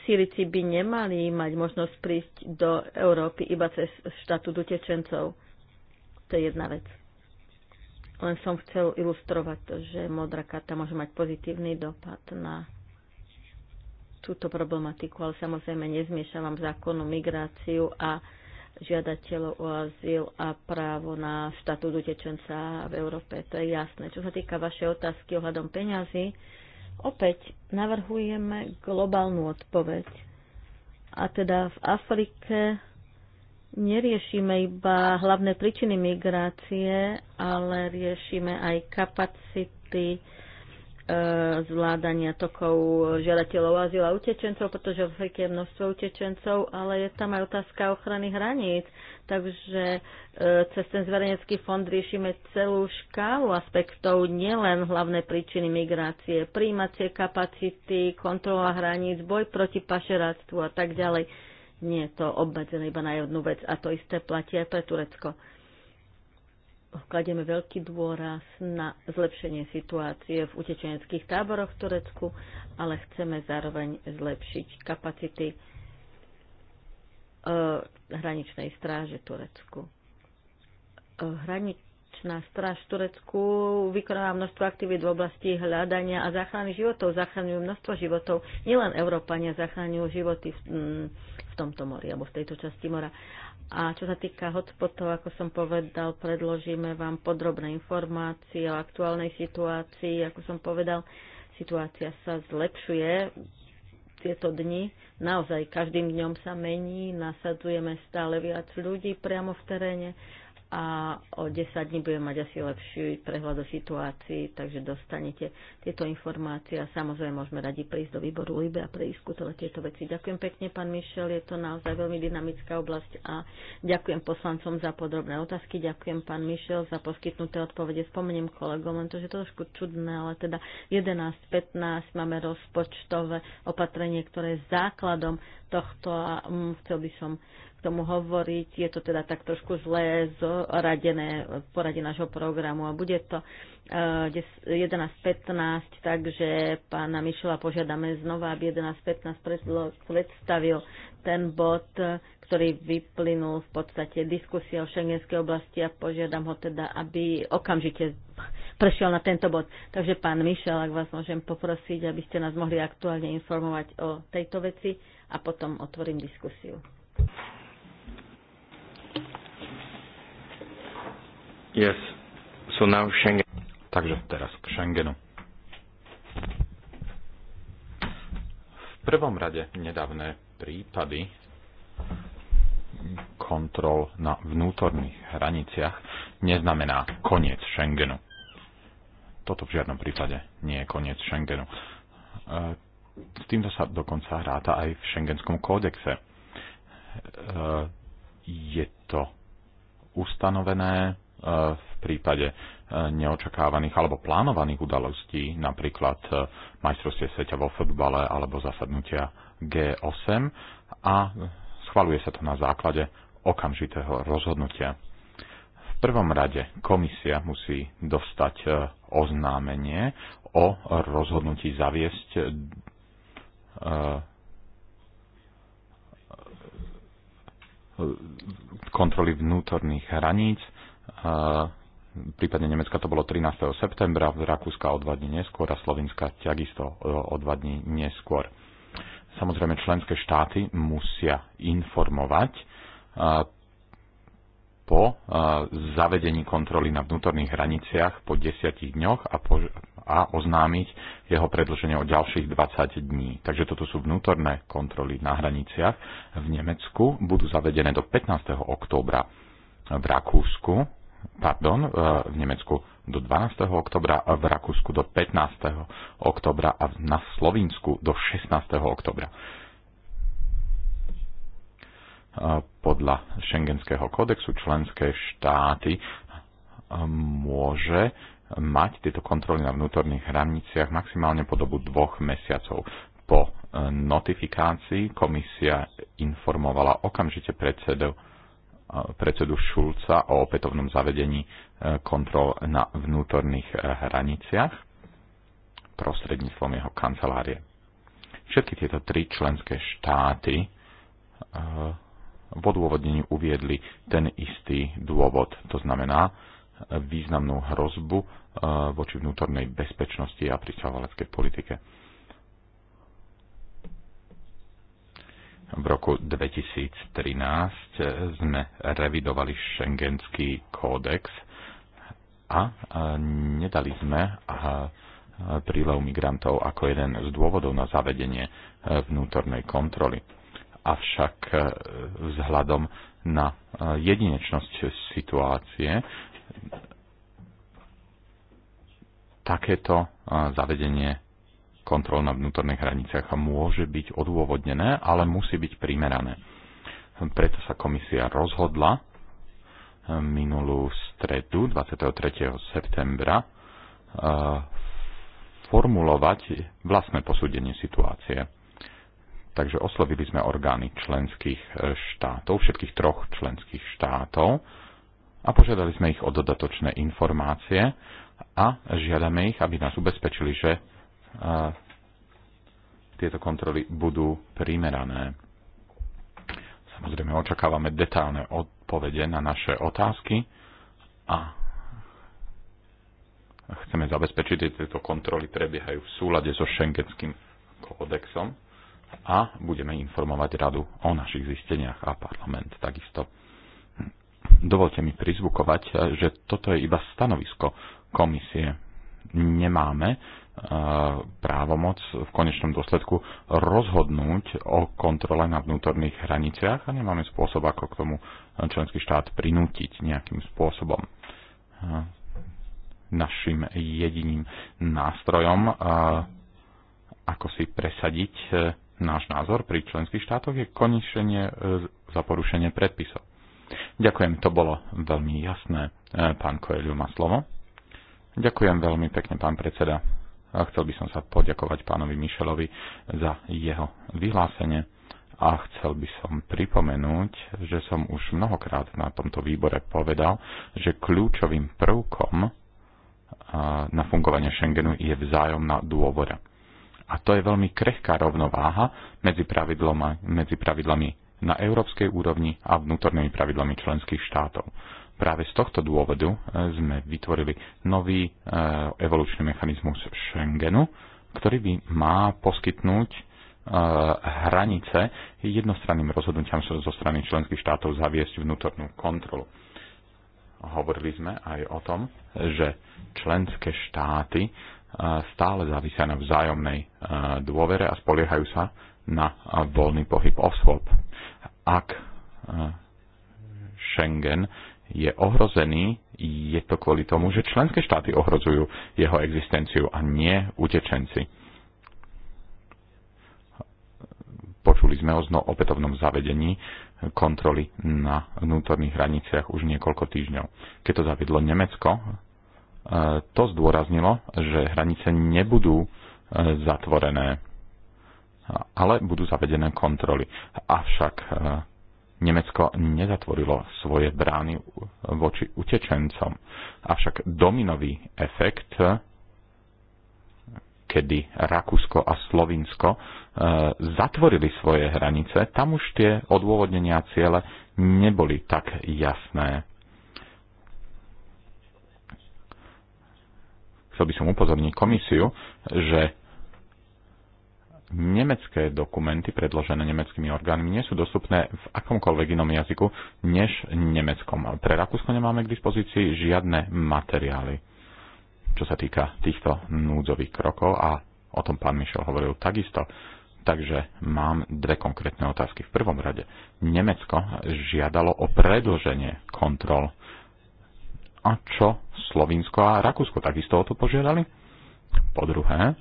Sírici by nemali mať možnosť prísť do Európy iba cez štatút utečencov. To je jedna vec. Len som chcel ilustrovať to, že modrá karta môže mať pozitívny dopad na túto problematiku, ale samozrejme nezmiešavam zákonu migráciu a žiadateľov o azyl a právo na štatút utečenca v Európe. To je jasné. Čo sa týka vašej otázky ohľadom peňazí, Opäť navrhujeme globálnu odpoveď. A teda v Afrike neriešime iba hlavné príčiny migrácie, ale riešime aj kapacity E, zvládania tokov žiadateľov azyla a utečencov, pretože v Afrike je množstvo utečencov, ale je tam aj otázka ochrany hraníc. Takže e, cez ten zverejnecký fond riešime celú škálu aspektov, nielen hlavné príčiny migrácie, príjmacie kapacity, kontrola hraníc, boj proti pašeráctvu a tak ďalej. Nie je to obmedzené iba na jednu vec a to isté platí aj pre Turecko kladieme veľký dôraz na zlepšenie situácie v utečeneckých táboroch v Turecku, ale chceme zároveň zlepšiť kapacity e, hraničnej stráže Turecku. E, hraničná stráž v Turecku vykonáva množstvo aktivít v oblasti hľadania a záchrany životov. Zachraňujú množstvo životov. Nielen Európania zachraňujú životy v, mm, v tomto mori alebo v tejto časti mora. A čo sa týka hotspotov, ako som povedal, predložíme vám podrobné informácie o aktuálnej situácii. Ako som povedal, situácia sa zlepšuje tieto dni. Naozaj každým dňom sa mení, nasadzujeme stále viac ľudí priamo v teréne a o 10 dní budem mať asi lepší prehľad o situácii, takže dostanete tieto informácie a samozrejme môžeme radi prísť do výboru LIBE a prediskutovať tieto veci. Ďakujem pekne, pán Mišel, je to naozaj veľmi dynamická oblasť a ďakujem poslancom za podrobné otázky, ďakujem pán Mišel za poskytnuté odpovede. Spomeniem kolegom, len to je trošku čudné, ale teda 11.15 máme rozpočtové opatrenie, ktoré je základom tohto a mm, chcel by som tomu hovoriť. Je to teda tak trošku zlé zoradené v poradí nášho programu a bude to 11.15, eh, takže pána Mišela požiadame znova, aby 11.15 predstavil ten bod, ktorý vyplynul v podstate diskusie o šengenskej oblasti a požiadam ho teda, aby okamžite prešiel na tento bod. Takže pán Mišel, ak vás môžem poprosiť, aby ste nás mohli aktuálne informovať o tejto veci a potom otvorím diskusiu. Yes. So now Schengen. Takže teraz k Schengenu. V prvom rade nedávne prípady kontrol na vnútorných hraniciach neznamená koniec Schengenu. Toto v žiadnom prípade nie je koniec Schengenu. E, s týmto sa dokonca hráta aj v Schengenskom kódexe. E, je to ustanovené E, v prípade e, neočakávaných alebo plánovaných udalostí, napríklad e, majstrovstie sveta vo futbale alebo zasadnutia G8 a schvaluje sa to na základe okamžitého rozhodnutia. V prvom rade komisia musí dostať oznámenie o rozhodnutí zaviesť kontroly vnútorných hraníc v prípade Nemecka to bolo 13. septembra, v Rakúska o dva dní neskôr a Slovenska takisto o dva dní neskôr. Samozrejme, členské štáty musia informovať po zavedení kontroly na vnútorných hraniciach po 10 dňoch a, po, a oznámiť jeho predlženie o ďalších 20 dní. Takže toto sú vnútorné kontroly na hraniciach v Nemecku, budú zavedené do 15. októbra v Rakúsku, pardon, e, v Nemecku do 12. oktobra, v Rakúsku do 15. oktobra a na Slovensku do 16. oktobra. E, podľa Schengenského kódexu členské štáty e, môže mať tieto kontroly na vnútorných hraniciach maximálne po dobu dvoch mesiacov. Po notifikácii komisia informovala okamžite predsedu predsedu Šulca o opätovnom zavedení e, kontrol na vnútorných e, hraniciach prostredníctvom jeho kancelárie. Všetky tieto tri členské štáty e, v odôvodnení uviedli ten istý dôvod, to znamená významnú hrozbu voči vnútornej bezpečnosti a pristahovaleckej politike. V roku 2013 sme revidovali šengenský kódex a nedali sme prílev migrantov ako jeden z dôvodov na zavedenie e, vnútornej kontroly. Avšak e, vzhľadom na e, jedinečnosť situácie takéto zavedenie kontrol na vnútorných hraniciach môže byť odôvodnené, ale musí byť primerané. Preto sa komisia rozhodla eh, minulú stredu 23. septembra eh, formulovať vlastné posúdenie situácie. Takže oslovili sme orgány členských eh, štátov, všetkých troch členských štátov a požiadali sme ich o dodatočné informácie a žiadame ich, aby nás ubezpečili, že tieto kontroly budú primerané. Samozrejme, očakávame detálne odpovede na naše otázky a chceme zabezpečiť, že tieto kontroly prebiehajú v súlade so šengenským kódexom a budeme informovať radu o našich zisteniach a parlament takisto. Dovolte mi prizvukovať, že toto je iba stanovisko komisie. Nemáme právomoc v konečnom dôsledku rozhodnúť o kontrole na vnútorných hraniciach a nemáme spôsob, ako k tomu členský štát prinútiť nejakým spôsobom. Našim jediným nástrojom, ako si presadiť e, náš názor pri členských štátoch, je konečenie e, za porušenie predpisov. Ďakujem, to bolo veľmi jasné. E, pán Koeliu má slovo. Ďakujem veľmi pekne, pán predseda a chcel by som sa poďakovať pánovi Mišelovi za jeho vyhlásenie a chcel by som pripomenúť, že som už mnohokrát na tomto výbore povedal, že kľúčovým prvkom na fungovanie Schengenu je vzájomná dôvora. A to je veľmi krehká rovnováha medzi, medzi pravidlami na európskej úrovni a vnútornými pravidlami členských štátov Práve z tohto dôvodu e, sme vytvorili nový e, evolučný mechanizmus Schengenu, ktorý by má poskytnúť e, hranice jednostranným rozhodnutiam zo strany členských štátov zaviesť vnútornú kontrolu. Hovorili sme aj o tom, že členské štáty stále závisia na vzájomnej dôvere a spoliehajú sa na voľný pohyb osôb. Ak Schengen je ohrozený, je to kvôli tomu, že členské štáty ohrozujú jeho existenciu a nie utečenci. Počuli sme o zno opätovnom zavedení kontroly na vnútorných hraniciach už niekoľko týždňov. Keď to zavedlo Nemecko, e, to zdôraznilo, že hranice nebudú e, zatvorené, ale budú zavedené kontroly. Avšak e, Nemecko nezatvorilo svoje brány voči utečencom. Avšak dominový efekt, kedy Rakúsko a Slovinsko e, zatvorili svoje hranice, tam už tie odôvodnenia ciele neboli tak jasné. Chcel by som upozorniť komisiu, že nemecké dokumenty predložené nemeckými orgánmi nie sú dostupné v akomkoľvek inom jazyku než nemeckom. Pre Rakúsko nemáme k dispozícii žiadne materiály, čo sa týka týchto núdzových krokov a o tom pán Mišel hovoril takisto. Takže mám dve konkrétne otázky. V prvom rade, Nemecko žiadalo o predlženie kontrol. A čo Slovinsko a Rakúsko takisto o to požiadali? Po druhé,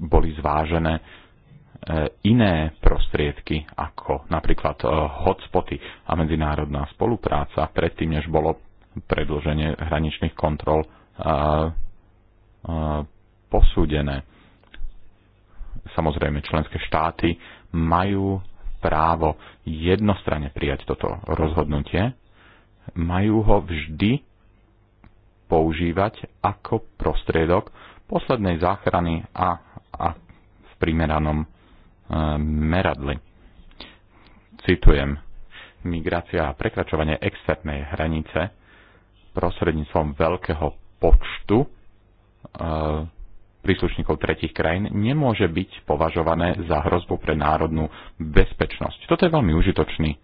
boli zvážené e, iné prostriedky, ako napríklad e, hotspoty a medzinárodná spolupráca, predtým, než bolo predlženie hraničných kontrol e, posúdené. Samozrejme, členské štáty majú právo jednostranne prijať toto rozhodnutie, majú ho vždy používať ako prostriedok poslednej záchrany a a v primeranom e, meradli. Citujem, migrácia a prekračovanie externej hranice prostredníctvom veľkého počtu e, príslušníkov tretich krajín nemôže byť považované za hrozbu pre národnú bezpečnosť. Toto je veľmi užitočný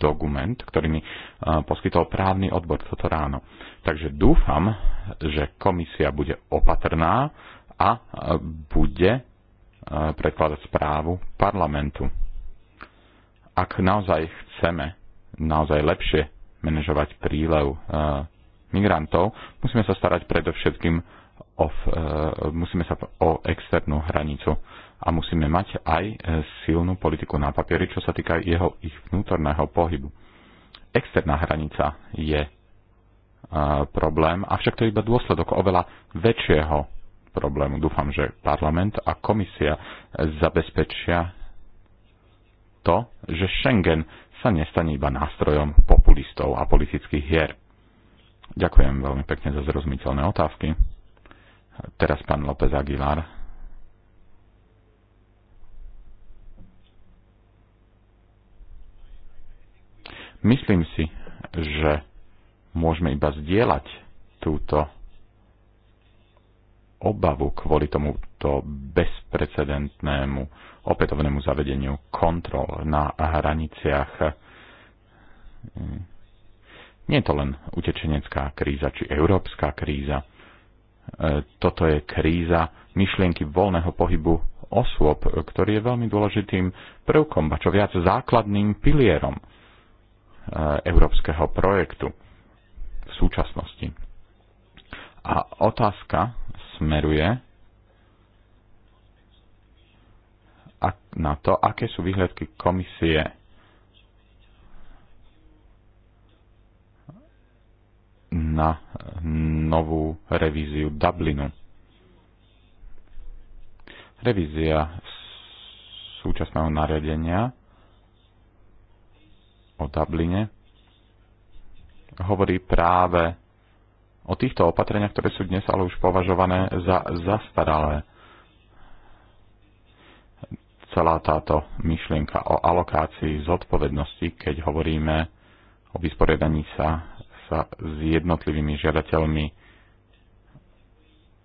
dokument, ktorý mi e, poskytol právny odbor toto ráno. Takže dúfam, že komisia bude opatrná a bude prekladať správu parlamentu. Ak naozaj chceme naozaj lepšie manažovať prílev e, migrantov, musíme sa starať predovšetkým o, e, musíme sa o externú hranicu a musíme mať aj e, silnú politiku na papieri, čo sa týka jeho ich vnútorného pohybu. Externá hranica je problém, avšak to je iba dôsledok oveľa väčšieho problému. Dúfam, že parlament a komisia zabezpečia to, že Schengen sa nestane iba nástrojom populistov a politických hier. Ďakujem veľmi pekne za zrozumiteľné otázky. Teraz pán López Aguilar. Myslím si, že môžeme iba zdieľať túto obavu kvôli tomuto bezprecedentnému opätovnému zavedeniu kontrol na hraniciach. Nie je to len utečenecká kríza či európska kríza. Toto je kríza myšlienky voľného pohybu osôb, ktorý je veľmi dôležitým prvkom, a čo viac základným pilierom e, európskeho projektu v súčasnosti. A otázka, smeruje na to, aké sú výhľadky komisie na novú revíziu Dublinu. Revízia súčasného nariadenia o Dubline hovorí práve o týchto opatreniach, ktoré sú dnes ale už považované za zastaralé. Celá táto myšlienka o alokácii zodpovednosti, keď hovoríme o vysporiadaní sa, sa s jednotlivými žiadateľmi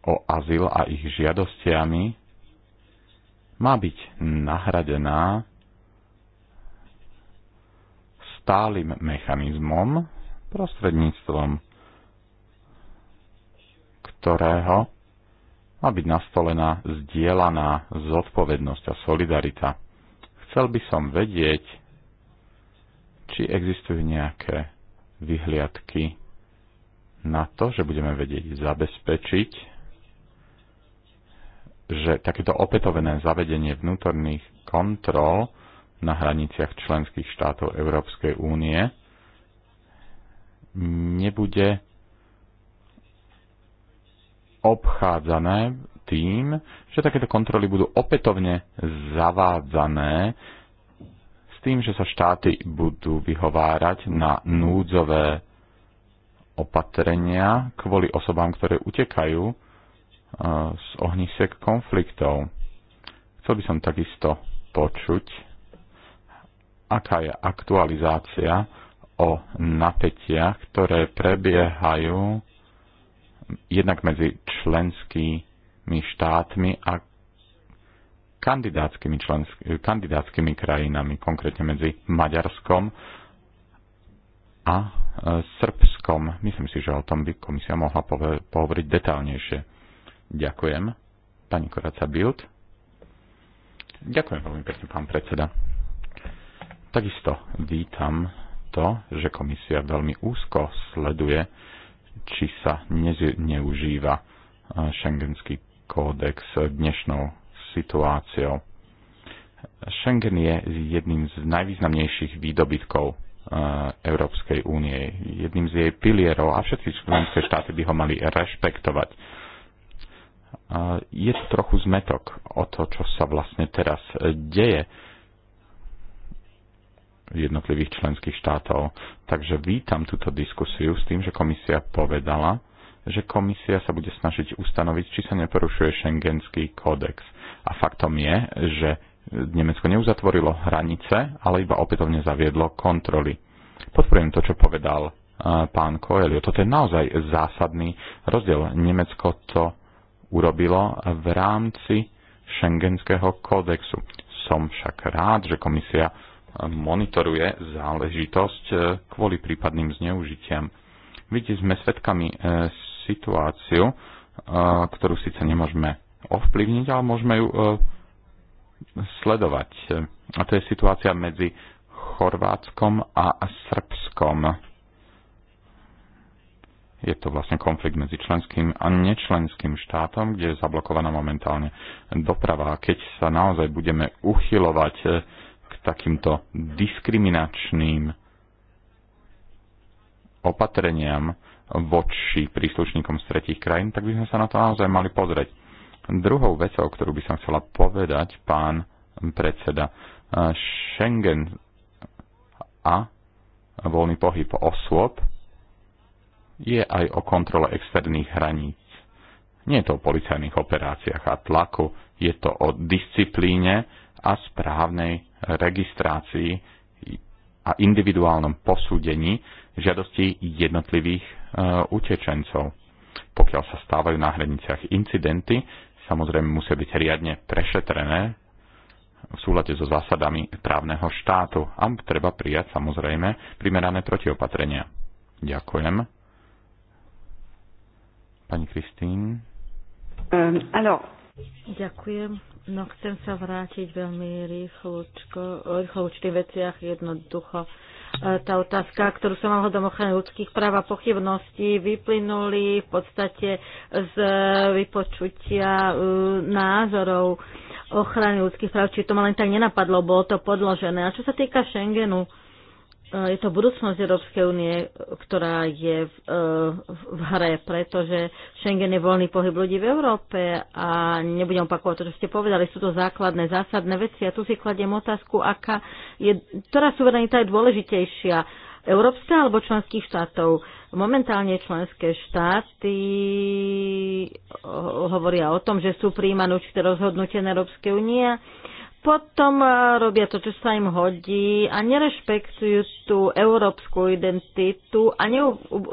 o azyl a ich žiadostiami, má byť nahradená stálym mechanizmom, prostredníctvom ktorého má byť nastolená zdielaná zodpovednosť a solidarita. Chcel by som vedieť, či existujú nejaké vyhliadky na to, že budeme vedieť zabezpečiť, že takéto opätovené zavedenie vnútorných kontrol na hraniciach členských štátov Európskej únie nebude obchádzané tým, že takéto kontroly budú opätovne zavádzané s tým, že sa štáty budú vyhovárať na núdzové opatrenia kvôli osobám, ktoré utekajú e, z ohnisek konfliktov. Chcel by som takisto počuť, aká je aktualizácia o napätiach, ktoré prebiehajú jednak medzi členskými štátmi a kandidátskymi, člensk- eh, kandidátskymi krajinami, konkrétne medzi Maďarskom a eh, Srbskom. Myslím si, že o tom by komisia mohla pohovoriť detálnejšie. Ďakujem. Pani Koraca Bild. Ďakujem veľmi pekne, pán predseda. Takisto vítam to, že komisia veľmi úzko sleduje či sa neužíva e, šengenský kódex dnešnou situáciou. Schengen je jedným z najvýznamnejších výdobytkov e, Európskej únie, jedným z jej pilierov a všetky členské štáty by ho mali rešpektovať. E, je to trochu zmetok o to, čo sa vlastne teraz deje jednotlivých členských štátov. Takže vítam túto diskusiu s tým, že komisia povedala, že komisia sa bude snažiť ustanoviť, či sa neporušuje šengenský kódex. A faktom je, že Nemecko neuzatvorilo hranice, ale iba opätovne zaviedlo kontroly. Podporujem to, čo povedal e, pán Coelho. Toto je naozaj zásadný rozdiel. Nemecko to urobilo v rámci šengenského kódexu. Som však rád, že komisia monitoruje záležitosť e, kvôli prípadným zneužitiam. Vidíte, sme svedkami e, situáciu, e, ktorú síce nemôžeme ovplyvniť, ale môžeme ju sledovať. A to je situácia medzi Chorvátskom a Srbskom. Je to vlastne konflikt medzi členským a nečlenským štátom, kde je zablokovaná momentálne doprava. A keď sa naozaj budeme uchylovať takýmto diskriminačným opatreniam voči príslušníkom z tretich krajín, tak by sme sa na to naozaj mali pozrieť. Druhou vecou, ktorú by som chcela povedať, pán predseda, e, Schengen a voľný pohyb osôb je aj o kontrole externých hraníc. Nie je to o policajných operáciách a tlaku, je to o disciplíne a správnej registrácii a individuálnom posúdení žiadosti jednotlivých e, utečencov. Pokiaľ sa stávajú na hraniciach incidenty, samozrejme musia byť riadne prešetrené v súlade so zásadami právneho štátu a treba prijať samozrejme primerané protiopatrenia. Ďakujem. Pani Kristín. Um, Ďakujem No chcem sa vrátiť veľmi rýchločko, rýchlo v tých veciach jednoducho. E, tá otázka, ktorú som mal hodom ochrany ľudských práv a pochybností, vyplynuli v podstate z vypočutia e, názorov ochrany ľudských práv, či to ma len tak nenapadlo, bolo to podložené. A čo sa týka Schengenu, E, je to budúcnosť Európskej únie, ktorá je v, e, v hre, pretože Schengen je voľný pohyb ľudí v Európe a nebudem opakovať to, čo ste povedali, sú to základné, zásadné veci a tu si kladiem otázku, aká je, ktorá suverenita je dôležitejšia, európska alebo členských štátov. Momentálne členské štáty e, hovoria o tom, že sú príjmané určité rozhodnutia na Európskej únie potom eh, robia to, čo sa im hodí a nerešpektujú tú európsku identitu a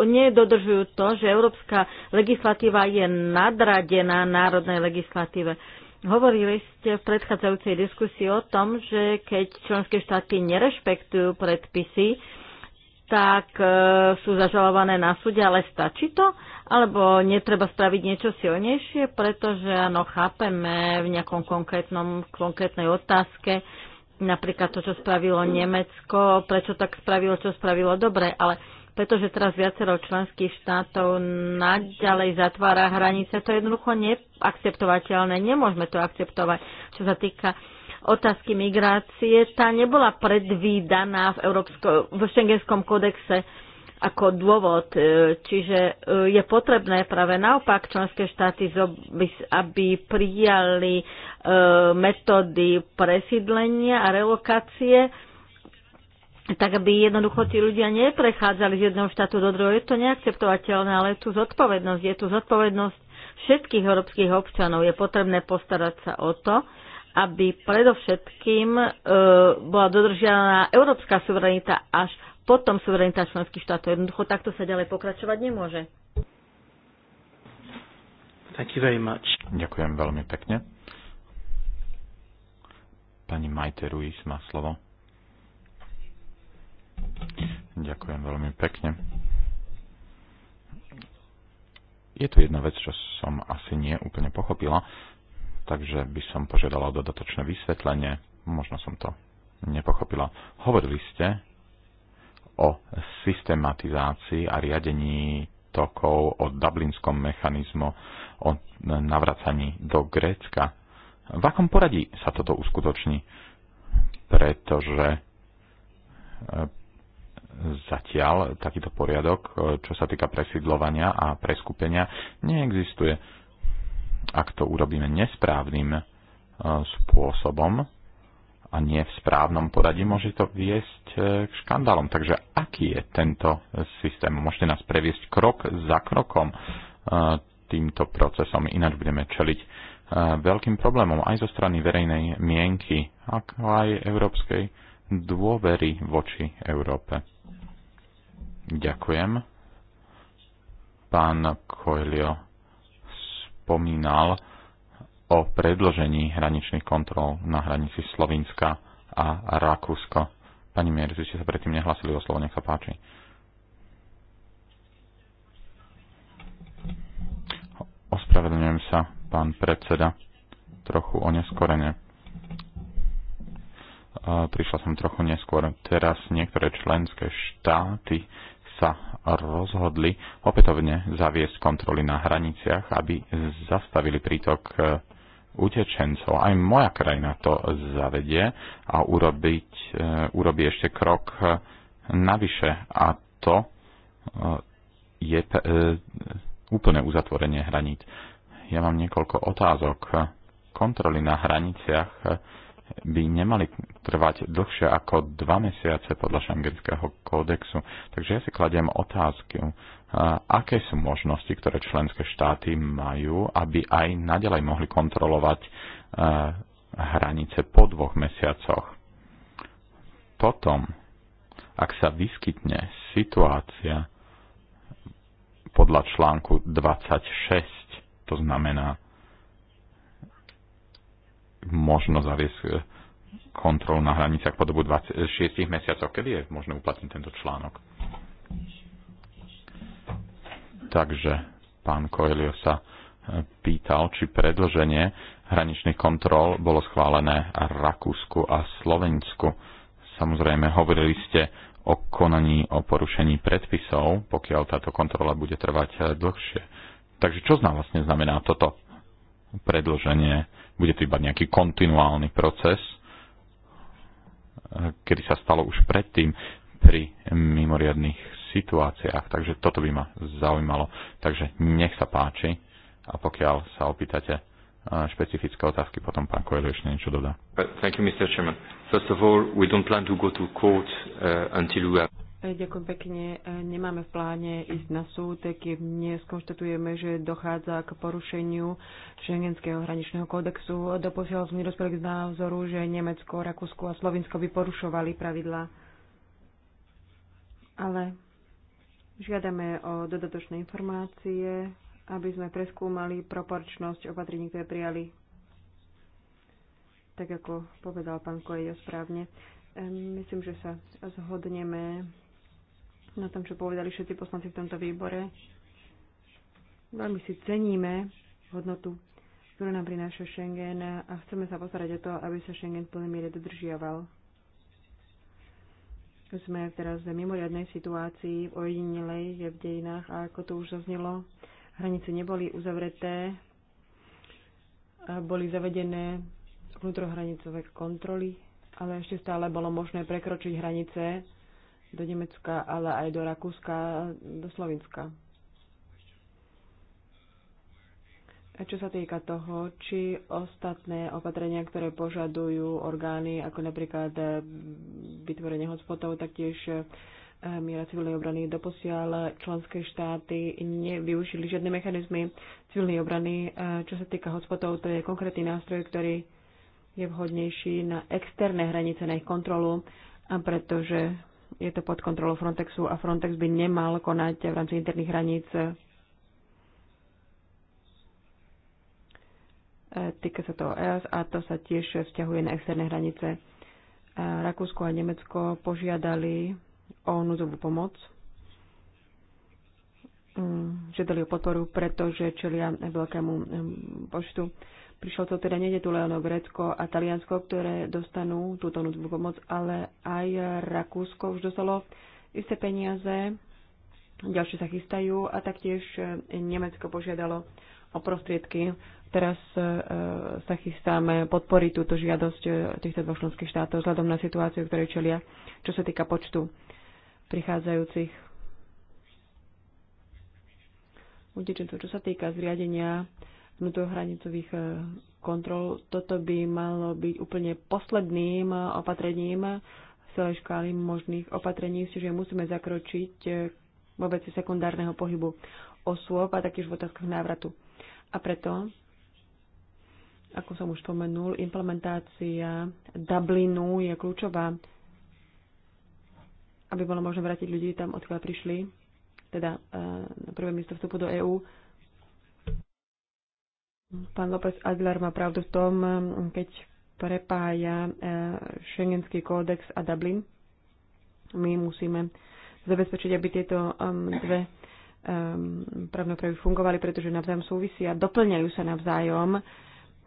nedodržujú to, že európska legislatíva je nadradená národnej legislatíve. Hovorili ste v predchádzajúcej diskusii o tom, že keď členské štáty nerešpektujú predpisy, tak eh, sú zažalované na súde, ale stačí to? alebo netreba spraviť niečo silnejšie, pretože áno, chápeme v nejakom konkrétnom, konkrétnej otázke, napríklad to, čo spravilo Nemecko, prečo tak spravilo, čo spravilo dobre, ale pretože teraz viacero členských štátov naďalej zatvára hranice, to je jednoducho neakceptovateľné, nemôžeme to akceptovať. Čo sa týka otázky migrácie, tá nebola predvídaná v, Európsko, v Schengenskom kodexe ako dôvod. E, čiže e, je potrebné práve naopak členské štáty, aby prijali e, metódy presídlenia a relokácie, tak aby jednoducho tí ľudia neprechádzali z jedného štátu do druhého. Je to neakceptovateľné, ale je tu zodpovednosť. Je tu zodpovednosť všetkých európskych občanov. Je potrebné postarať sa o to, aby predovšetkým e, bola dodržiavaná európska suverenita až potom suverenita členských štátov. Jednoducho takto sa ďalej pokračovať nemôže. Thank you very much. Ďakujem veľmi pekne. Pani Majte Ruiz má slovo. Ďakujem veľmi pekne. Je tu jedna vec, čo som asi nie úplne pochopila, takže by som požiadala o dodatočné vysvetlenie. Možno som to nepochopila. Hovorili ste, o systematizácii a riadení tokov, o dublinskom mechanizmu, o navracaní do Grécka. V akom poradí sa toto uskutoční? Pretože e, zatiaľ takýto poriadok, e, čo sa týka presídlovania a preskupenia, neexistuje. Ak to urobíme nesprávnym e, spôsobom, a nie v správnom poradí, môže to viesť e, k škandálom. Takže aký je tento systém? Môžete nás previesť krok za krokom e, týmto procesom, ináč budeme čeliť e, veľkým problémom aj zo strany verejnej mienky, ako aj európskej dôvery voči Európe. Ďakujem. Pán Coelho spomínal, o predložení hraničných kontrol na hranici Slovinska a Rakúsko. Pani Mier, vy ste sa predtým nehlasili o slovo, nech sa páči. Ospravedlňujem sa, pán predseda, trochu oneskorene. E, prišla som trochu neskôr. Teraz niektoré členské štáty sa rozhodli opätovne zaviesť kontroly na hraniciach, aby zastavili prítok e, utečencov. Aj moja krajina to zavedie a urobiť, e, urobí ešte krok e, navyše a to e, je úplné uzatvorenie hraníc. Ja mám niekoľko otázok. Kontroly na hraniciach by nemali trvať dlhšie ako dva mesiace podľa šangrického kódexu. Takže ja si kladiem otázku, aké sú možnosti, ktoré členské štáty majú, aby aj naďalej mohli kontrolovať hranice po dvoch mesiacoch. Potom, ak sa vyskytne situácia podľa článku 26, to znamená, možno zaviesť e, kontrolu na hraniciach po dobu 26 e, mesiacov. Kedy je možné uplatniť tento článok? Takže pán Coelho sa e, pýtal, či predlženie hraničných kontrol bolo schválené Rakúsku a Slovensku. Samozrejme, hovorili ste o konaní o porušení predpisov, pokiaľ táto kontrola bude trvať dlhšie. Takže čo vlastne znamená toto predlženie bude to iba nejaký kontinuálny proces, kedy sa stalo už predtým pri mimoriadných situáciách. Takže toto by ma zaujímalo. Takže nech sa páči a pokiaľ sa opýtate eh, špecifické otázky, potom pán Koelio ešte niečo dodá. Thank you, Mr. Chairman. First of all, we don't plan to go to court uh, until we have... Ďakujem pekne. Nemáme v pláne ísť na súd, dnes konštatujeme, že dochádza k porušeniu Schengenského hraničného kódexu. Doposiaľ sme dospeli k názoru, že Nemecko, Rakúsko a Slovinsko by porušovali pravidlá. Ale žiadame o dodatočné informácie, aby sme preskúmali proporčnosť opatrení, ktoré prijali. Tak ako povedal pán Kojejo správne. Ehm, myslím, že sa zhodneme na tom, čo povedali všetci poslanci v tomto výbore. Veľmi si ceníme hodnotu, ktorú nám prináša Schengen a chceme sa postarať o to, aby sa Schengen v plnej miere dodržiaval. Sme teraz v mimoriadnej situácii, v ojedinilej, je v dejinách a ako to už zaznelo, hranice neboli uzavreté, boli zavedené vnútrohranicové kontroly, ale ešte stále bolo možné prekročiť hranice do Nemecka, ale aj do Rakúska, do Slovenska. A Čo sa týka toho, či ostatné opatrenia, ktoré požadujú orgány, ako napríklad eh, vytvorenie hotspotov, taktiež eh, miera civilnej obrany doposiaľ členské štáty nevyužili žiadne mechanizmy civilnej obrany. Eh, čo sa týka hotspotov, to je konkrétny nástroj, ktorý je vhodnejší na externé hranice, na ich kontrolu, a pretože je to pod kontrolou Frontexu a Frontex by nemal konať v rámci interných hraníc. E, týka sa to EAS a to sa tiež vzťahuje na externé hranice. E, Rakúsko a Nemecko požiadali o núdzovú pomoc. Mm, žiadali o podporu, pretože čelia veľkému mm, počtu prišlo to teda nejde tu len o Grécko a Taliansko, ktoré dostanú túto nutnú pomoc, ale aj Rakúsko už dostalo isté peniaze, ďalšie sa chystajú a taktiež e, Nemecko požiadalo o prostriedky. Teraz e, e, sa chystáme podporiť túto žiadosť týchto dvoch členských štátov vzhľadom na situáciu, ktoré čelia, čo sa týka počtu prichádzajúcich utečencov. Čo sa týka zriadenia vnútrohranicových e, kontrol. Toto by malo byť úplne posledným e, opatrením celej škály možných opatrení, čiže musíme zakročiť e, vo veci sekundárneho pohybu osôb a taktiež v otázkach návratu. A preto, ako som už spomenul, implementácia Dublinu je kľúčová, aby bolo možné vrátiť ľudí tam, odkiaľ prišli, teda na prvé miesto vstupu do EÚ Pán López Adler má pravdu v tom, keď prepája e, schengenský kódex a Dublin. My musíme zabezpečiť, aby tieto um, dve um, právnoprávy fungovali, pretože navzájom súvisia, doplňajú sa navzájom,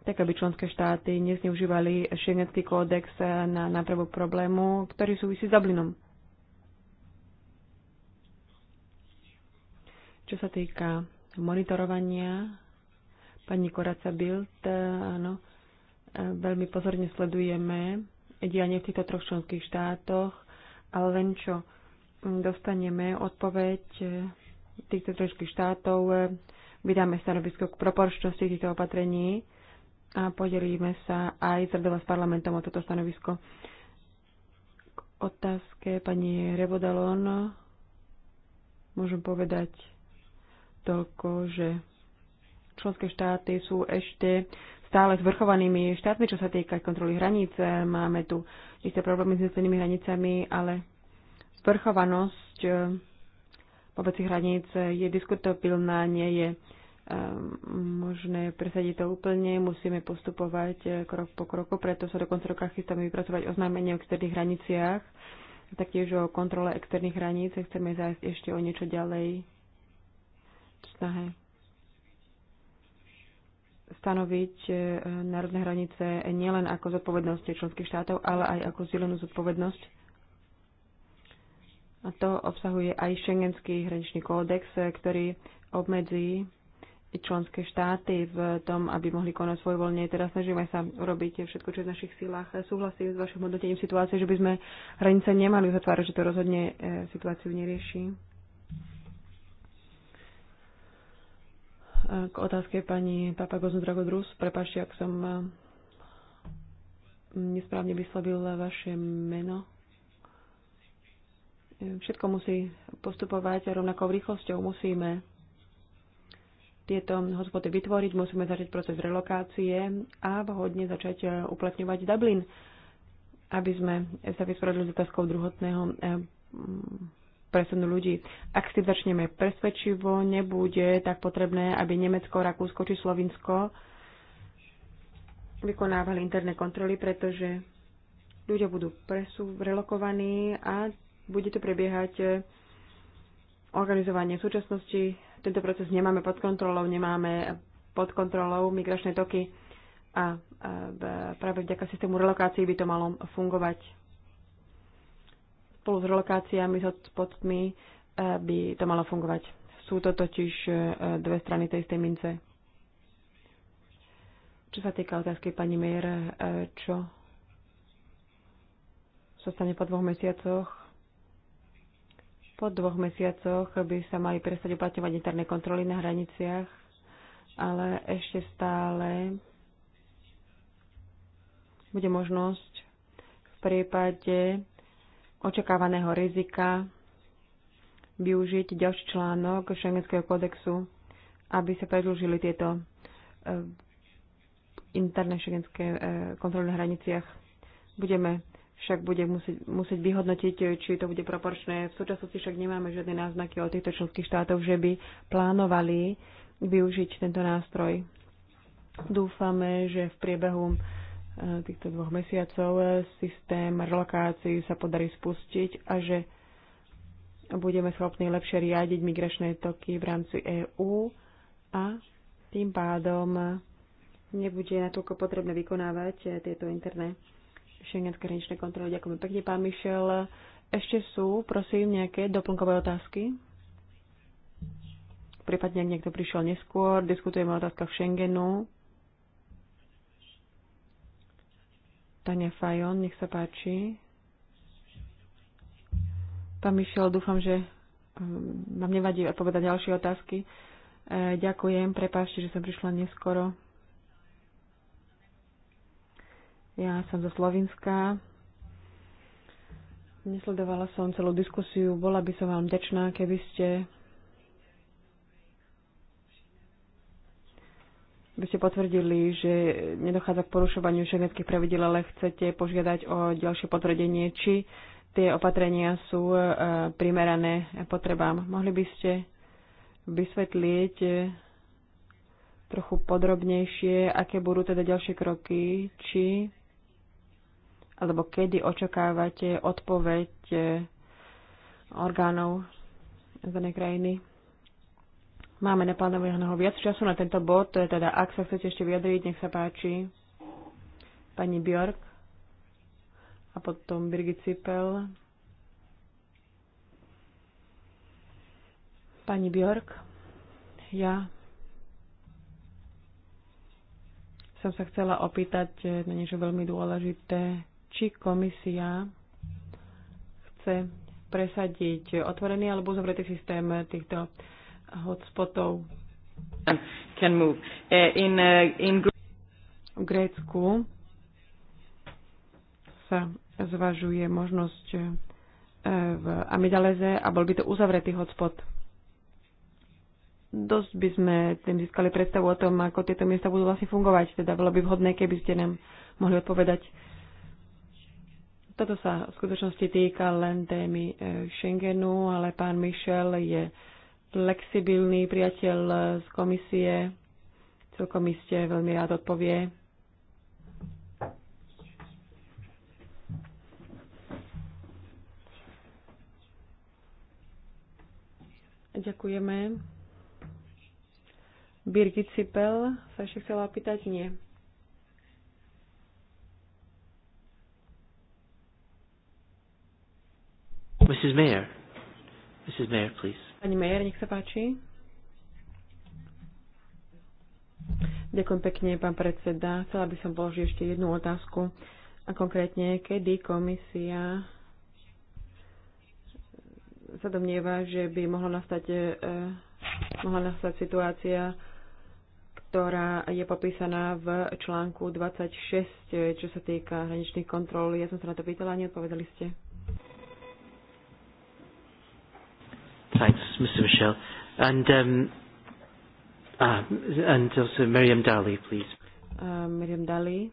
tak aby členské štáty nezneužívali schengenský kódex na nápravu problému, ktorý súvisí s Dublinom. Čo sa týka monitorovania Pani Koraca Bild, eh, áno, eh, veľmi pozorne sledujeme dianie v týchto troch členských štátoch, ale len čo hm, dostaneme odpoveď eh, týchto členských štátov, vydáme stanovisko k proporčnosti týchto opatrení a podelíme sa aj z s parlamentom o toto stanovisko. K otázke pani Revodalon môžem povedať toľko, že členské štáty sú ešte stále zvrchovanými štátmi, čo sa týka kontroly hraníc. Máme tu isté problémy s nutenými hranicami, ale zvrchovanosť eh, obecných hraníc je diskutabilná, nie je eh, možné presadiť to úplne, musíme postupovať eh, krok po kroku, preto sa do konca roka chystáme vypracovať oznámenie o externých hraniciach, taktiež o kontrole externých hraníc, chceme zájsť ešte o niečo ďalej snahe stanoviť e, národné hranice nielen ako zodpovednosť členských štátov, ale aj ako zelenú zodpovednosť. A to obsahuje aj šengenský hraničný kódex, e, ktorý obmedzí členské štáty v tom, aby mohli konať svoj voľne. Teda snažíme sa urobiť všetko, čo je v našich silách. Súhlasím s vašim hodnotením situácie, že by sme hranice nemali zatvárať, že to rozhodne e, situáciu nerieši. k otázke pani Papagozu Dragodrus. Prepašte, ak som eh, nesprávne vyslovil vaše meno. Všetko musí postupovať rovnakou rýchlosťou. Musíme tieto hospody vytvoriť, musíme začať proces relokácie a vhodne začať eh, uplatňovať Dublin, aby sme sa vysporadili s otázkou druhotného eh, presunú ľudí. Ak si začneme presvedčivo, nebude tak potrebné, aby Nemecko, Rakúsko či Slovinsko vykonávali interné kontroly, pretože ľudia budú presú, relokovaní a bude to prebiehať organizovanie v súčasnosti. Tento proces nemáme pod kontrolou, nemáme pod kontrolou migračné toky a práve vďaka systému relokácií by to malo fungovať spolu s relokáciami, s hotspotmi e, by to malo fungovať. Sú to totiž e, dve strany tej istej mince. Čo sa týka otázky pani Mejer, e, čo sa stane po dvoch mesiacoch? Po dvoch mesiacoch by sa mali prestať uplatňovať interné kontroly na hraniciach, ale ešte stále bude možnosť v prípade očakávaného rizika využiť ďalší článok Schengenského kodexu, aby sa predlžili tieto e, interné šengenské e, kontroly na hraniciach. Budeme však bude musieť, musieť vyhodnotiť, či to bude proporčné. V súčasnosti však nemáme žiadne náznaky od týchto členských štátov, že by plánovali využiť tento nástroj. Dúfame, že v priebehu Eh, týchto dvoch mesiacov eh, systém relokácií sa podarí spustiť a že budeme schopní lepšie riadiť migračné toky v rámci EÚ a tým pádom eh, nebude natoľko potrebné vykonávať tieto interné šengenské hraničné kontroly. Ďakujem pekne, pán Mišel. Ešte sú, prosím, nejaké doplnkové otázky? Prípadne, ak niekto prišiel neskôr, diskutujeme o otázkach Schengenu. Tania Fajon, nech sa páči. Pán Mišel, dúfam, že ehm, vám nevadí odpovedať ďalšie otázky. E, ďakujem, prepášte, že som prišla neskoro. Ja som zo Slovenska. Nesledovala som celú diskusiu. Bola by som vám dečná, keby ste by ste potvrdili, že nedochádza k porušovaniu šengenských pravidel, ale chcete požiadať o ďalšie potvrdenie, či tie opatrenia sú e, primerané potrebám. Mohli by ste vysvetliť e, trochu podrobnejšie, aké budú teda ďalšie kroky, či alebo kedy očakávate odpoveď e, orgánov z danej krajiny? Máme naplánovaného viac času na tento bod, teda ak sa chcete ešte vyjadriť, nech sa páči. Pani Bjork a potom Birgit Cipel. Pani Bjork, ja som sa chcela opýtať na niečo veľmi dôležité. Či komisia chce presadiť otvorený alebo uzavretý systém týchto hotspotov. Can move. Eh, in, eh, in... V Grécku sa zvažuje možnosť eh, v Amidaleze a bol by to uzavretý hotspot. Dosť by sme tým získali predstavu o tom, ako tieto miesta budú vlastne fungovať. Teda bolo by vhodné, keby ste nám mohli odpovedať. Toto sa v skutočnosti týka len témy Schengenu, ale pán Michel je flexibilný priateľ z komisie. Celkom iste veľmi rád odpovie. Ďakujeme. Birgit Cipel sa ešte chcela opýtať? Nie. Mrs. Mayor. Mrs. Mayor, please. Pani Majer, nech sa páči. Ďakujem pekne, pán predseda. Chcela by som položiť ešte jednu otázku. A konkrétne, kedy komisia sa domnieva, že by mohla nastať, eh, mohla nastať situácia, ktorá je popísaná v článku 26, čo sa týka hraničných kontrol. Ja som sa na to pýtala neodpovedali ste. Thanks, Mr. Michel. And, um, uh, and also Miriam Daly, please. Uh, Miriam Daly.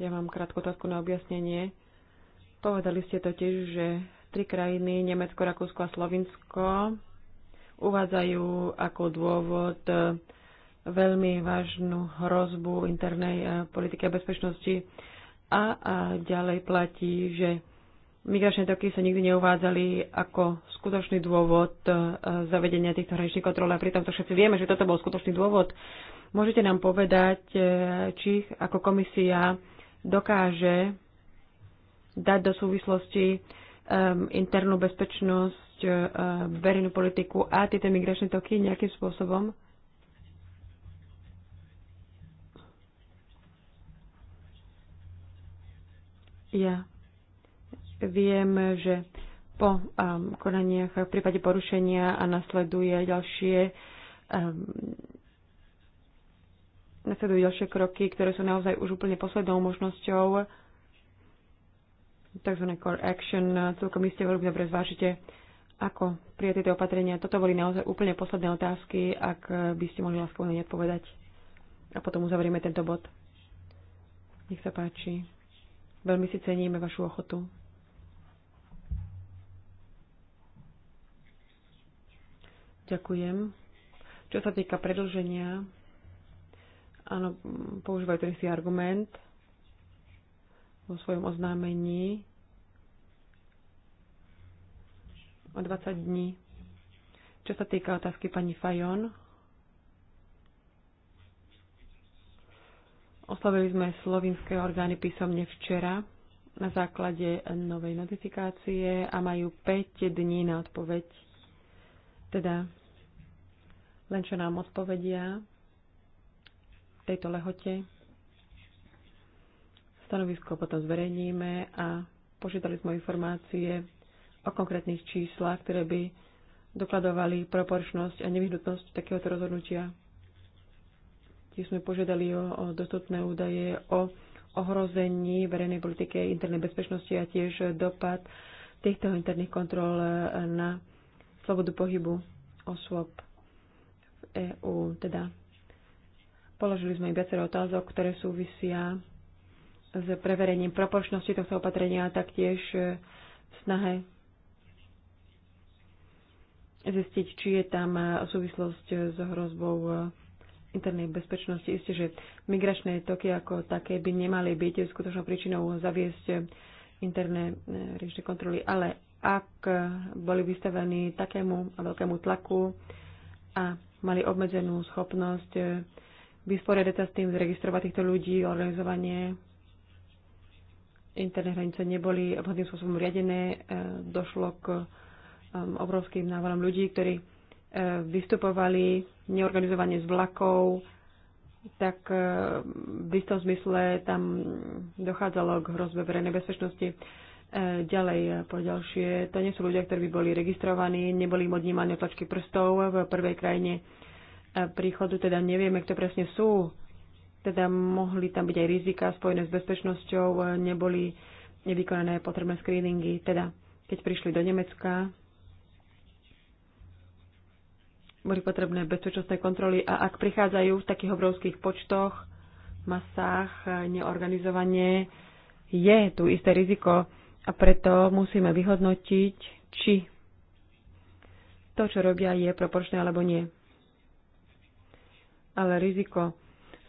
Ja mám krátku otázku na objasnenie. Povedali ste totiž, že tri krajiny, Nemecko, Rakúsko a Slovinsko, uvádzajú ako dôvod uh, veľmi vážnu hrozbu internej uh, politiky a bezpečnosti. A, a ďalej platí, že Migračné toky sa nikdy neuvádzali ako skutočný dôvod e, zavedenia týchto hraničných kontrol a pritom to všetci vieme, že toto bol skutočný dôvod. Môžete nám povedať, e, či ako komisia dokáže dať do súvislosti um, internú bezpečnosť, verejnú politiku a tieto migračné toky nejakým spôsobom? Ja Viem, že po um, konaniach v prípade porušenia a nasleduje ďalšie um, nasledujú ďalšie kroky, ktoré sú naozaj už úplne poslednou možnosťou tzv. core action. Celkom iste veľmi dobre zvážite, ako prijať tieto opatrenia. Toto boli naozaj úplne posledné otázky, ak by ste mohli láskovo na ne odpovedať. A potom uzavrieme tento bod. Nech sa páči. Veľmi si ceníme vašu ochotu. Ďakujem. Čo sa týka predlženia, áno, používajú ten istý argument vo svojom oznámení o 20 dní. Čo sa týka otázky pani Fajon, oslovili sme slovinské orgány písomne včera na základe novej notifikácie a majú 5 dní na odpoveď. Teda len čo nám odpovedia v tejto lehote. Stanovisko potom zverejníme a požiadali sme informácie o konkrétnych číslach, ktoré by dokladovali proporčnosť a nevyhnutnosť takéhoto rozhodnutia. Tiež sme požiadali o, o dostupné údaje o ohrození verejnej politike internej bezpečnosti a tiež dopad týchto interných kontrol na slobodu pohybu osôb. EÚ. Teda položili sme im viacero otázok, ktoré súvisia s preverením proporčnosti tohto opatrenia a taktiež e, v snahe zistiť, či je tam e, súvislosť e, s hrozbou internej bezpečnosti. Isté, že migračné toky ako také by nemali byť skutočnou príčinou zaviesť interné riešne kontroly, ale ak boli vystavení takému a veľkému tlaku a mali obmedzenú schopnosť eh, vysporiadať sa s tým, zregistrovať týchto ľudí, organizovanie. Interné hranice neboli vhodným spôsobom riadené, eh, došlo k ehm, obrovským návalom ľudí, ktorí eh, vystupovali neorganizovanie z vlakov, tak v istom zmysle tam dochádzalo k hrozbe verejnej bezpečnosti. Ďalej, eh, po ďalšie, to nie sú ľudia, ktorí by boli registrovaní, neboli im odnímané tlačky prstov v prvej krajine eh, príchodu, teda nevieme, kto presne sú. Teda mohli tam byť aj rizika spojené s bezpečnosťou, eh, neboli nevykonané potrebné screeningy. Teda, keď prišli do Nemecka, boli potrebné bezpečnostné kontroly a ak prichádzajú v takých obrovských počtoch, masách, neorganizovanie, je tu isté riziko, a preto musíme vyhodnotiť, či to, čo robia, je proporčné alebo nie. Ale riziko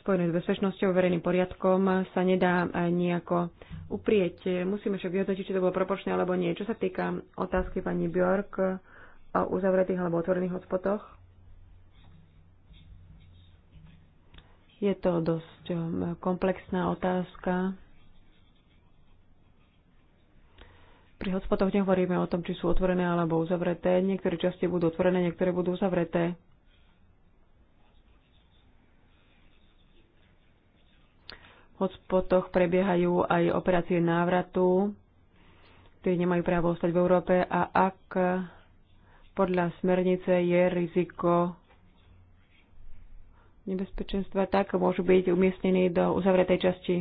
spojené s bezpečnosťou, verejným poriadkom sa nedá nejako uprieť. Musíme však vyhodnotiť, či to bolo proporčné alebo nie. Čo sa týka otázky pani Bjork o uzavretých alebo otvorených hotspotoch, je to dosť um, komplexná otázka. Pri hotspotoch nehovoríme o tom, či sú otvorené alebo uzavreté. Niektoré časti budú otvorené, niektoré budú uzavreté. V hotspotoch prebiehajú aj operácie návratu, ktorí nemajú právo ostať v Európe a ak podľa smernice je riziko nebezpečenstva, tak môžu byť umiestnení do uzavretej časti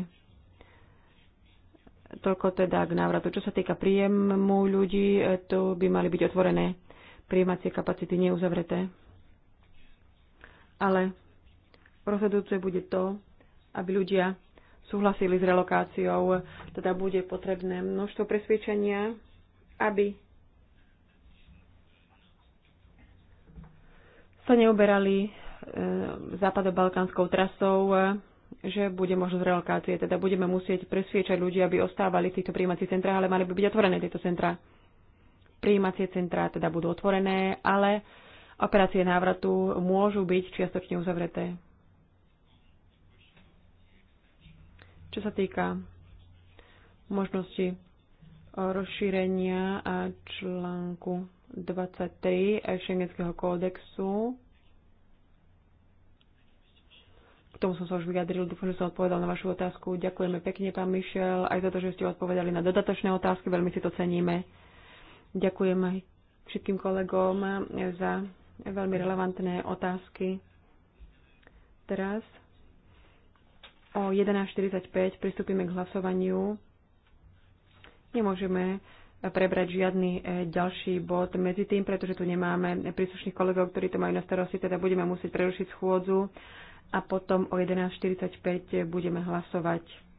Toľko teda k návratu. Čo sa týka príjemu ľudí, e, tu by mali byť otvorené príjemacie kapacity, neuzavreté. Ale rozhodujúce bude to, aby ľudia súhlasili s relokáciou, teda bude potrebné množstvo presvedčenia, aby sa neuberali e, západobalkánskou trasou, že bude možnosť relokácie, teda budeme musieť presviečať ľudí, aby ostávali v týchto príjímacích centrách, ale mali by byť otvorené tieto centrá. Príjímacie centrá teda budú otvorené, ale operácie návratu môžu byť čiastočne uzavreté. Čo sa týka možnosti rozšírenia článku 23 Schengenského kódexu, tomu som sa už vyjadril, dúfam, že som odpovedal na vašu otázku. Ďakujeme pekne, pán Mišel, aj za to, že ste odpovedali na dodatočné otázky, veľmi si to ceníme. Ďakujem aj všetkým kolegom za veľmi relevantné otázky. Teraz o 11.45 pristúpime k hlasovaniu. Nemôžeme prebrať žiadny e, ďalší bod medzi tým, pretože tu nemáme príslušných kolegov, ktorí to majú na starosti, teda budeme musieť prerušiť schôdzu a potom o 11.45 budeme hlasovať.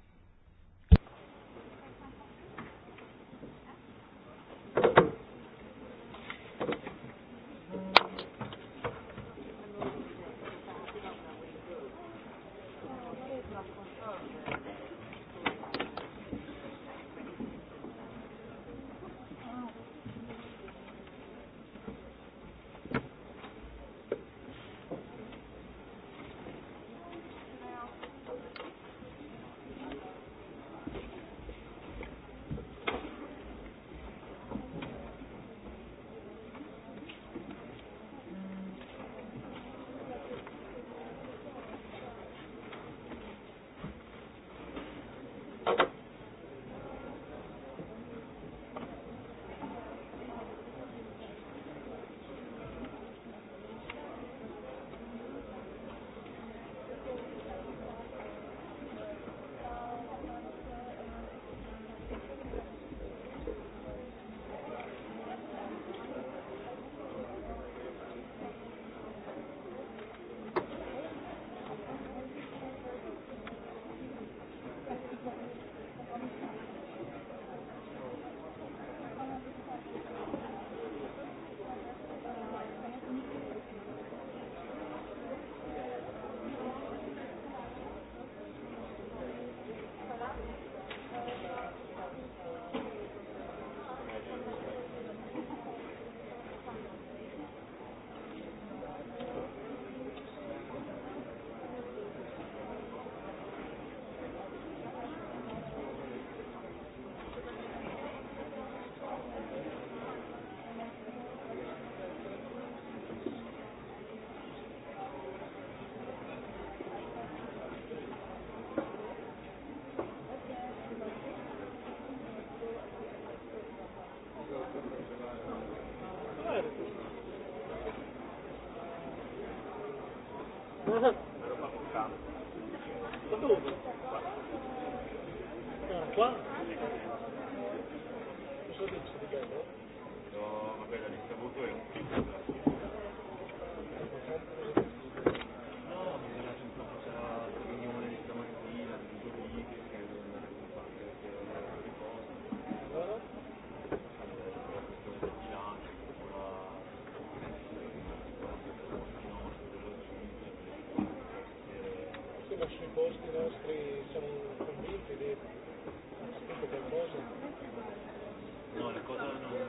pozornú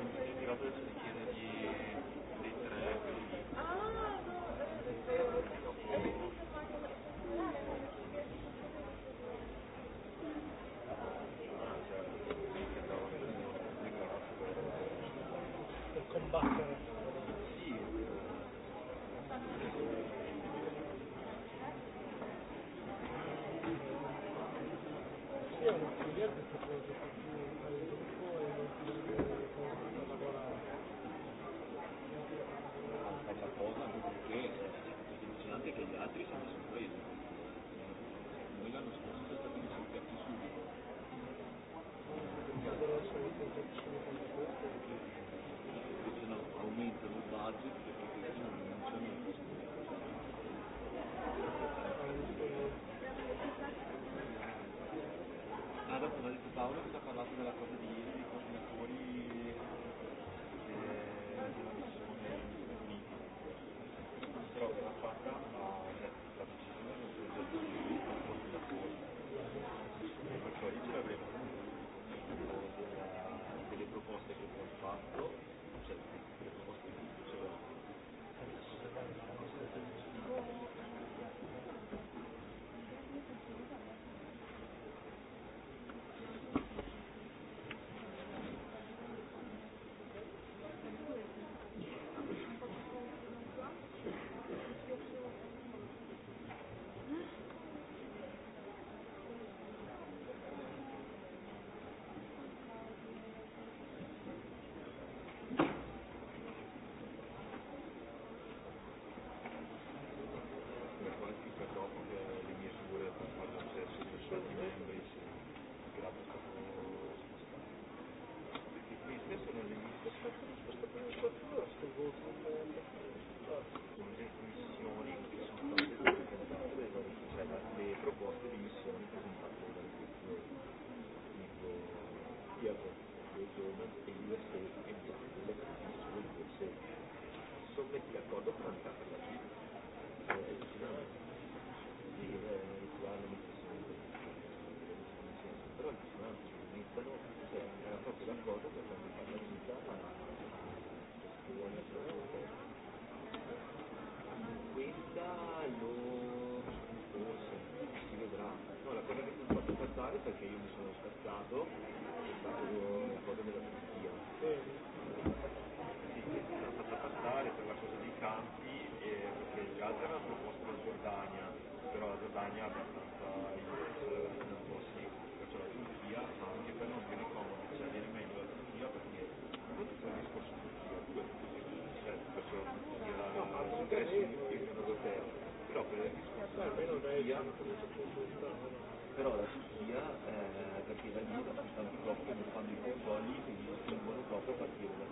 radosť somme di accordo con la Cina. mi però gli era proprio d'accordo per quanto riguarda la città ma questa lo forse si vedrà no la cosa che mi ha fatto perché io mi sono scazzato è stato l'accordo della Turchia Gazera la Turchia, per non comodo, cioè viene meglio perché il discorso Turchia, cioè, perciò l'ingresso in però per il discorso però la Turchia, eh, perché da i controlli, quindi spingono proprio a partire da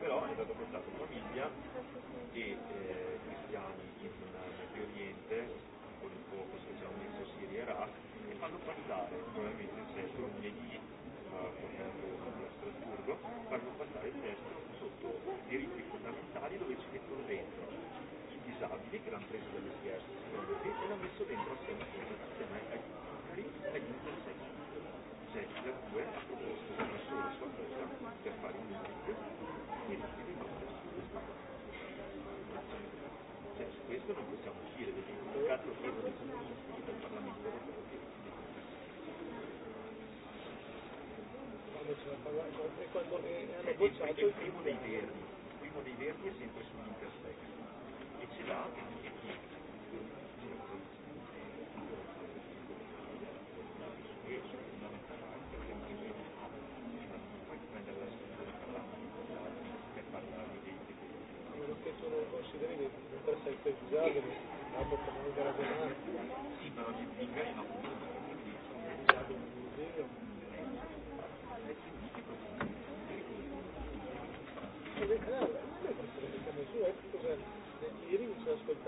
però è stato portato in famiglia e eh, cristiani in Medio Oriente, con il fuoco specialmente Siria e Iraq, e fanno passare, probabilmente il sesto lunedì, eh, a Strasburgo, fanno passare il sesto sotto diritti fondamentali dove ci mettono dentro i disabili che l'hanno preso dall'esercito e l'hanno messo dentro assieme a primo dei verdi. primo dei verdi è sempre sull'intersex. E ce l'ha intersex Sì, però gli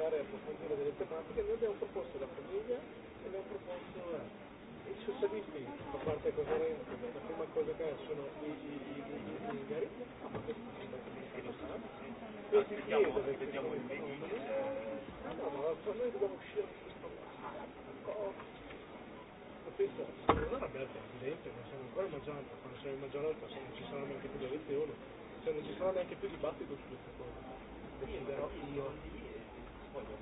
verificare e approfondire delle tematiche, noi abbiamo proposto la famiglia e abbiamo proposto i socialisti, a parte cosa rende, la prima cosa che sono i, i, i, i si chiede perché no, no, noi dobbiamo uscire da questo penso, non abbiamo presidente, siamo ancora in maggioranza, quando siamo in maggioranza non ci sarà neanche più l'elezione, cioè non ci sarà neanche più dibattito su queste cose. però io. Thank you.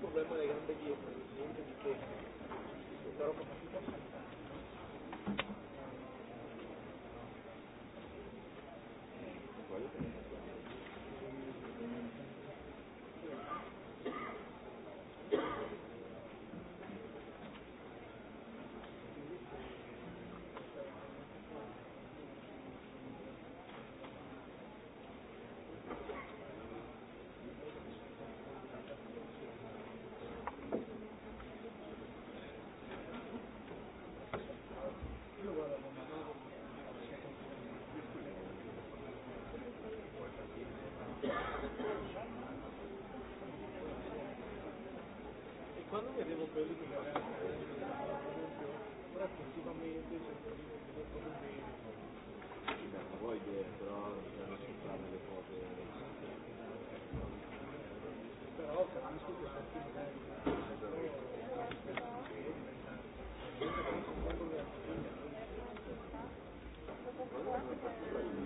problema de grande que, que, que, que, que, que, que, que Ma noi abbiamo quelli che effettivamente cercano poi dietro bisogna sfruttare le cose però capisco che tutti magari Thank you.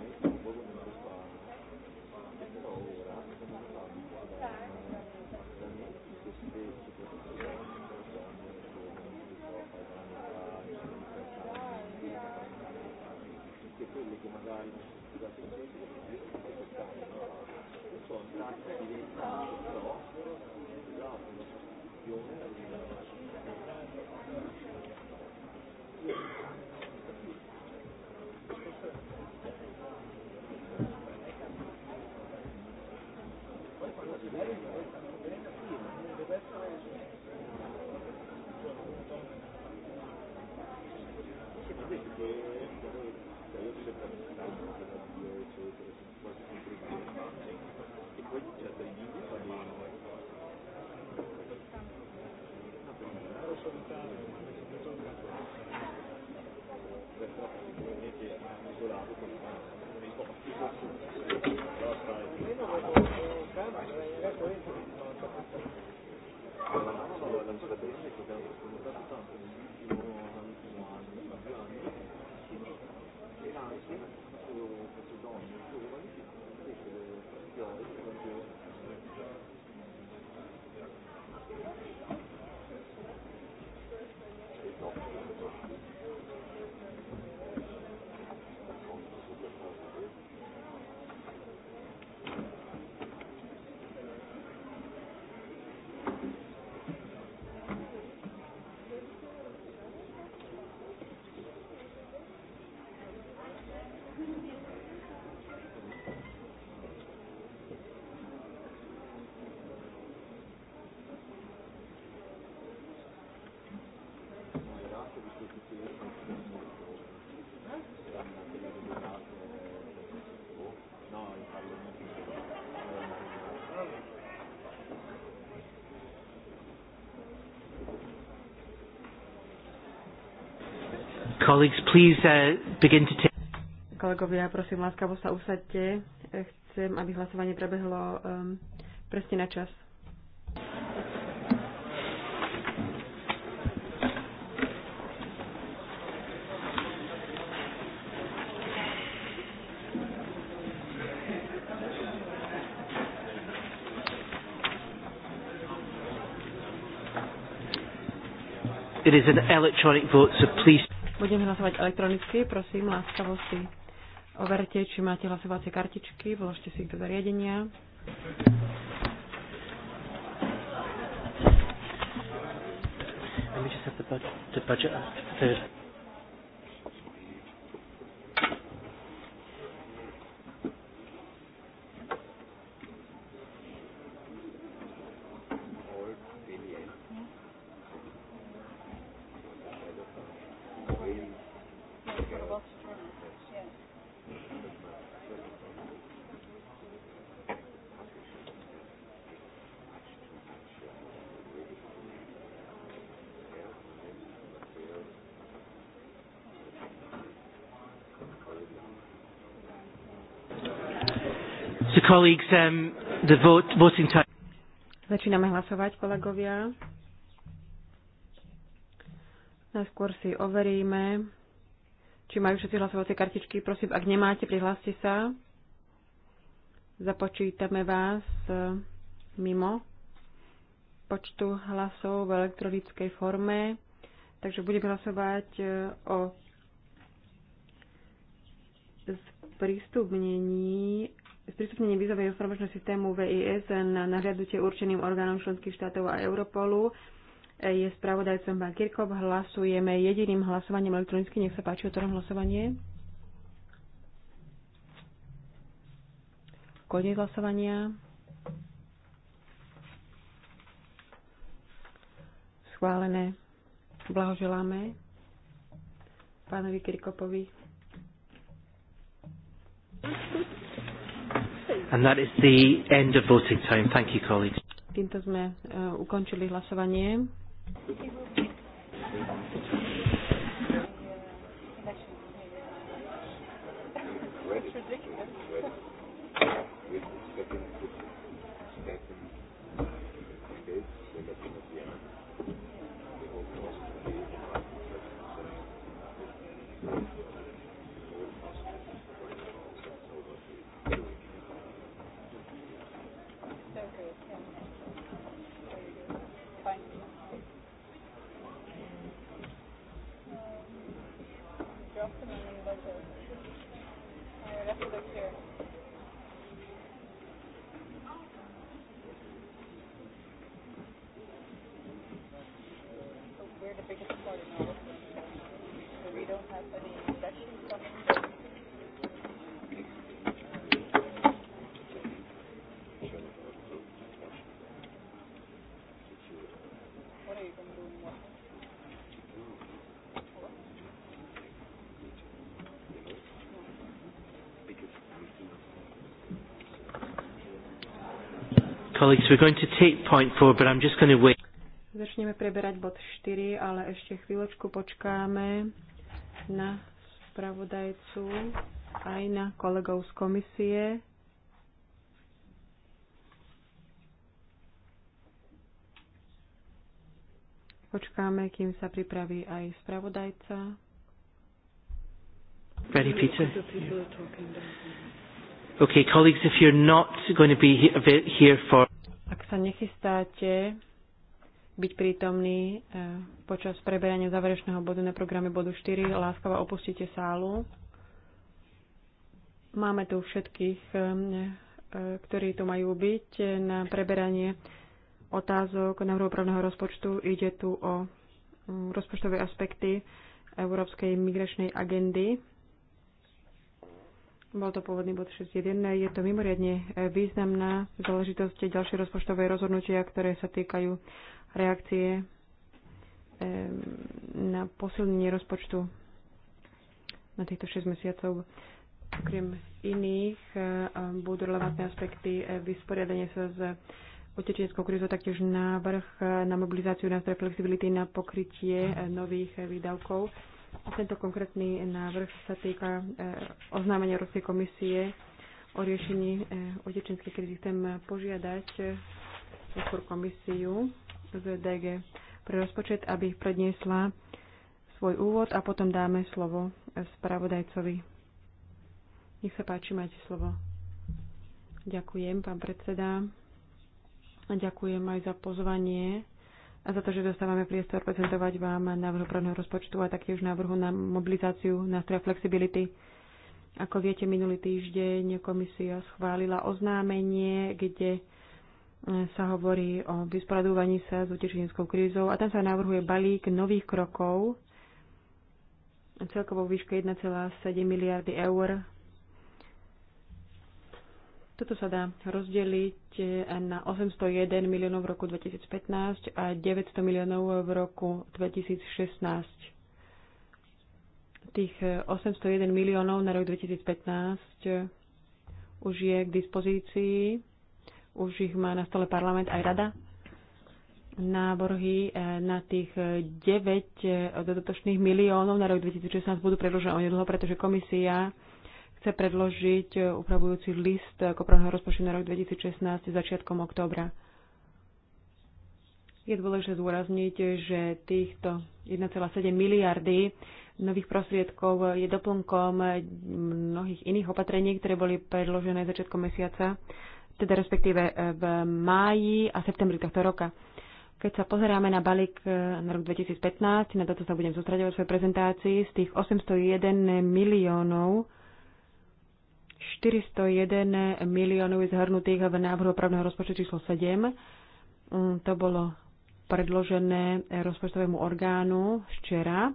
colleagues, please uh, begin to take... Kolegovia, prosím, láskavo sa usadte. Chcem, aby hlasovanie prebehlo um, presne na čas. It is an electronic vote, so please. Budeme hlasovať elektronicky, prosím, láskavo si overte, či máte hlasovacie kartičky, vložte si ich do zariadenia. Ďakujem. Colleagues, um, the vote, voting time. Začíname hlasovať, kolegovia. Najskôr si overíme, či majú všetci hlasovacie kartičky. Prosím, ak nemáte, prihláste sa. Započítame vás e, mimo počtu hlasov v elektronickej forme. Takže budeme hlasovať e, o prístupnení sprístupnenie vízového informačného systému VIS na nahliadnutie určeným orgánom členských štátov a Europolu e, je spravodajcom pán Kirkov. Hlasujeme jediným hlasovaním elektronicky. Nech sa páči, ktorom hlasovanie. Koniec hlasovania. Schválené. Blahoželáme pánovi Kirkopovi. And that is the end of voting time. Thank you, colleagues. Týmto sme uh, ukončili hlasovanie. Ridiculous. colleagues, we're going to take point four, but I'm just going to wait. Začneme preberať bod 4, ale ešte chvíľočku počkáme na spravodajcu aj na kolegov z komisie. Počkáme, kým sa pripraví aj spravodajca. Ready, Peter? Okay, colleagues, if you're not going to be here for sa nechystáte byť prítomný e, počas preberania záverečného bodu na programe bodu 4, láskavo opustite sálu. Máme tu všetkých, e, ktorí tu majú byť na preberanie otázok na rozpočtu. Ide tu o mm, rozpočtové aspekty Európskej migračnej agendy. Bol to pôvodný bod 6.1. Je to mimoriadne eh, významná záležitosť ďalšie rozpočtové rozhodnutia, ktoré sa týkajú reakcie eh, na posilnenie rozpočtu na týchto 6 mesiacov. Okrem iných eh, budú relevantné aspekty vysporiadania sa s utečenskou krizou, taktiež návrh na mobilizáciu nástroj flexibility na pokrytie nových výdavkov tento konkrétny návrh sa týka e, oznámenia Európskej komisie o riešení utečenskej e, krízy. Chcem požiadať skôr e, komisiu z DG pre rozpočet, aby predniesla svoj úvod a potom dáme slovo spravodajcovi. Nech sa páči, máte slovo. Ďakujem, pán predseda. ďakujem aj za pozvanie a za to, že dostávame priestor prezentovať vám návrhu právneho rozpočtu a taktiež návrhu na mobilizáciu nástroja flexibility. Ako viete, minulý týždeň komisia schválila oznámenie, kde e, sa hovorí o vysporadúvaní sa s utečeneckou krízou a tam sa navrhuje balík nových krokov celkovo výške 1,7 miliardy eur toto sa dá rozdeliť eh, na 801 miliónov v roku 2015 a 900 miliónov v roku 2016. Tých 801 eh, miliónov na rok 2015 eh, už je k dispozícii, už ich má na stole parlament aj rada. Návrhy na tých 9 dodatočných miliónov na rok 2016 budú predložené onedlho, pretože komisia chce predložiť e, upravujúci list e, k opravného rozpočtu na rok 2016 začiatkom októbra. Je dôležité zdôrazniť, že týchto 1,7 miliardy nových prostriedkov je doplnkom mnohých iných opatrení, ktoré boli predložené začiatkom mesiaca, teda respektíve e, v máji a septembri tohto roka. Keď sa pozeráme na balík na rok 2015, na toto sa budem sústraďovať v svojej prezentácii, z tých 801 miliónov 401 miliónov je zhrnutých v návrhu opravného rozpočtu číslo 7. Mm, to bolo predložené rozpočtovému orgánu včera.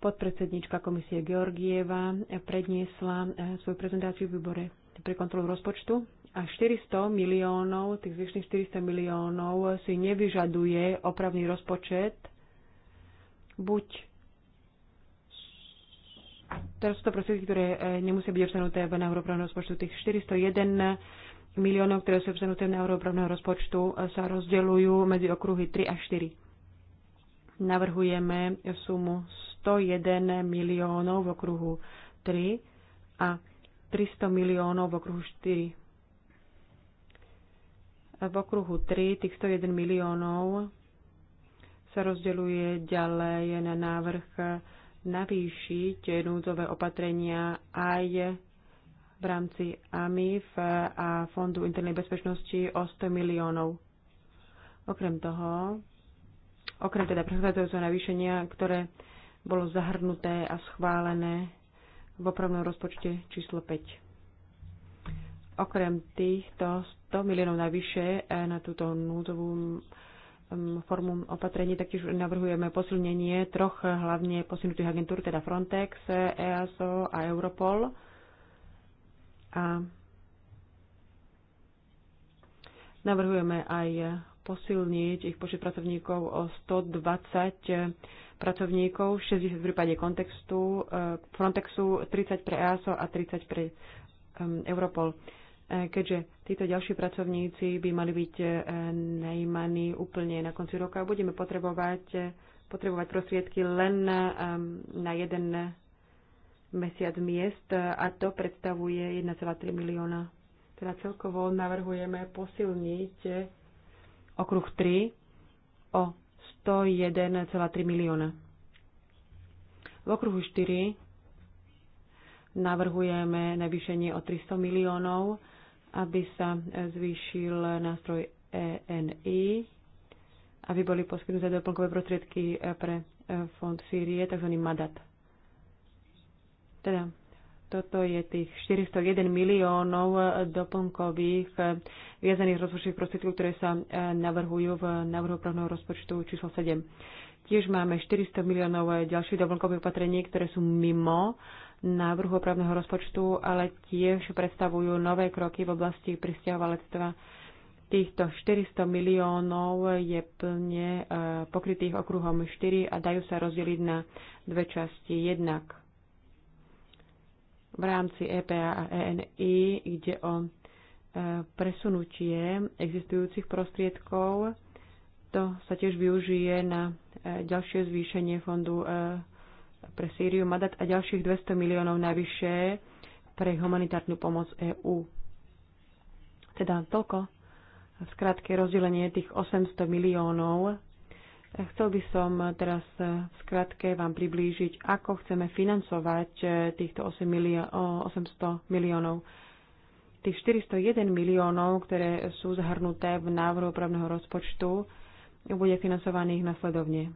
Podpredsednička komisie Georgieva predniesla eh, svoju prezentáciu v výbore pre kontrolu rozpočtu a 400 miliónov, tých zvyšných 400 miliónov si nevyžaduje opravný rozpočet buď teraz sú to prostriedky, ktoré e, nemusia byť obsahnuté v návrhu rozpočtu. Tých 401 miliónov, ktoré sú obsahnuté v návrhu rozpočtu, e, sa rozdeľujú medzi okruhy 3 a 4. Navrhujeme sumu 101 miliónov v okruhu 3 a 300 miliónov v okruhu 4. V okruhu 3 tých 101 miliónov sa rozdeľuje ďalej na návrh navýšiť núdzové opatrenia aj v rámci AMIF a Fondu internej bezpečnosti o 100 miliónov. Okrem toho, okrem teda prechádzajúceho navýšenia, ktoré bolo zahrnuté a schválené v opravnom rozpočte číslo 5. Okrem týchto 100 miliónov navyše na túto núdzovú Um, formu opatrení taktiež navrhujeme posilnenie troch hlavne posunutých agentúr, teda Frontex, EASO a Europol. A navrhujeme aj posilniť ich počet pracovníkov o 120 pracovníkov, 60 v prípade kontextu, eh, Frontexu, 30 pre EASO a 30 pre Europol. E, keďže títo ďalší pracovníci by mali byť e, najímaní úplne na konci roka. Budeme potrebovať, e, potrebovať prostriedky len na jeden mesiac miest a to predstavuje 1,3 milióna. Teda celkovo navrhujeme posilniť okruh 3 o 101,3 milióna. V okruhu 4 navrhujeme navýšenie o 300 miliónov aby sa e, zvýšil nástroj ENI, aby boli poskytnuté doplnkové prostriedky e, pre e, fond Sýrie, tzv. MADAT. Teda toto je tých 401 miliónov doplnkových viazaných rozpočtových prostriedkov, ktoré sa navrhujú v návrhu právneho rozpočtu číslo 7. Tiež máme 400 miliónov ďalších doplnkových opatrení, ktoré sú mimo návrhu opravného rozpočtu, ale tiež predstavujú nové kroky v oblasti pristahovalectva. Týchto 400 miliónov je plne e, pokrytých okruhom 4 a dajú sa rozdeliť na dve časti. Jednak v rámci EPA a ENI ide o e, presunutie existujúcich prostriedkov. To sa tiež využije na e, ďalšie zvýšenie fondu pre Sýriu má dať a ďalších 200 miliónov navyše pre humanitárnu pomoc EÚ. Teda toľko. V skratke rozdelenie tých 800 miliónov. Chcel by som teraz v skratke vám priblížiť, ako chceme financovať e, týchto 800 miliónov. Tých 401 miliónov, ktoré sú zahrnuté v návrhu opravného rozpočtu, bude financovaných nasledovne.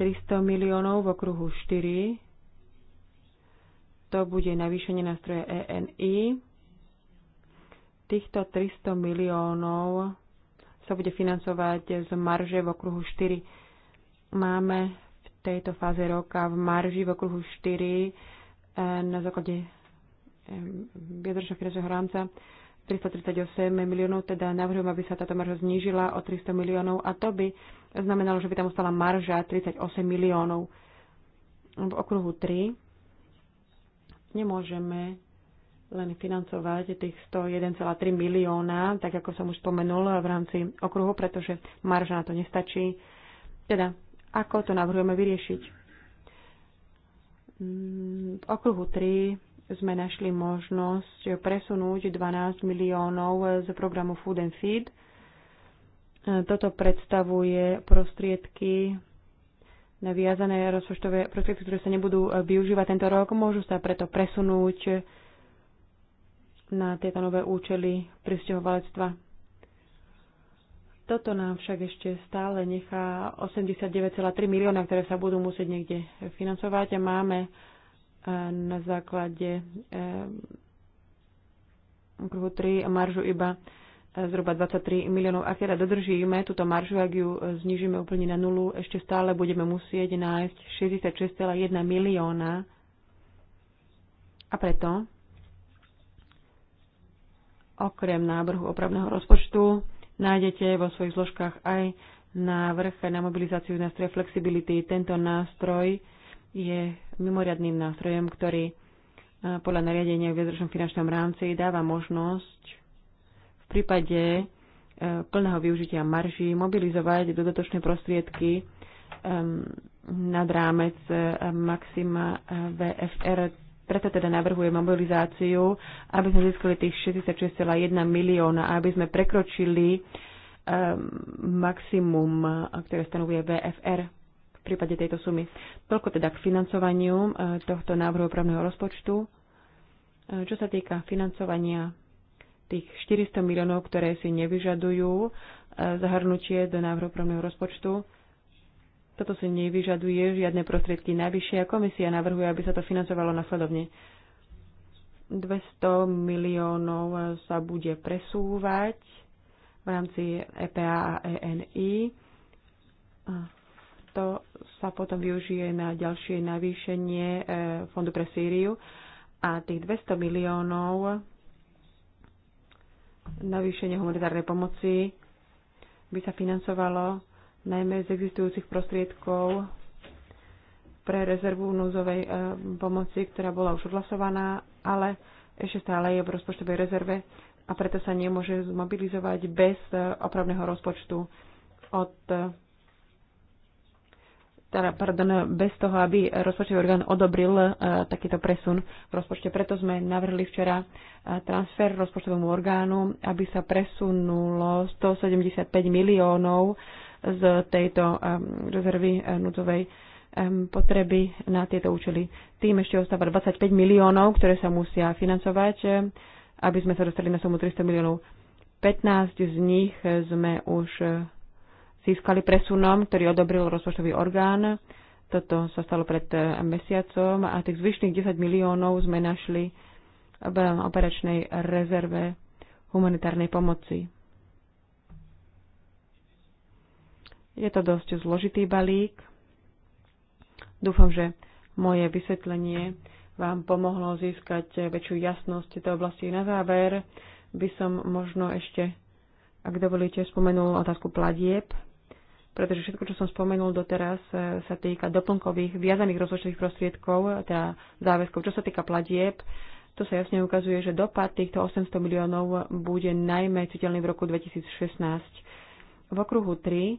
300 miliónov v okruhu 4. To bude navýšenie nástroja ENI. Týchto 300 miliónov sa bude financovať z marže v okruhu 4. Máme v tejto fáze roka v marži v okruhu 4 eh, na základe eh, viedročného finančného rámca 338 miliónov, teda navrhujem, aby sa táto marža znížila o 300 miliónov a to by znamenalo, že by tam ostala marža 38 miliónov. V okruhu 3 nemôžeme len financovať tých 101,3 milióna, tak ako som už spomenul v rámci okruhu, pretože marža na to nestačí. Teda, ako to navrhujeme vyriešiť? Mm, v okruhu 3 sme našli možnosť presunúť 12 miliónov z programu Food and Feed E, toto predstavuje prostriedky na viazané rozpočtové prostriedky, ktoré sa nebudú e, využívať tento rok, môžu sa preto presunúť na tieto nové účely pristahovalectva. Toto nám však ešte stále nechá 89,3 milióna, ktoré sa budú musieť niekde financovať a máme e, na základe kruhu 3 maržu iba zhruba 23 miliónov. Ak teda dodržíme túto maržu, ak ju e, znižíme úplne na nulu, ešte stále budeme musieť nájsť 66,1 milióna. A preto okrem návrhu opravného rozpočtu nájdete vo svojich zložkách aj návrh na mobilizáciu nástroja flexibility. Tento nástroj je mimoriadným nástrojem, ktorý e, podľa nariadenia v viedržnom finančnom rámci dáva možnosť prípade e, plného využitia marží mobilizovať dodatočné prostriedky e, nad rámec e, maxima VFR. Preto teda navrhuje mobilizáciu, aby sme získali tých 66,1 milióna, aby sme prekročili maximum, ktoré stanovuje VFR v prípade tejto sumy. Toľko teda k financovaniu tohto návrhu opravného rozpočtu. Čo sa týka financovania tých 400 miliónov, ktoré si nevyžadujú e, zahrnutie do návrhu právneho rozpočtu. Toto si nevyžaduje žiadne prostriedky navyše a komisia navrhuje, aby sa to financovalo nasledovne. 200 miliónov sa bude presúvať v rámci EPA a ENI. To sa potom využije na ďalšie navýšenie e, Fondu pre Sýriu a tých 200 miliónov navýšenie humanitárnej pomoci by sa financovalo najmä z existujúcich prostriedkov pre rezervu núzovej e, pomoci, ktorá bola už odhlasovaná, ale ešte stále je v rozpočtovej rezerve a preto sa nemôže zmobilizovať bez e, opravného rozpočtu od e, teda, pardon, bez toho, aby rozpočtový orgán odobril uh, takýto presun v rozpočte. Preto sme navrhli včera uh, transfer rozpočtovému orgánu, aby sa presunulo 175 miliónov z tejto um, rezervy uh, núdzovej um, potreby na tieto účely. Tým ešte ostáva 25 miliónov, ktoré sa musia financovať, aby sme sa dostali na sumu 300 miliónov. 15 z nich sme už získali presunom, ktorý odobril rozpočtový orgán. Toto sa stalo pred eh, mesiacom a tých zvyšných 10 miliónov sme našli v operačnej rezerve humanitárnej pomoci. Je to dosť zložitý balík. Dúfam, že moje vysvetlenie vám pomohlo získať väčšiu jasnosť tejto oblasti. Na záver by som možno ešte, ak dovolíte, spomenul otázku platieb pretože všetko, čo som spomenul doteraz, e, sa týka doplnkových viazaných rozpočtových prostriedkov, teda záväzkov. Čo sa týka platieb, to sa jasne ukazuje, že dopad týchto 800 miliónov bude najmä citeľný v roku 2016. V okruhu 3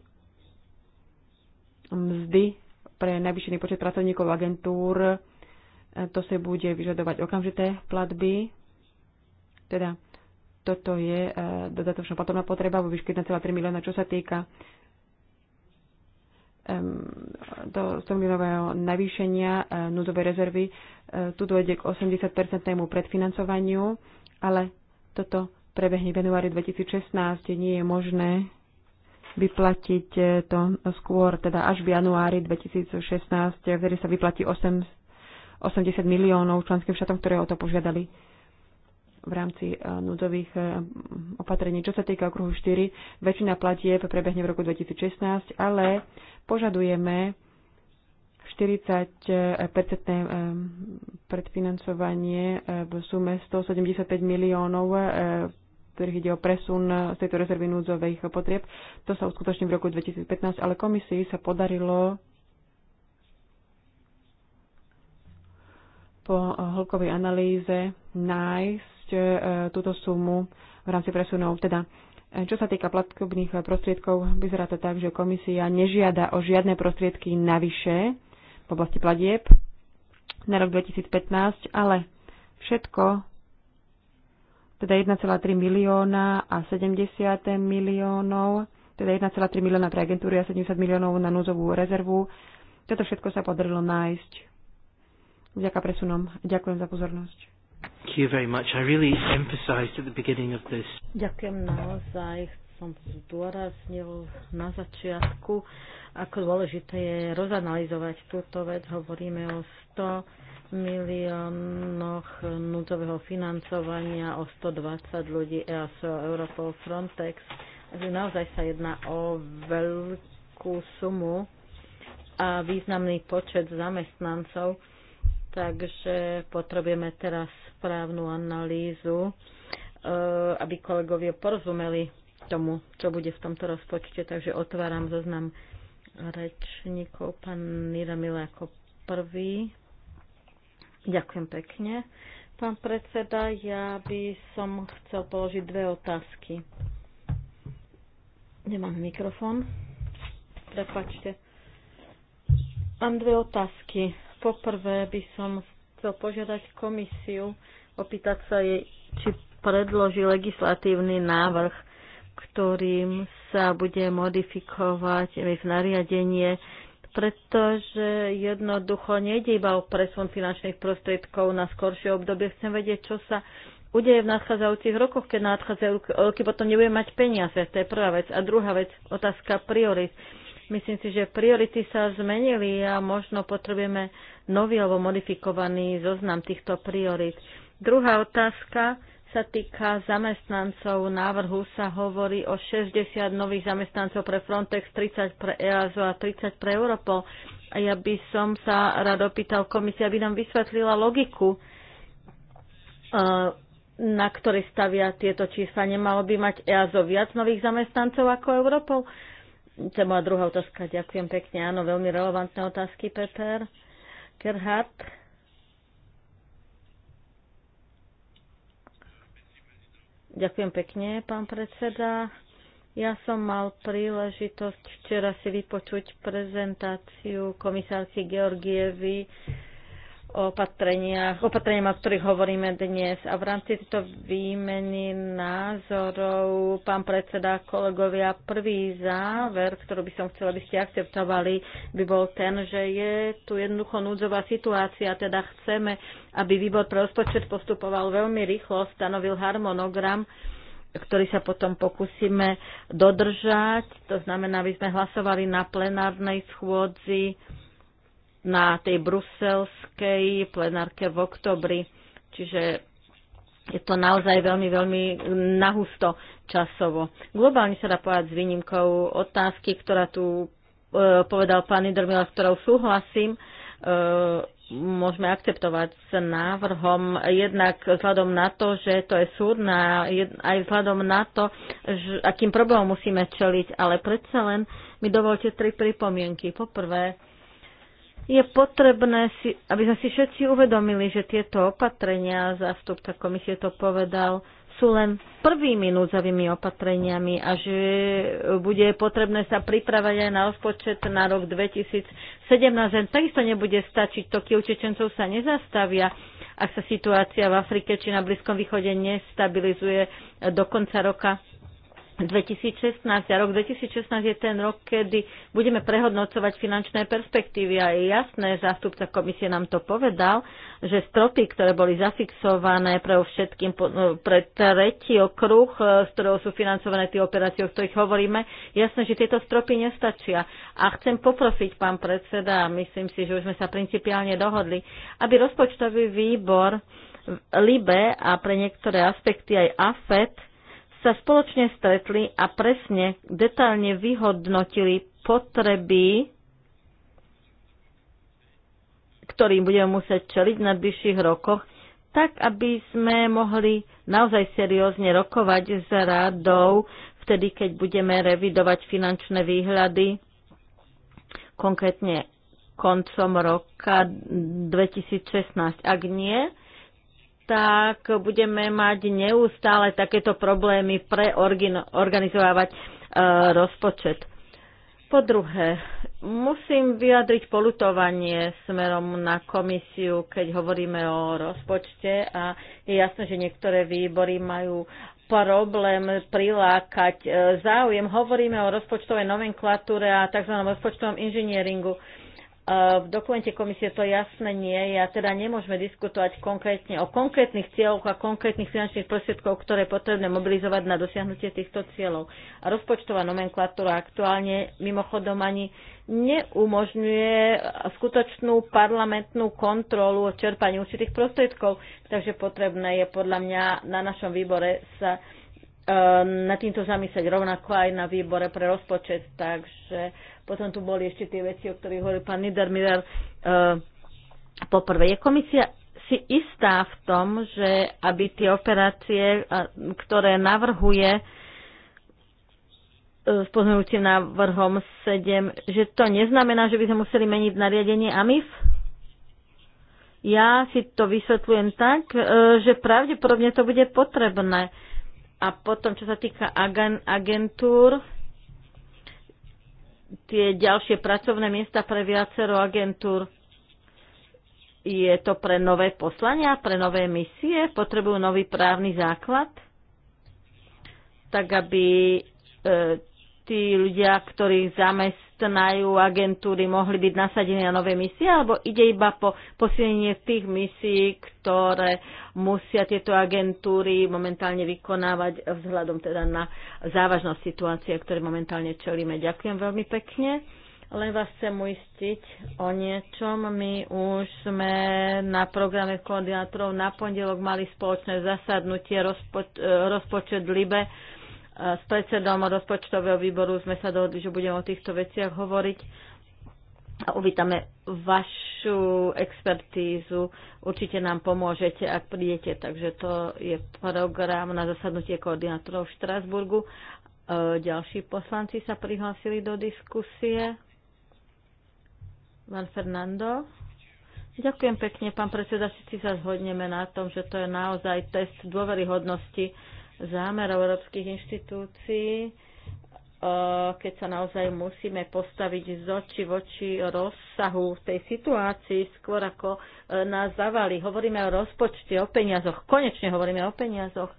mzdy pre navýšený počet pracovníkov agentúr e, to sa bude vyžadovať okamžité platby. Teda toto je e, dodatočná platobná potreba vo výške 1,3 milióna, čo sa týka do 100 miliónového navýšenia e, núdzovej rezervy. E, tu dojde k 80-percentnému predfinancovaniu, ale toto prebehne v januári 2016. Nie je možné vyplatiť e, to skôr, teda až v januári 2016, vtedy sa vyplatí 8, 80 miliónov členským štátom, ktoré o to požiadali v rámci e, núdzových e, opatrení. Čo sa týka okruhu 4, väčšina platieb prebehne v roku 2016, ale požadujeme 40-percentné e, predfinancovanie v sume 175 miliónov, ktorých ide o presun z tejto rezervy núdzových potrieb. To sa uskutoční v roku 2015, ale komisii sa podarilo po hĺbkovej analýze nájsť E, túto sumu v rámci presunov. Teda, e, čo sa týka platkovných prostriedkov, vyzerá to tak, že komisia nežiada o žiadne prostriedky navyše v oblasti platieb na rok 2015, ale všetko, teda 1,3 milióna a 70 miliónov, teda 1,3 milióna pre agentúry a 70 miliónov na núzovú rezervu. Toto všetko sa podarilo nájsť. Vďaka presunom. Ďakujem za pozornosť. Thank you very much. I really emphasized at the beginning of this. Ďakujem naozaj. Som zdôraznil na začiatku, ako dôležité je rozanalizovať túto vec. Hovoríme o 100 miliónoch núdzového financovania, o 120 ľudí EASO, Europol, Frontex. Takže naozaj sa jedná o veľkú sumu a významný počet zamestnancov. Takže potrebujeme teraz správnu analýzu, e, aby kolegovia porozumeli tomu, čo bude v tomto rozpočte. Takže otváram zoznam rečníkov. Pán Nira Mila ako prvý. Ďakujem pekne. Pán predseda, ja by som chcel položiť dve otázky. Nemám mikrofón. Prepačte. Mám dve otázky. Poprvé by som chcel požiadať komisiu, opýtať sa jej, či predloží legislatívny návrh, ktorým sa bude modifikovať v nariadenie, pretože jednoducho nejde iba o presun finančných prostriedkov na skoršie obdobie. Chcem vedieť, čo sa udeje v nadchádzajúcich rokoch, keď nadchádzajú roky potom nebude mať peniaze. To je prvá vec. A druhá vec, otázka priorit. Myslím si, že priority sa zmenili a možno potrebujeme nový alebo modifikovaný zoznam týchto priorit. Druhá otázka sa týka zamestnancov. Návrhu sa hovorí o 60 nových zamestnancov pre Frontex, 30 pre EASO a 30 pre Europol. A ja by som sa rád opýtal komisia, aby nám vysvetlila logiku, e, na ktorej stavia tieto čísla. Nemalo by mať EASO viac nových zamestnancov ako Europol? To je moja druhá otázka. Ďakujem pekne. Áno, veľmi relevantné otázky, Peter. Gerhard. Ďakujem pekne, pán predseda. Ja som mal príležitosť včera si vypočuť prezentáciu komisárky Georgievy opatreniach, opatreniach, o ktorých hovoríme dnes. A v rámci tejto výmeny názorov, pán predseda, kolegovia, prvý záver, ktorý by som chcela, aby ste akceptovali, by bol ten, že je tu jednoducho núdzová situácia, teda chceme, aby výbor pre rozpočet postupoval veľmi rýchlo, stanovil harmonogram, ktorý sa potom pokúsime dodržať. To znamená, aby sme hlasovali na plenárnej schôdzi na tej bruselskej plenárke v oktobri. Čiže je to naozaj veľmi, veľmi nahusto časovo. Globálne sa dá povedať s výnimkou otázky, ktorá tu e, povedal pán Niedermiller, s ktorou súhlasím. E, môžeme akceptovať s návrhom, jednak vzhľadom na to, že to je súdna, aj vzhľadom na to, že, akým problémom musíme čeliť, ale predsa len mi dovolte tri pripomienky. Poprvé, je potrebné, si, aby sme si všetci uvedomili, že tieto opatrenia, zástupca komisie to povedal, sú len prvými núdzovými opatreniami a že bude potrebné sa pripravať aj na rozpočet na rok 2017. takisto nebude stačiť, to toky utečencov sa nezastavia, ak sa situácia v Afrike či na Blízkom východe nestabilizuje do konca roka 2016 a rok 2016 je ten rok, kedy budeme prehodnocovať finančné perspektívy a je jasné, zástupca komisie nám to povedal, že stropy, ktoré boli zafixované pre všetkým no, pre tretí okruh, e, z ktorého sú financované tie operácie, o ktorých hovoríme, jasné, že tieto stropy nestačia. A chcem poprosiť pán predseda, a myslím si, že už sme sa principiálne dohodli, aby rozpočtový výbor LIBE a pre niektoré aspekty aj AFET sa spoločne stretli a presne detailne vyhodnotili potreby, ktorým budeme musieť čeliť v najbližších rokoch, tak aby sme mohli naozaj seriózne rokovať s radou vtedy, keď budeme revidovať finančné výhľady, konkrétne koncom roka 2016. Ak nie, tak budeme mať neustále takéto problémy preorganizovávať e, rozpočet. Po druhé, musím vyjadriť polutovanie smerom na komisiu, keď hovoríme o rozpočte a je jasné, že niektoré výbory majú problém prilákať e, záujem. Hovoríme o rozpočtovej nomenklatúre a tzv. rozpočtovom inžinieringu. E, v dokumente komisie to jasné nie je a teda nemôžeme diskutovať konkrétne o konkrétnych cieľoch a konkrétnych finančných prostriedkov, ktoré je potrebné mobilizovať na dosiahnutie týchto cieľov. A rozpočtová nomenklatúra aktuálne mimochodom ani neumožňuje skutočnú parlamentnú kontrolu o čerpaní určitých prostriedkov, takže potrebné je podľa mňa na našom výbore sa e, na týmto zamyslieť rovnako aj na výbore pre rozpočet. Takže potom tu boli ešte tie veci, o ktorých hovoril pán Niedermiller. E, eh, poprvé, je komisia si istá v tom, že aby tie operácie, ktoré navrhuje eh, s poznujúcim návrhom 7, že to neznamená, že by sme museli meniť nariadenie AMIF? Ja si to vysvetľujem tak, eh, že pravdepodobne to bude potrebné. A potom, čo sa týka agentúr, tie ďalšie pracovné miesta pre viacero agentúr. Je to pre nové poslania, pre nové misie? Potrebujú nový právny základ? Tak, aby e, tí ľudia, ktorých zamestnajú agentúry, mohli byť nasadení na nové misie, alebo ide iba po posilnenie tých misií, ktoré musia tieto agentúry momentálne vykonávať vzhľadom teda na závažnosť situácie, ktoré momentálne čelíme. Ďakujem veľmi pekne. Len vás chcem uistiť o niečom. My už sme na programe koordinátorov na pondelok mali spoločné zasadnutie rozpoč- eh, rozpočet LIBE E, s predsedom rozpočtového výboru sme sa dohodli, že budeme o týchto veciach hovoriť a uvítame vašu expertízu. Určite nám pomôžete, ak prídete. Takže to je program na zasadnutie koordinátorov v Štrasburgu. E, ďalší poslanci sa prihlásili do diskusie. Pán Fernando. Ďakujem pekne, pán predseda. Všetci sa zhodneme na tom, že to je naozaj test dôveryhodnosti zámerov európskych inštitúcií, e, keď sa naozaj musíme postaviť z oči v oči rozsahu v tej situácii, skôr ako e, nás zavali. Hovoríme o rozpočte, o peniazoch. Konečne hovoríme o peniazoch.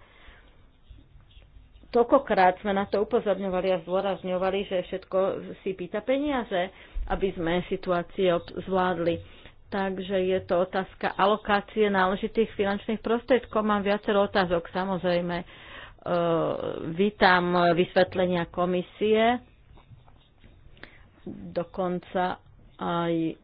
Tokokrát sme na to upozorňovali a zdôrazňovali, že všetko si pýta peniaze, aby sme situácie zvládli. Takže je to otázka alokácie náležitých finančných prostriedkov. Mám viacero otázok, samozrejme Eh, vítam vysvetlenia komisie, dokonca aj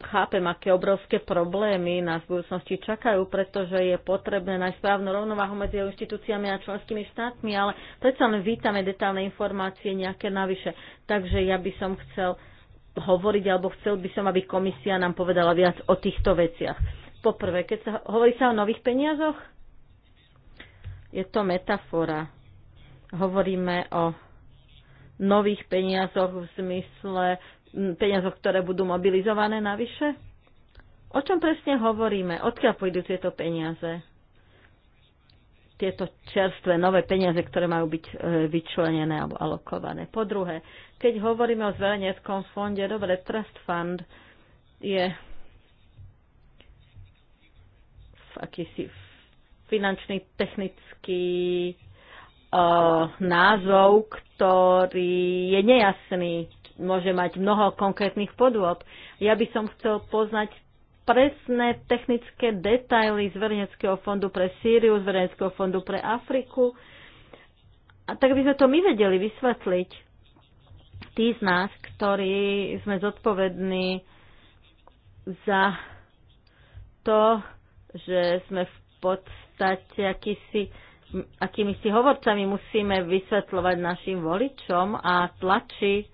chápem, aké obrovské problémy nás v budúcnosti čakajú, pretože je potrebné nájsť správnu rovnováhu medzi inštitúciami a členskými štátmi, ale predsa len vítame detálne informácie nejaké navyše. Takže ja by som chcel hovoriť, alebo chcel by som, aby komisia nám povedala viac o týchto veciach. Poprvé, keď sa hovorí sa o nových peniazoch, je to metafora. Hovoríme o nových peniazoch v zmysle peniazoch, ktoré budú mobilizované navyše? O čom presne hovoríme? Odkiaľ pôjdu tieto peniaze? Tieto čerstvé, nové peniaze, ktoré majú byť e, vyčlenené alebo alokované. Po druhé, keď hovoríme o zvereneckom fonde, dobre, Trust Fund je v akýsi finančný technický eh, názov, ktorý je nejasný, môže mať mnoho konkrétnych podôb. Ja by som chcel poznať presné technické detaily z Verneckého fondu pre Sýriu, z Verneckého fondu pre Afriku. A tak by sme to my vedeli vysvetliť. Tí z nás, ktorí sme zodpovední za to, že sme v podstate akýsi akými si hovorcami musíme vysvetľovať našim voličom a tlači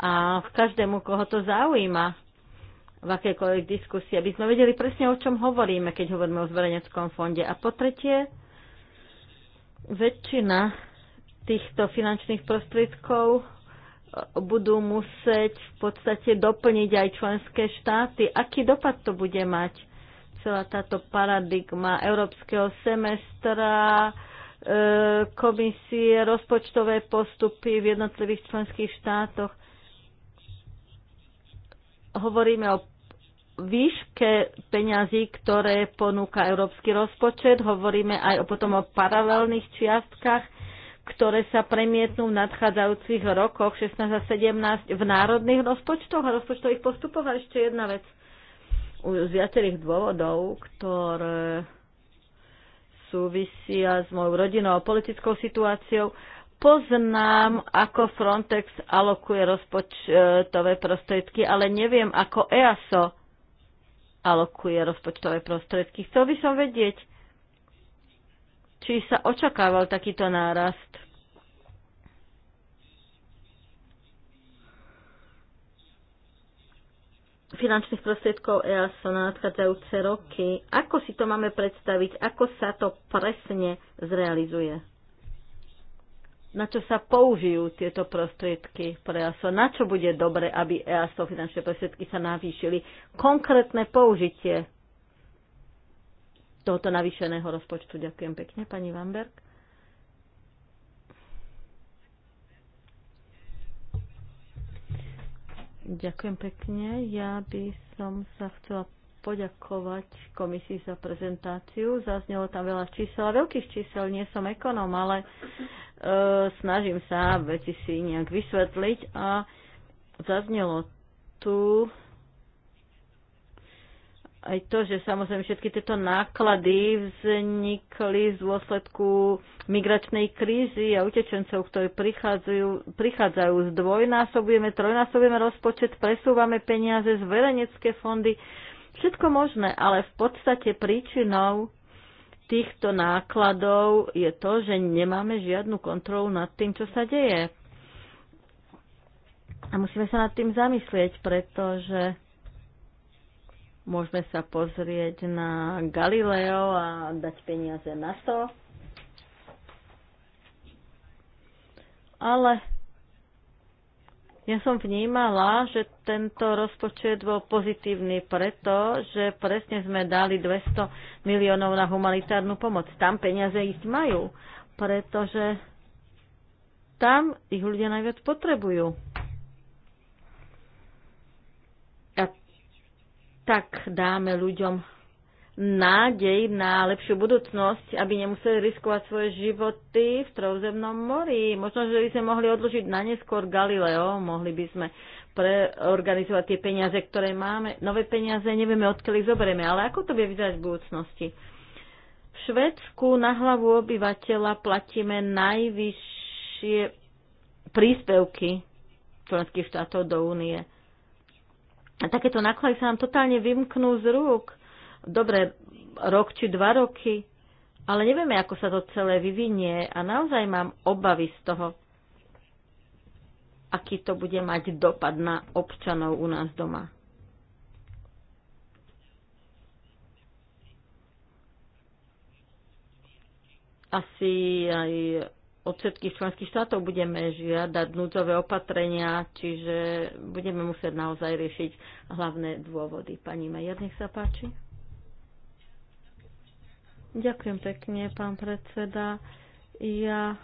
a v každému, koho to zaujíma v akékoľvek diskusii, aby sme vedeli presne, o čom hovoríme, keď hovoríme o zverejneckom fonde. A po tretie, väčšina týchto finančných prostriedkov e, budú musieť v podstate doplniť aj členské štáty. Aký dopad to bude mať? celá táto paradigma európskeho semestra, e, komisie, rozpočtové postupy v jednotlivých členských štátoch. Hovoríme o výške peňazí, ktoré ponúka európsky rozpočet. Hovoríme aj o, potom o paralelných čiastkách, ktoré sa premietnú v nadchádzajúcich rokoch 16 a 17 v národných rozpočtoch a rozpočtových postupoch. A ešte jedna vec – z viacerých dôvodov, ktoré súvisia s mojou rodinou a politickou situáciou, poznám, ako Frontex alokuje rozpočtové prostriedky, ale neviem, ako EASO alokuje rozpočtové prostriedky. Chcel by som vedieť, či sa očakával takýto nárast finančných prostriedkov EASO na nadchádzajúce roky. Ako si to máme predstaviť? Ako sa to presne zrealizuje? Na čo sa použijú tieto prostriedky pre EASO? Na čo bude dobre, aby EASO finančné prostriedky sa navýšili? Konkrétne použitie tohoto navýšeného rozpočtu. Ďakujem pekne, pani Vamberg. Ďakujem pekne. Ja by som sa chcela poďakovať komisii za prezentáciu. Zaznelo tam veľa čísel a veľkých čísel. Nie som ekonom, ale e, snažím sa veci si nejak vysvetliť a zaznelo tu aj to, že samozrejme všetky tieto náklady vznikli z dôsledku migračnej krízy a utečencov, ktorí prichádzajú, prichádzajú zdvojnásobujeme, trojnásobujeme rozpočet, presúvame peniaze z verejnecké fondy, všetko možné, ale v podstate príčinou týchto nákladov je to, že nemáme žiadnu kontrolu nad tým, čo sa deje. A musíme sa nad tým zamyslieť, pretože Môžeme sa pozrieť na Galileo a dať peniaze na to. Ale ja som vnímala, že tento rozpočet bol pozitívny preto, že presne sme dali 200 miliónov na humanitárnu pomoc. Tam peniaze ich majú, pretože tam ich ľudia najviac potrebujú. tak dáme ľuďom nádej na lepšiu budúcnosť, aby nemuseli riskovať svoje životy v Trozemnom mori. Možno, že by sme mohli odložiť na neskôr Galileo, mohli by sme preorganizovať tie peniaze, ktoré máme. Nové peniaze nevieme, odkiaľ ich zoberieme, ale ako to bude vyzerať v budúcnosti? V Švedsku na hlavu obyvateľa platíme najvyššie príspevky členských štátov do únie a takéto náklady sa nám totálne vymknú z rúk. Dobre, rok či dva roky, ale nevieme, ako sa to celé vyvinie a naozaj mám obavy z toho, aký to bude mať dopad na občanov u nás doma. Asi aj od všetkých členských štátov budeme žiadať núdzové opatrenia, čiže budeme musieť naozaj riešiť hlavné dôvody. Pani Majer, nech sa páči. Ďakujem pekne, pán predseda. Ja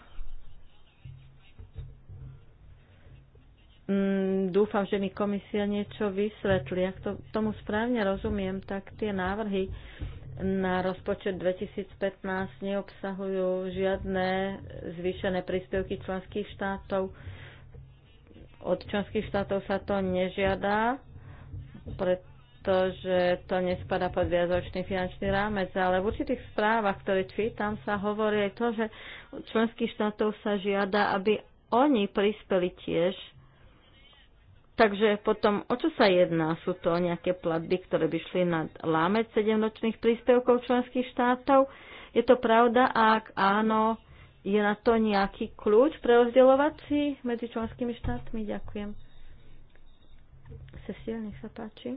mm, dúfam, že mi komisia niečo vysvetlí. Ak to, tomu správne rozumiem, tak tie návrhy na rozpočet 2015 neobsahujú žiadne zvýšené príspevky členských štátov. Od členských štátov sa to nežiada, pretože to nespada pod viazočný finančný rámec, ale v určitých správach, ktoré čítam, sa hovorí aj to, že od členských štátov sa žiada, aby oni prispeli tiež Takže potom, o čo sa jedná? Sú to nejaké platby, ktoré by šli nad lámec 7-ročných príspevkov členských štátov? Je to pravda? A ak áno, je na to nejaký kľúč pre rozdeľovací medzi členskými štátmi? Ďakujem. Cecil, nech sa páči.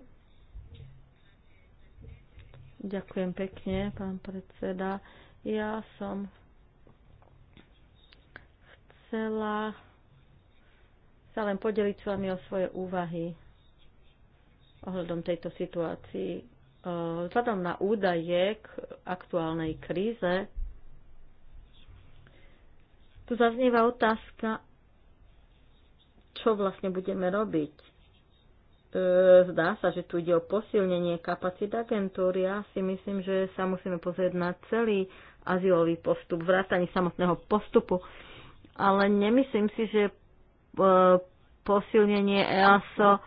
Ďakujem pekne, pán predseda. Ja som chcela sa len podeliť s vami o svoje úvahy ohľadom tejto situácii. E, vzhľadom na údaje k aktuálnej kríze, tu zaznieva otázka, čo vlastne budeme robiť. E, zdá sa, že tu ide o posilnenie kapacít agentúry. Ja si myslím, že sa musíme pozrieť na celý azylový postup, vrátanie samotného postupu. Ale nemyslím si, že posilnenie EASO.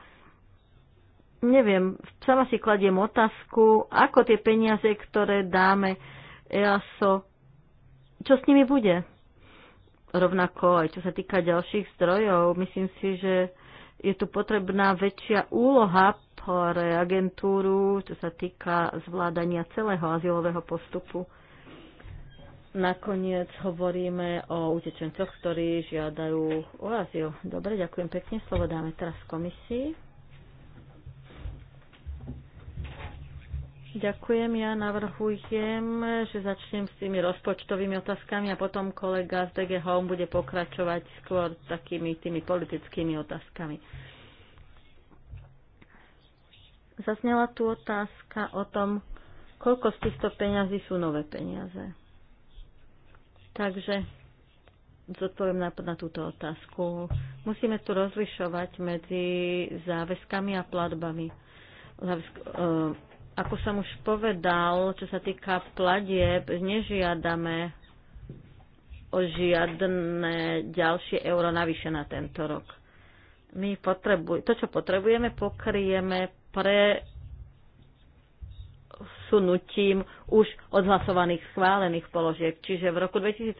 Neviem, sama si kladiem otázku, ako tie peniaze, ktoré dáme EASO, čo s nimi bude? Rovnako aj čo sa týka ďalších zdrojov, myslím si, že je tu potrebná väčšia úloha pre agentúru, čo sa týka zvládania celého azylového postupu nakoniec hovoríme o utečencoch, ktorí žiadajú o azyl. Dobre, ďakujem pekne. Slovo dáme teraz komisii. Ďakujem. Ja navrhujem, že začnem s tými rozpočtovými otázkami a potom kolega z DG Home bude pokračovať skôr takými tými politickými otázkami. Zaznela tu otázka o tom, koľko z týchto peňazí sú nové peniaze. Takže zodpoviem na, na túto otázku. Musíme tu rozlišovať medzi záväzkami a platbami. Záväzk, e, ako som už povedal, čo sa týka platieb, nežiadame o žiadne ďalšie euro navyše na tento rok. My potrebuj- to, čo potrebujeme, pokrieme pre odsunutím už odhlasovaných schválených položiek. Čiže v roku 2015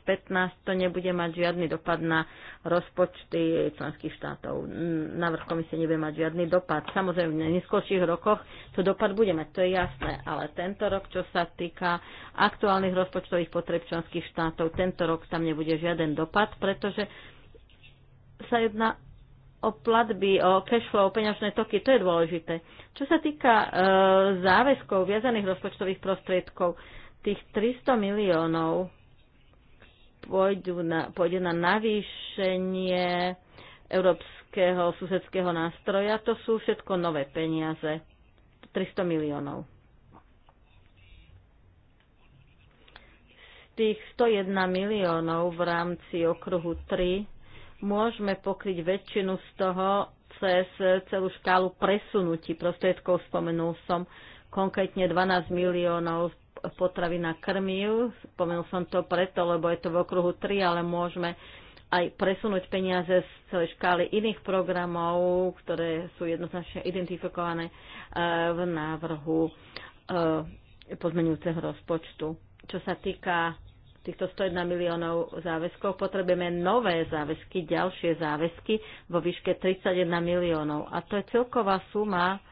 to nebude mať žiadny dopad na rozpočty členských štátov. Návrh komisie nebude mať žiadny dopad. Samozrejme, v neskôrších rokoch to dopad bude mať, to je jasné. Ale tento rok, čo sa týka aktuálnych rozpočtových potreb členských štátov, tento rok tam nebude žiaden dopad, pretože sa jedná o platby, o cashflow, o peňažné toky, to je dôležité. Čo sa týka e, záväzkov, viazaných rozpočtových prostriedkov, tých 300 miliónov pôjdu na, pôjde na navýšenie európskeho susedského nástroja. To sú všetko nové peniaze. 300 miliónov. Z tých 101 miliónov v rámci okruhu 3 môžeme pokryť väčšinu z toho cez celú škálu presunutí prostriedkov. Spomenul som konkrétne 12 miliónov potravina krmiv. Spomenul som to preto, lebo je to v okruhu 3, ale môžeme aj presunúť peniaze z celej škály iných programov, ktoré sú jednoznačne identifikované eh, v návrhu eh, pozmenujúceho rozpočtu. Čo sa týka týchto 101 miliónov záväzkov potrebujeme nové záväzky, ďalšie záväzky vo výške 31 miliónov. A to je celková suma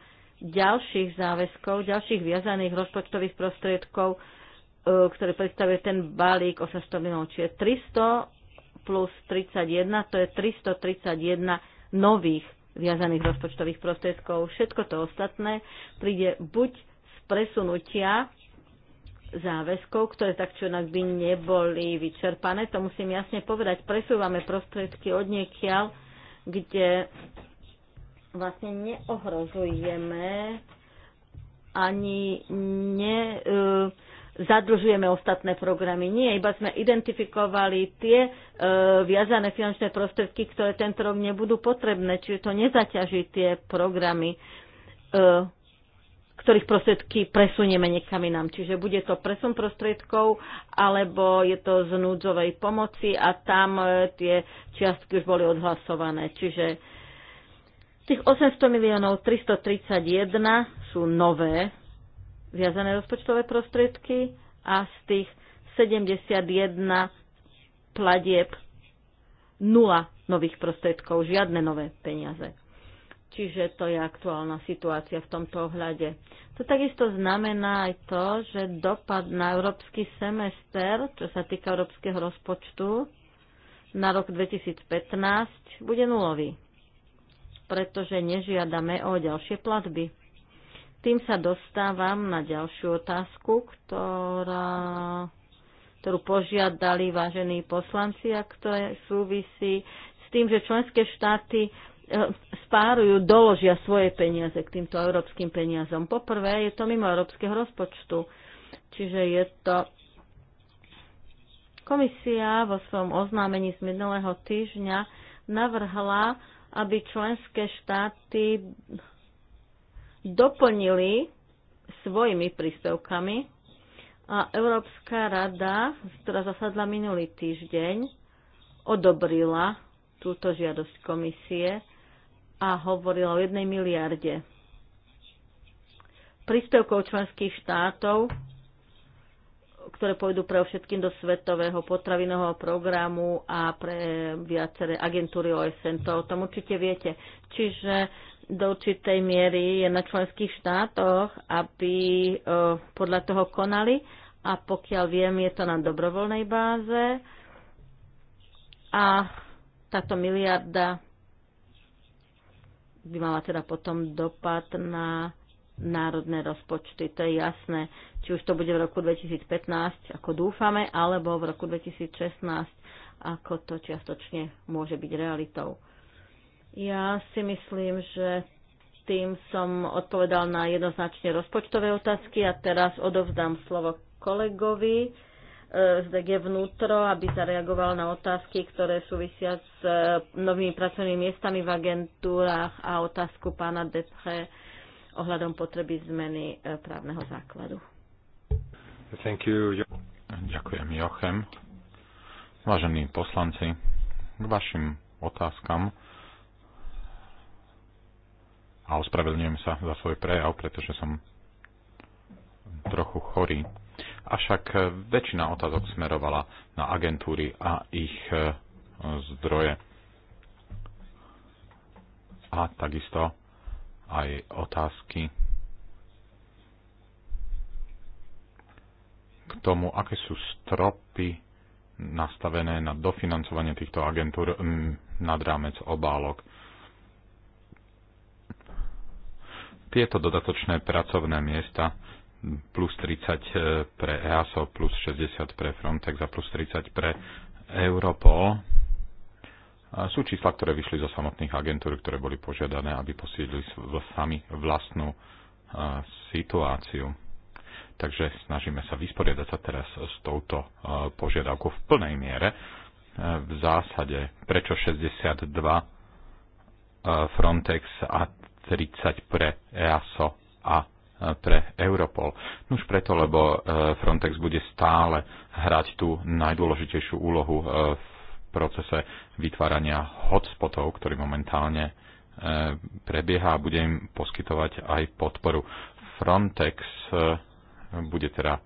ďalších záväzkov, ďalších viazaných rozpočtových prostriedkov, e, ktoré predstavuje ten balík 800 miliónov. Čiže 300 plus 31, to je 331 nových viazaných rozpočtových prostriedkov. Všetko to ostatné príde buď z presunutia záväzkov, ktoré tak či onak by neboli vyčerpané. To musím jasne povedať. Presúvame prostriedky od niekiaľ, kde vlastne neohrozujeme ani ne, uh, zadlžujeme ostatné programy. Nie, iba sme identifikovali tie e, viazané finančné prostriedky, ktoré tento rok nebudú potrebné, čiže to nezaťaží tie programy. E, ktorých prostriedky presunieme niekam inám. Čiže bude to presun prostriedkov, alebo je to z núdzovej pomoci a tam e, tie čiastky už boli odhlasované. Čiže tých 800 miliónov 331 sú nové viazané rozpočtové prostriedky a z tých 71 platieb nula nových prostriedkov, žiadne nové peniaze. Čiže to je aktuálna situácia v tomto ohľade. To takisto znamená aj to, že dopad na európsky semester, čo sa týka európskeho rozpočtu na rok 2015, bude nulový, pretože nežiadame o ďalšie platby. Tým sa dostávam na ďalšiu otázku, ktorá, ktorú požiadali vážení poslanci a ktoré súvisí s tým, že členské štáty spárujú, doložia svoje peniaze k týmto európskym peniazom. Poprvé je to mimo európskeho rozpočtu, čiže je to komisia vo svojom oznámení z minulého týždňa navrhla, aby členské štáty doplnili svojimi príspevkami a Európska rada, ktorá zasadla minulý týždeň, odobrila túto žiadosť komisie a hovorila o jednej miliarde príspevkov členských štátov, ktoré pôjdu pre všetkým do Svetového potravinového programu a pre viaceré agentúry OSN. To o tom určite viete. Čiže do určitej miery je na členských štátoch, aby e, podľa toho konali a pokiaľ viem, je to na dobrovoľnej báze a táto miliarda by mala teda potom dopad na národné rozpočty. To je jasné, či už to bude v roku 2015, ako dúfame, alebo v roku 2016, ako to čiastočne môže byť realitou. Ja si myslím, že tým som odpovedal na jednoznačne rozpočtové otázky a teraz odovzdám slovo kolegovi z je vnútro, aby zareagoval na otázky, ktoré súvisia s e, novými pracovnými miestami v agentúrach a otázku pána Depre ohľadom potreby zmeny e, právneho základu. Thank you. Ďakujem, Jochem. Vážení poslanci, k vašim otázkam a ospravedlňujem sa za svoj prejav, pretože som trochu chorý avšak e, väčšina otázok smerovala na agentúry a ich e, zdroje. A takisto aj otázky k tomu, aké sú stropy nastavené na dofinancovanie týchto agentúr nad rámec obálok. Tieto dodatočné pracovné miesta plus 30 eh, pre EASO, plus 60 pre Frontex a plus 30 pre Europol. Sú čísla, ktoré vyšli zo samotných agentúr, ktoré boli požiadané, aby posídili sami vlastnú eh, situáciu. Takže snažíme sa vysporiadať sa teraz s touto eh, požiadavkou v plnej miere. V zásade, prečo 62 Frontex a 30 pre EASO a pre Europol. Už preto, lebo e, Frontex bude stále hrať tú najdôležitejšiu úlohu e, v procese vytvárania hotspotov, ktorý momentálne e, prebieha a bude im poskytovať aj podporu. Frontex bude teda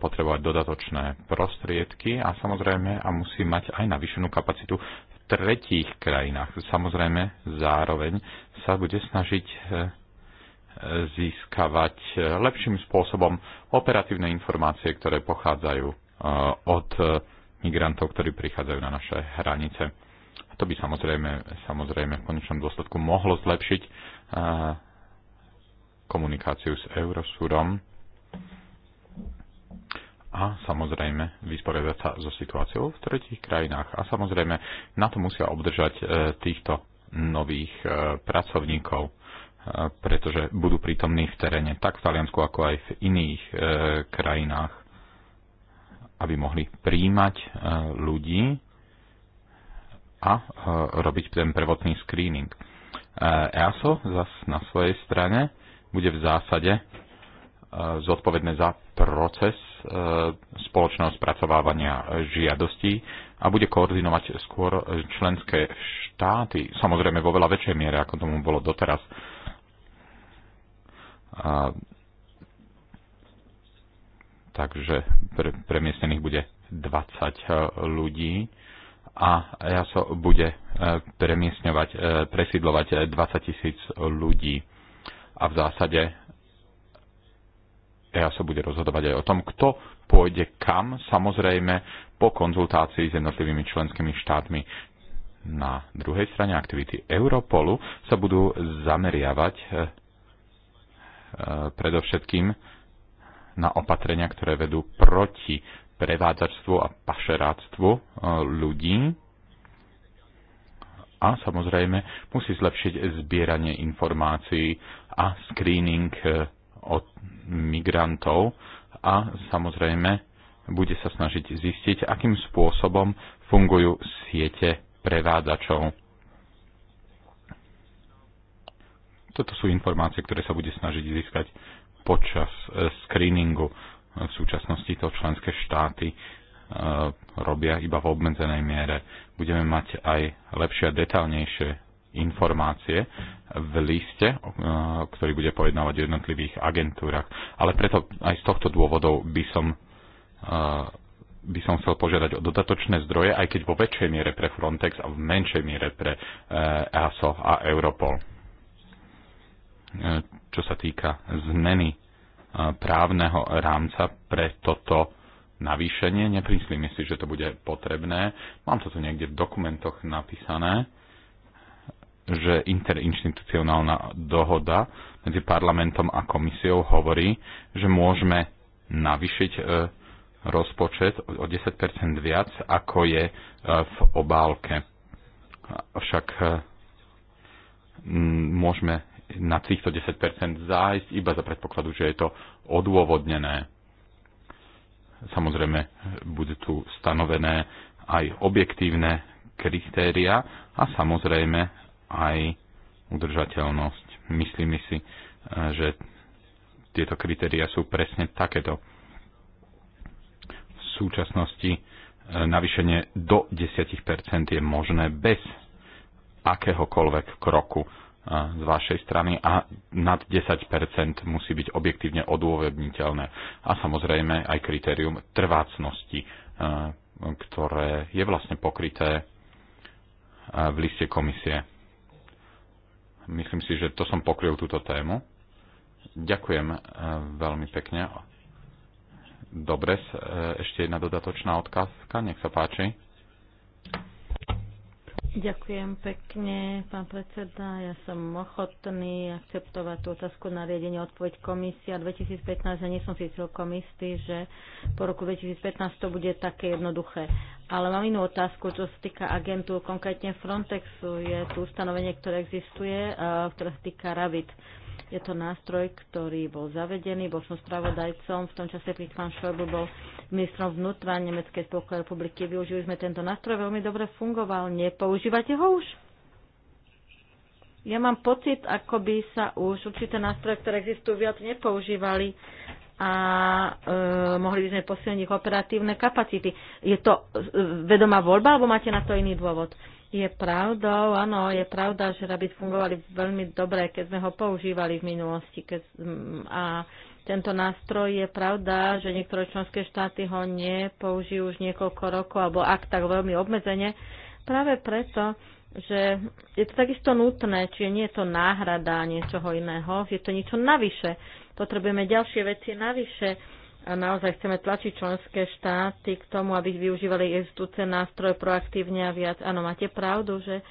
potrebovať dodatočné prostriedky a samozrejme a musí mať aj navýšenú kapacitu v tretích krajinách. Samozrejme zároveň sa bude snažiť získavať eh, lepším spôsobom operatívne informácie, ktoré pochádzajú eh, od eh, migrantov, ktorí prichádzajú na naše hranice. A to by samozrejme, samozrejme v konečnom dôsledku mohlo zlepšiť komunikáciu s Eurosúrom a samozrejme vysporiadať sa so situáciou v tretich krajinách. A samozrejme na to musia obdržať týchto nových pracovníkov pretože budú prítomní v teréne, tak v Taliansku, ako aj v iných e, krajinách, aby mohli príjmať e, ľudí a e, robiť ten prvotný screening. E, EASO zas na svojej strane bude v zásade e, zodpovedné za proces e, spoločného spracovávania žiadostí a bude koordinovať skôr členské štáty, samozrejme vo veľa väčšej miere, ako tomu bolo doteraz. A, takže pre, premiestnených bude 20 e, ľudí a EASO bude e, premiestňovať, e, presídlovať 20 tisíc ľudí. A v zásade EASO bude rozhodovať aj o tom, kto pôjde kam, samozrejme po konzultácii s jednotlivými členskými štátmi. Na druhej strane aktivity Europolu sa budú zameriavať Eh, predovšetkým na opatrenia, ktoré vedú proti prevádzačstvu a pašeráctvu eh, ľudí. A samozrejme musí zlepšiť zbieranie informácií a screening eh, od migrantov a samozrejme bude sa snažiť zistiť, akým spôsobom fungujú siete prevádzačov Toto sú informácie, ktoré sa bude snažiť získať počas e, screeningu. V súčasnosti to členské štáty e, robia iba v obmedzenej miere. Budeme mať aj lepšie a detálnejšie informácie v liste, e, ktorý bude pojednávať o jednotlivých agentúrach. Ale preto aj z tohto dôvodov by som by som chcel požiadať o dodatočné zdroje, aj keď vo väčšej miere pre Frontex a v menšej miere pre EASO a Europol. E, čo sa týka zmeny e, právneho rámca pre toto navýšenie. Nepríslím si, že to bude potrebné. Mám to tu niekde v dokumentoch napísané, že interinstitucionálna dohoda medzi parlamentom a komisiou hovorí, že môžeme navyšiť e, rozpočet o 10 viac, ako je v obálke. Však môžeme na týchto 10% zájsť iba za predpokladu, že je to odôvodnené. Samozrejme, budú tu stanovené aj objektívne kritéria a samozrejme aj udržateľnosť. Myslím si, eh, že tieto kritéria sú presne takéto. V súčasnosti eh, navýšenie do 10% je možné bez akéhokoľvek kroku z vašej strany a nad 10 musí byť objektívne odôvodniteľné. A samozrejme aj kritérium trvácnosti, e, ktoré je vlastne pokryté e, v liste komisie. Myslím si, že to som pokryl túto tému. Ďakujem e, veľmi pekne. Dobre, ešte jedna dodatočná odkázka, nech sa páči. Ďakujem pekne, pán predseda. Ja som ochotný akceptovať tú otázku na riadenie odpoveď komisia 2015. Ja nie som si celkom istý, že po roku 2015 to bude také jednoduché. Ale mám inú otázku, čo sa týka agentu, konkrétne Frontexu. Je tu ustanovenie, ktoré existuje, ktoré sa týka RAVID. Je to nástroj, ktorý bol zavedený, bol som spravodajcom, v tom čase, keď pán Šojbu bol ministrom vnútra Nemeckej spolkovej republiky. Využili sme tento nástroj, veľmi dobre fungoval. Nepoužívate ho už? Ja mám pocit, ako by sa už určité nástroje, ktoré existujú, viac nepoužívali a e, mohli by sme posilniť ich operatívne kapacity. Je to e, vedomá voľba, alebo máte na to iný dôvod? Je pravdou, áno, je pravda, že rabit fungovali veľmi dobre, keď sme ho používali v minulosti. Keď, a e, tento nástroj je pravda, že niektoré členské štáty ho nepoužijú už niekoľko rokov, alebo ak tak veľmi obmedzene, práve preto, že je to takisto nutné, čiže nie je to náhrada niečoho iného, je to niečo navyše. Potrebujeme ďalšie veci navyše a naozaj chceme tlačiť členské štáty k tomu, aby využívali existujúce nástroje proaktívne a viac. Áno, máte pravdu, že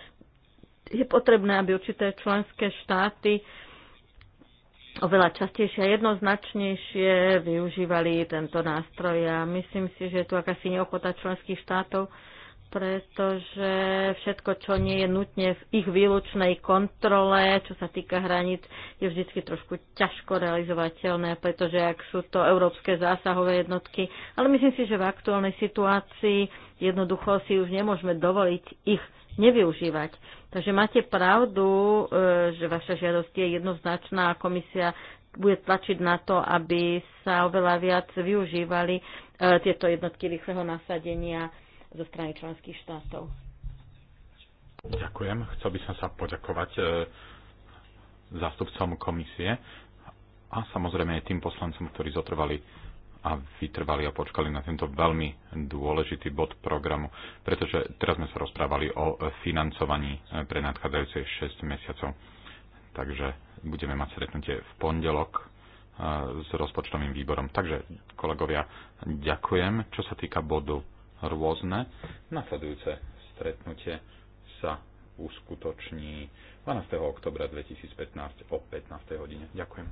je potrebné, aby určité členské štáty oveľa častejšie a jednoznačnejšie využívali tento nástroj a myslím si, že je tu akási neochota členských štátov, pretože všetko, čo nie je nutne v ich výlučnej kontrole, čo sa týka hraníc, je vždy trošku ťažko realizovateľné, pretože ak sú to európske zásahové jednotky, ale myslím si, že v aktuálnej situácii jednoducho si už nemôžeme dovoliť ich nevyužívať Takže máte pravdu, e, že vaša žiadosť je jednoznačná a komisia bude tlačiť na to, aby sa oveľa viac využívali e, tieto jednotky rýchleho nasadenia zo strany členských štátov. Ďakujem. Chcel by som sa poďakovať e, zástupcom komisie a samozrejme aj tým poslancom, ktorí zotrvali a vytrvali a počkali na tento veľmi dôležitý bod programu, pretože teraz sme sa rozprávali o financovaní e, pre nadchádzajúce 6 mesiacov. Takže budeme mať stretnutie v pondelok e, s rozpočtovým výborom. Takže, kolegovia, ďakujem. Čo sa týka bodu rôzne, nasledujúce stretnutie sa uskutoční 12. oktobra 2015 o 15. hodine. Ďakujem.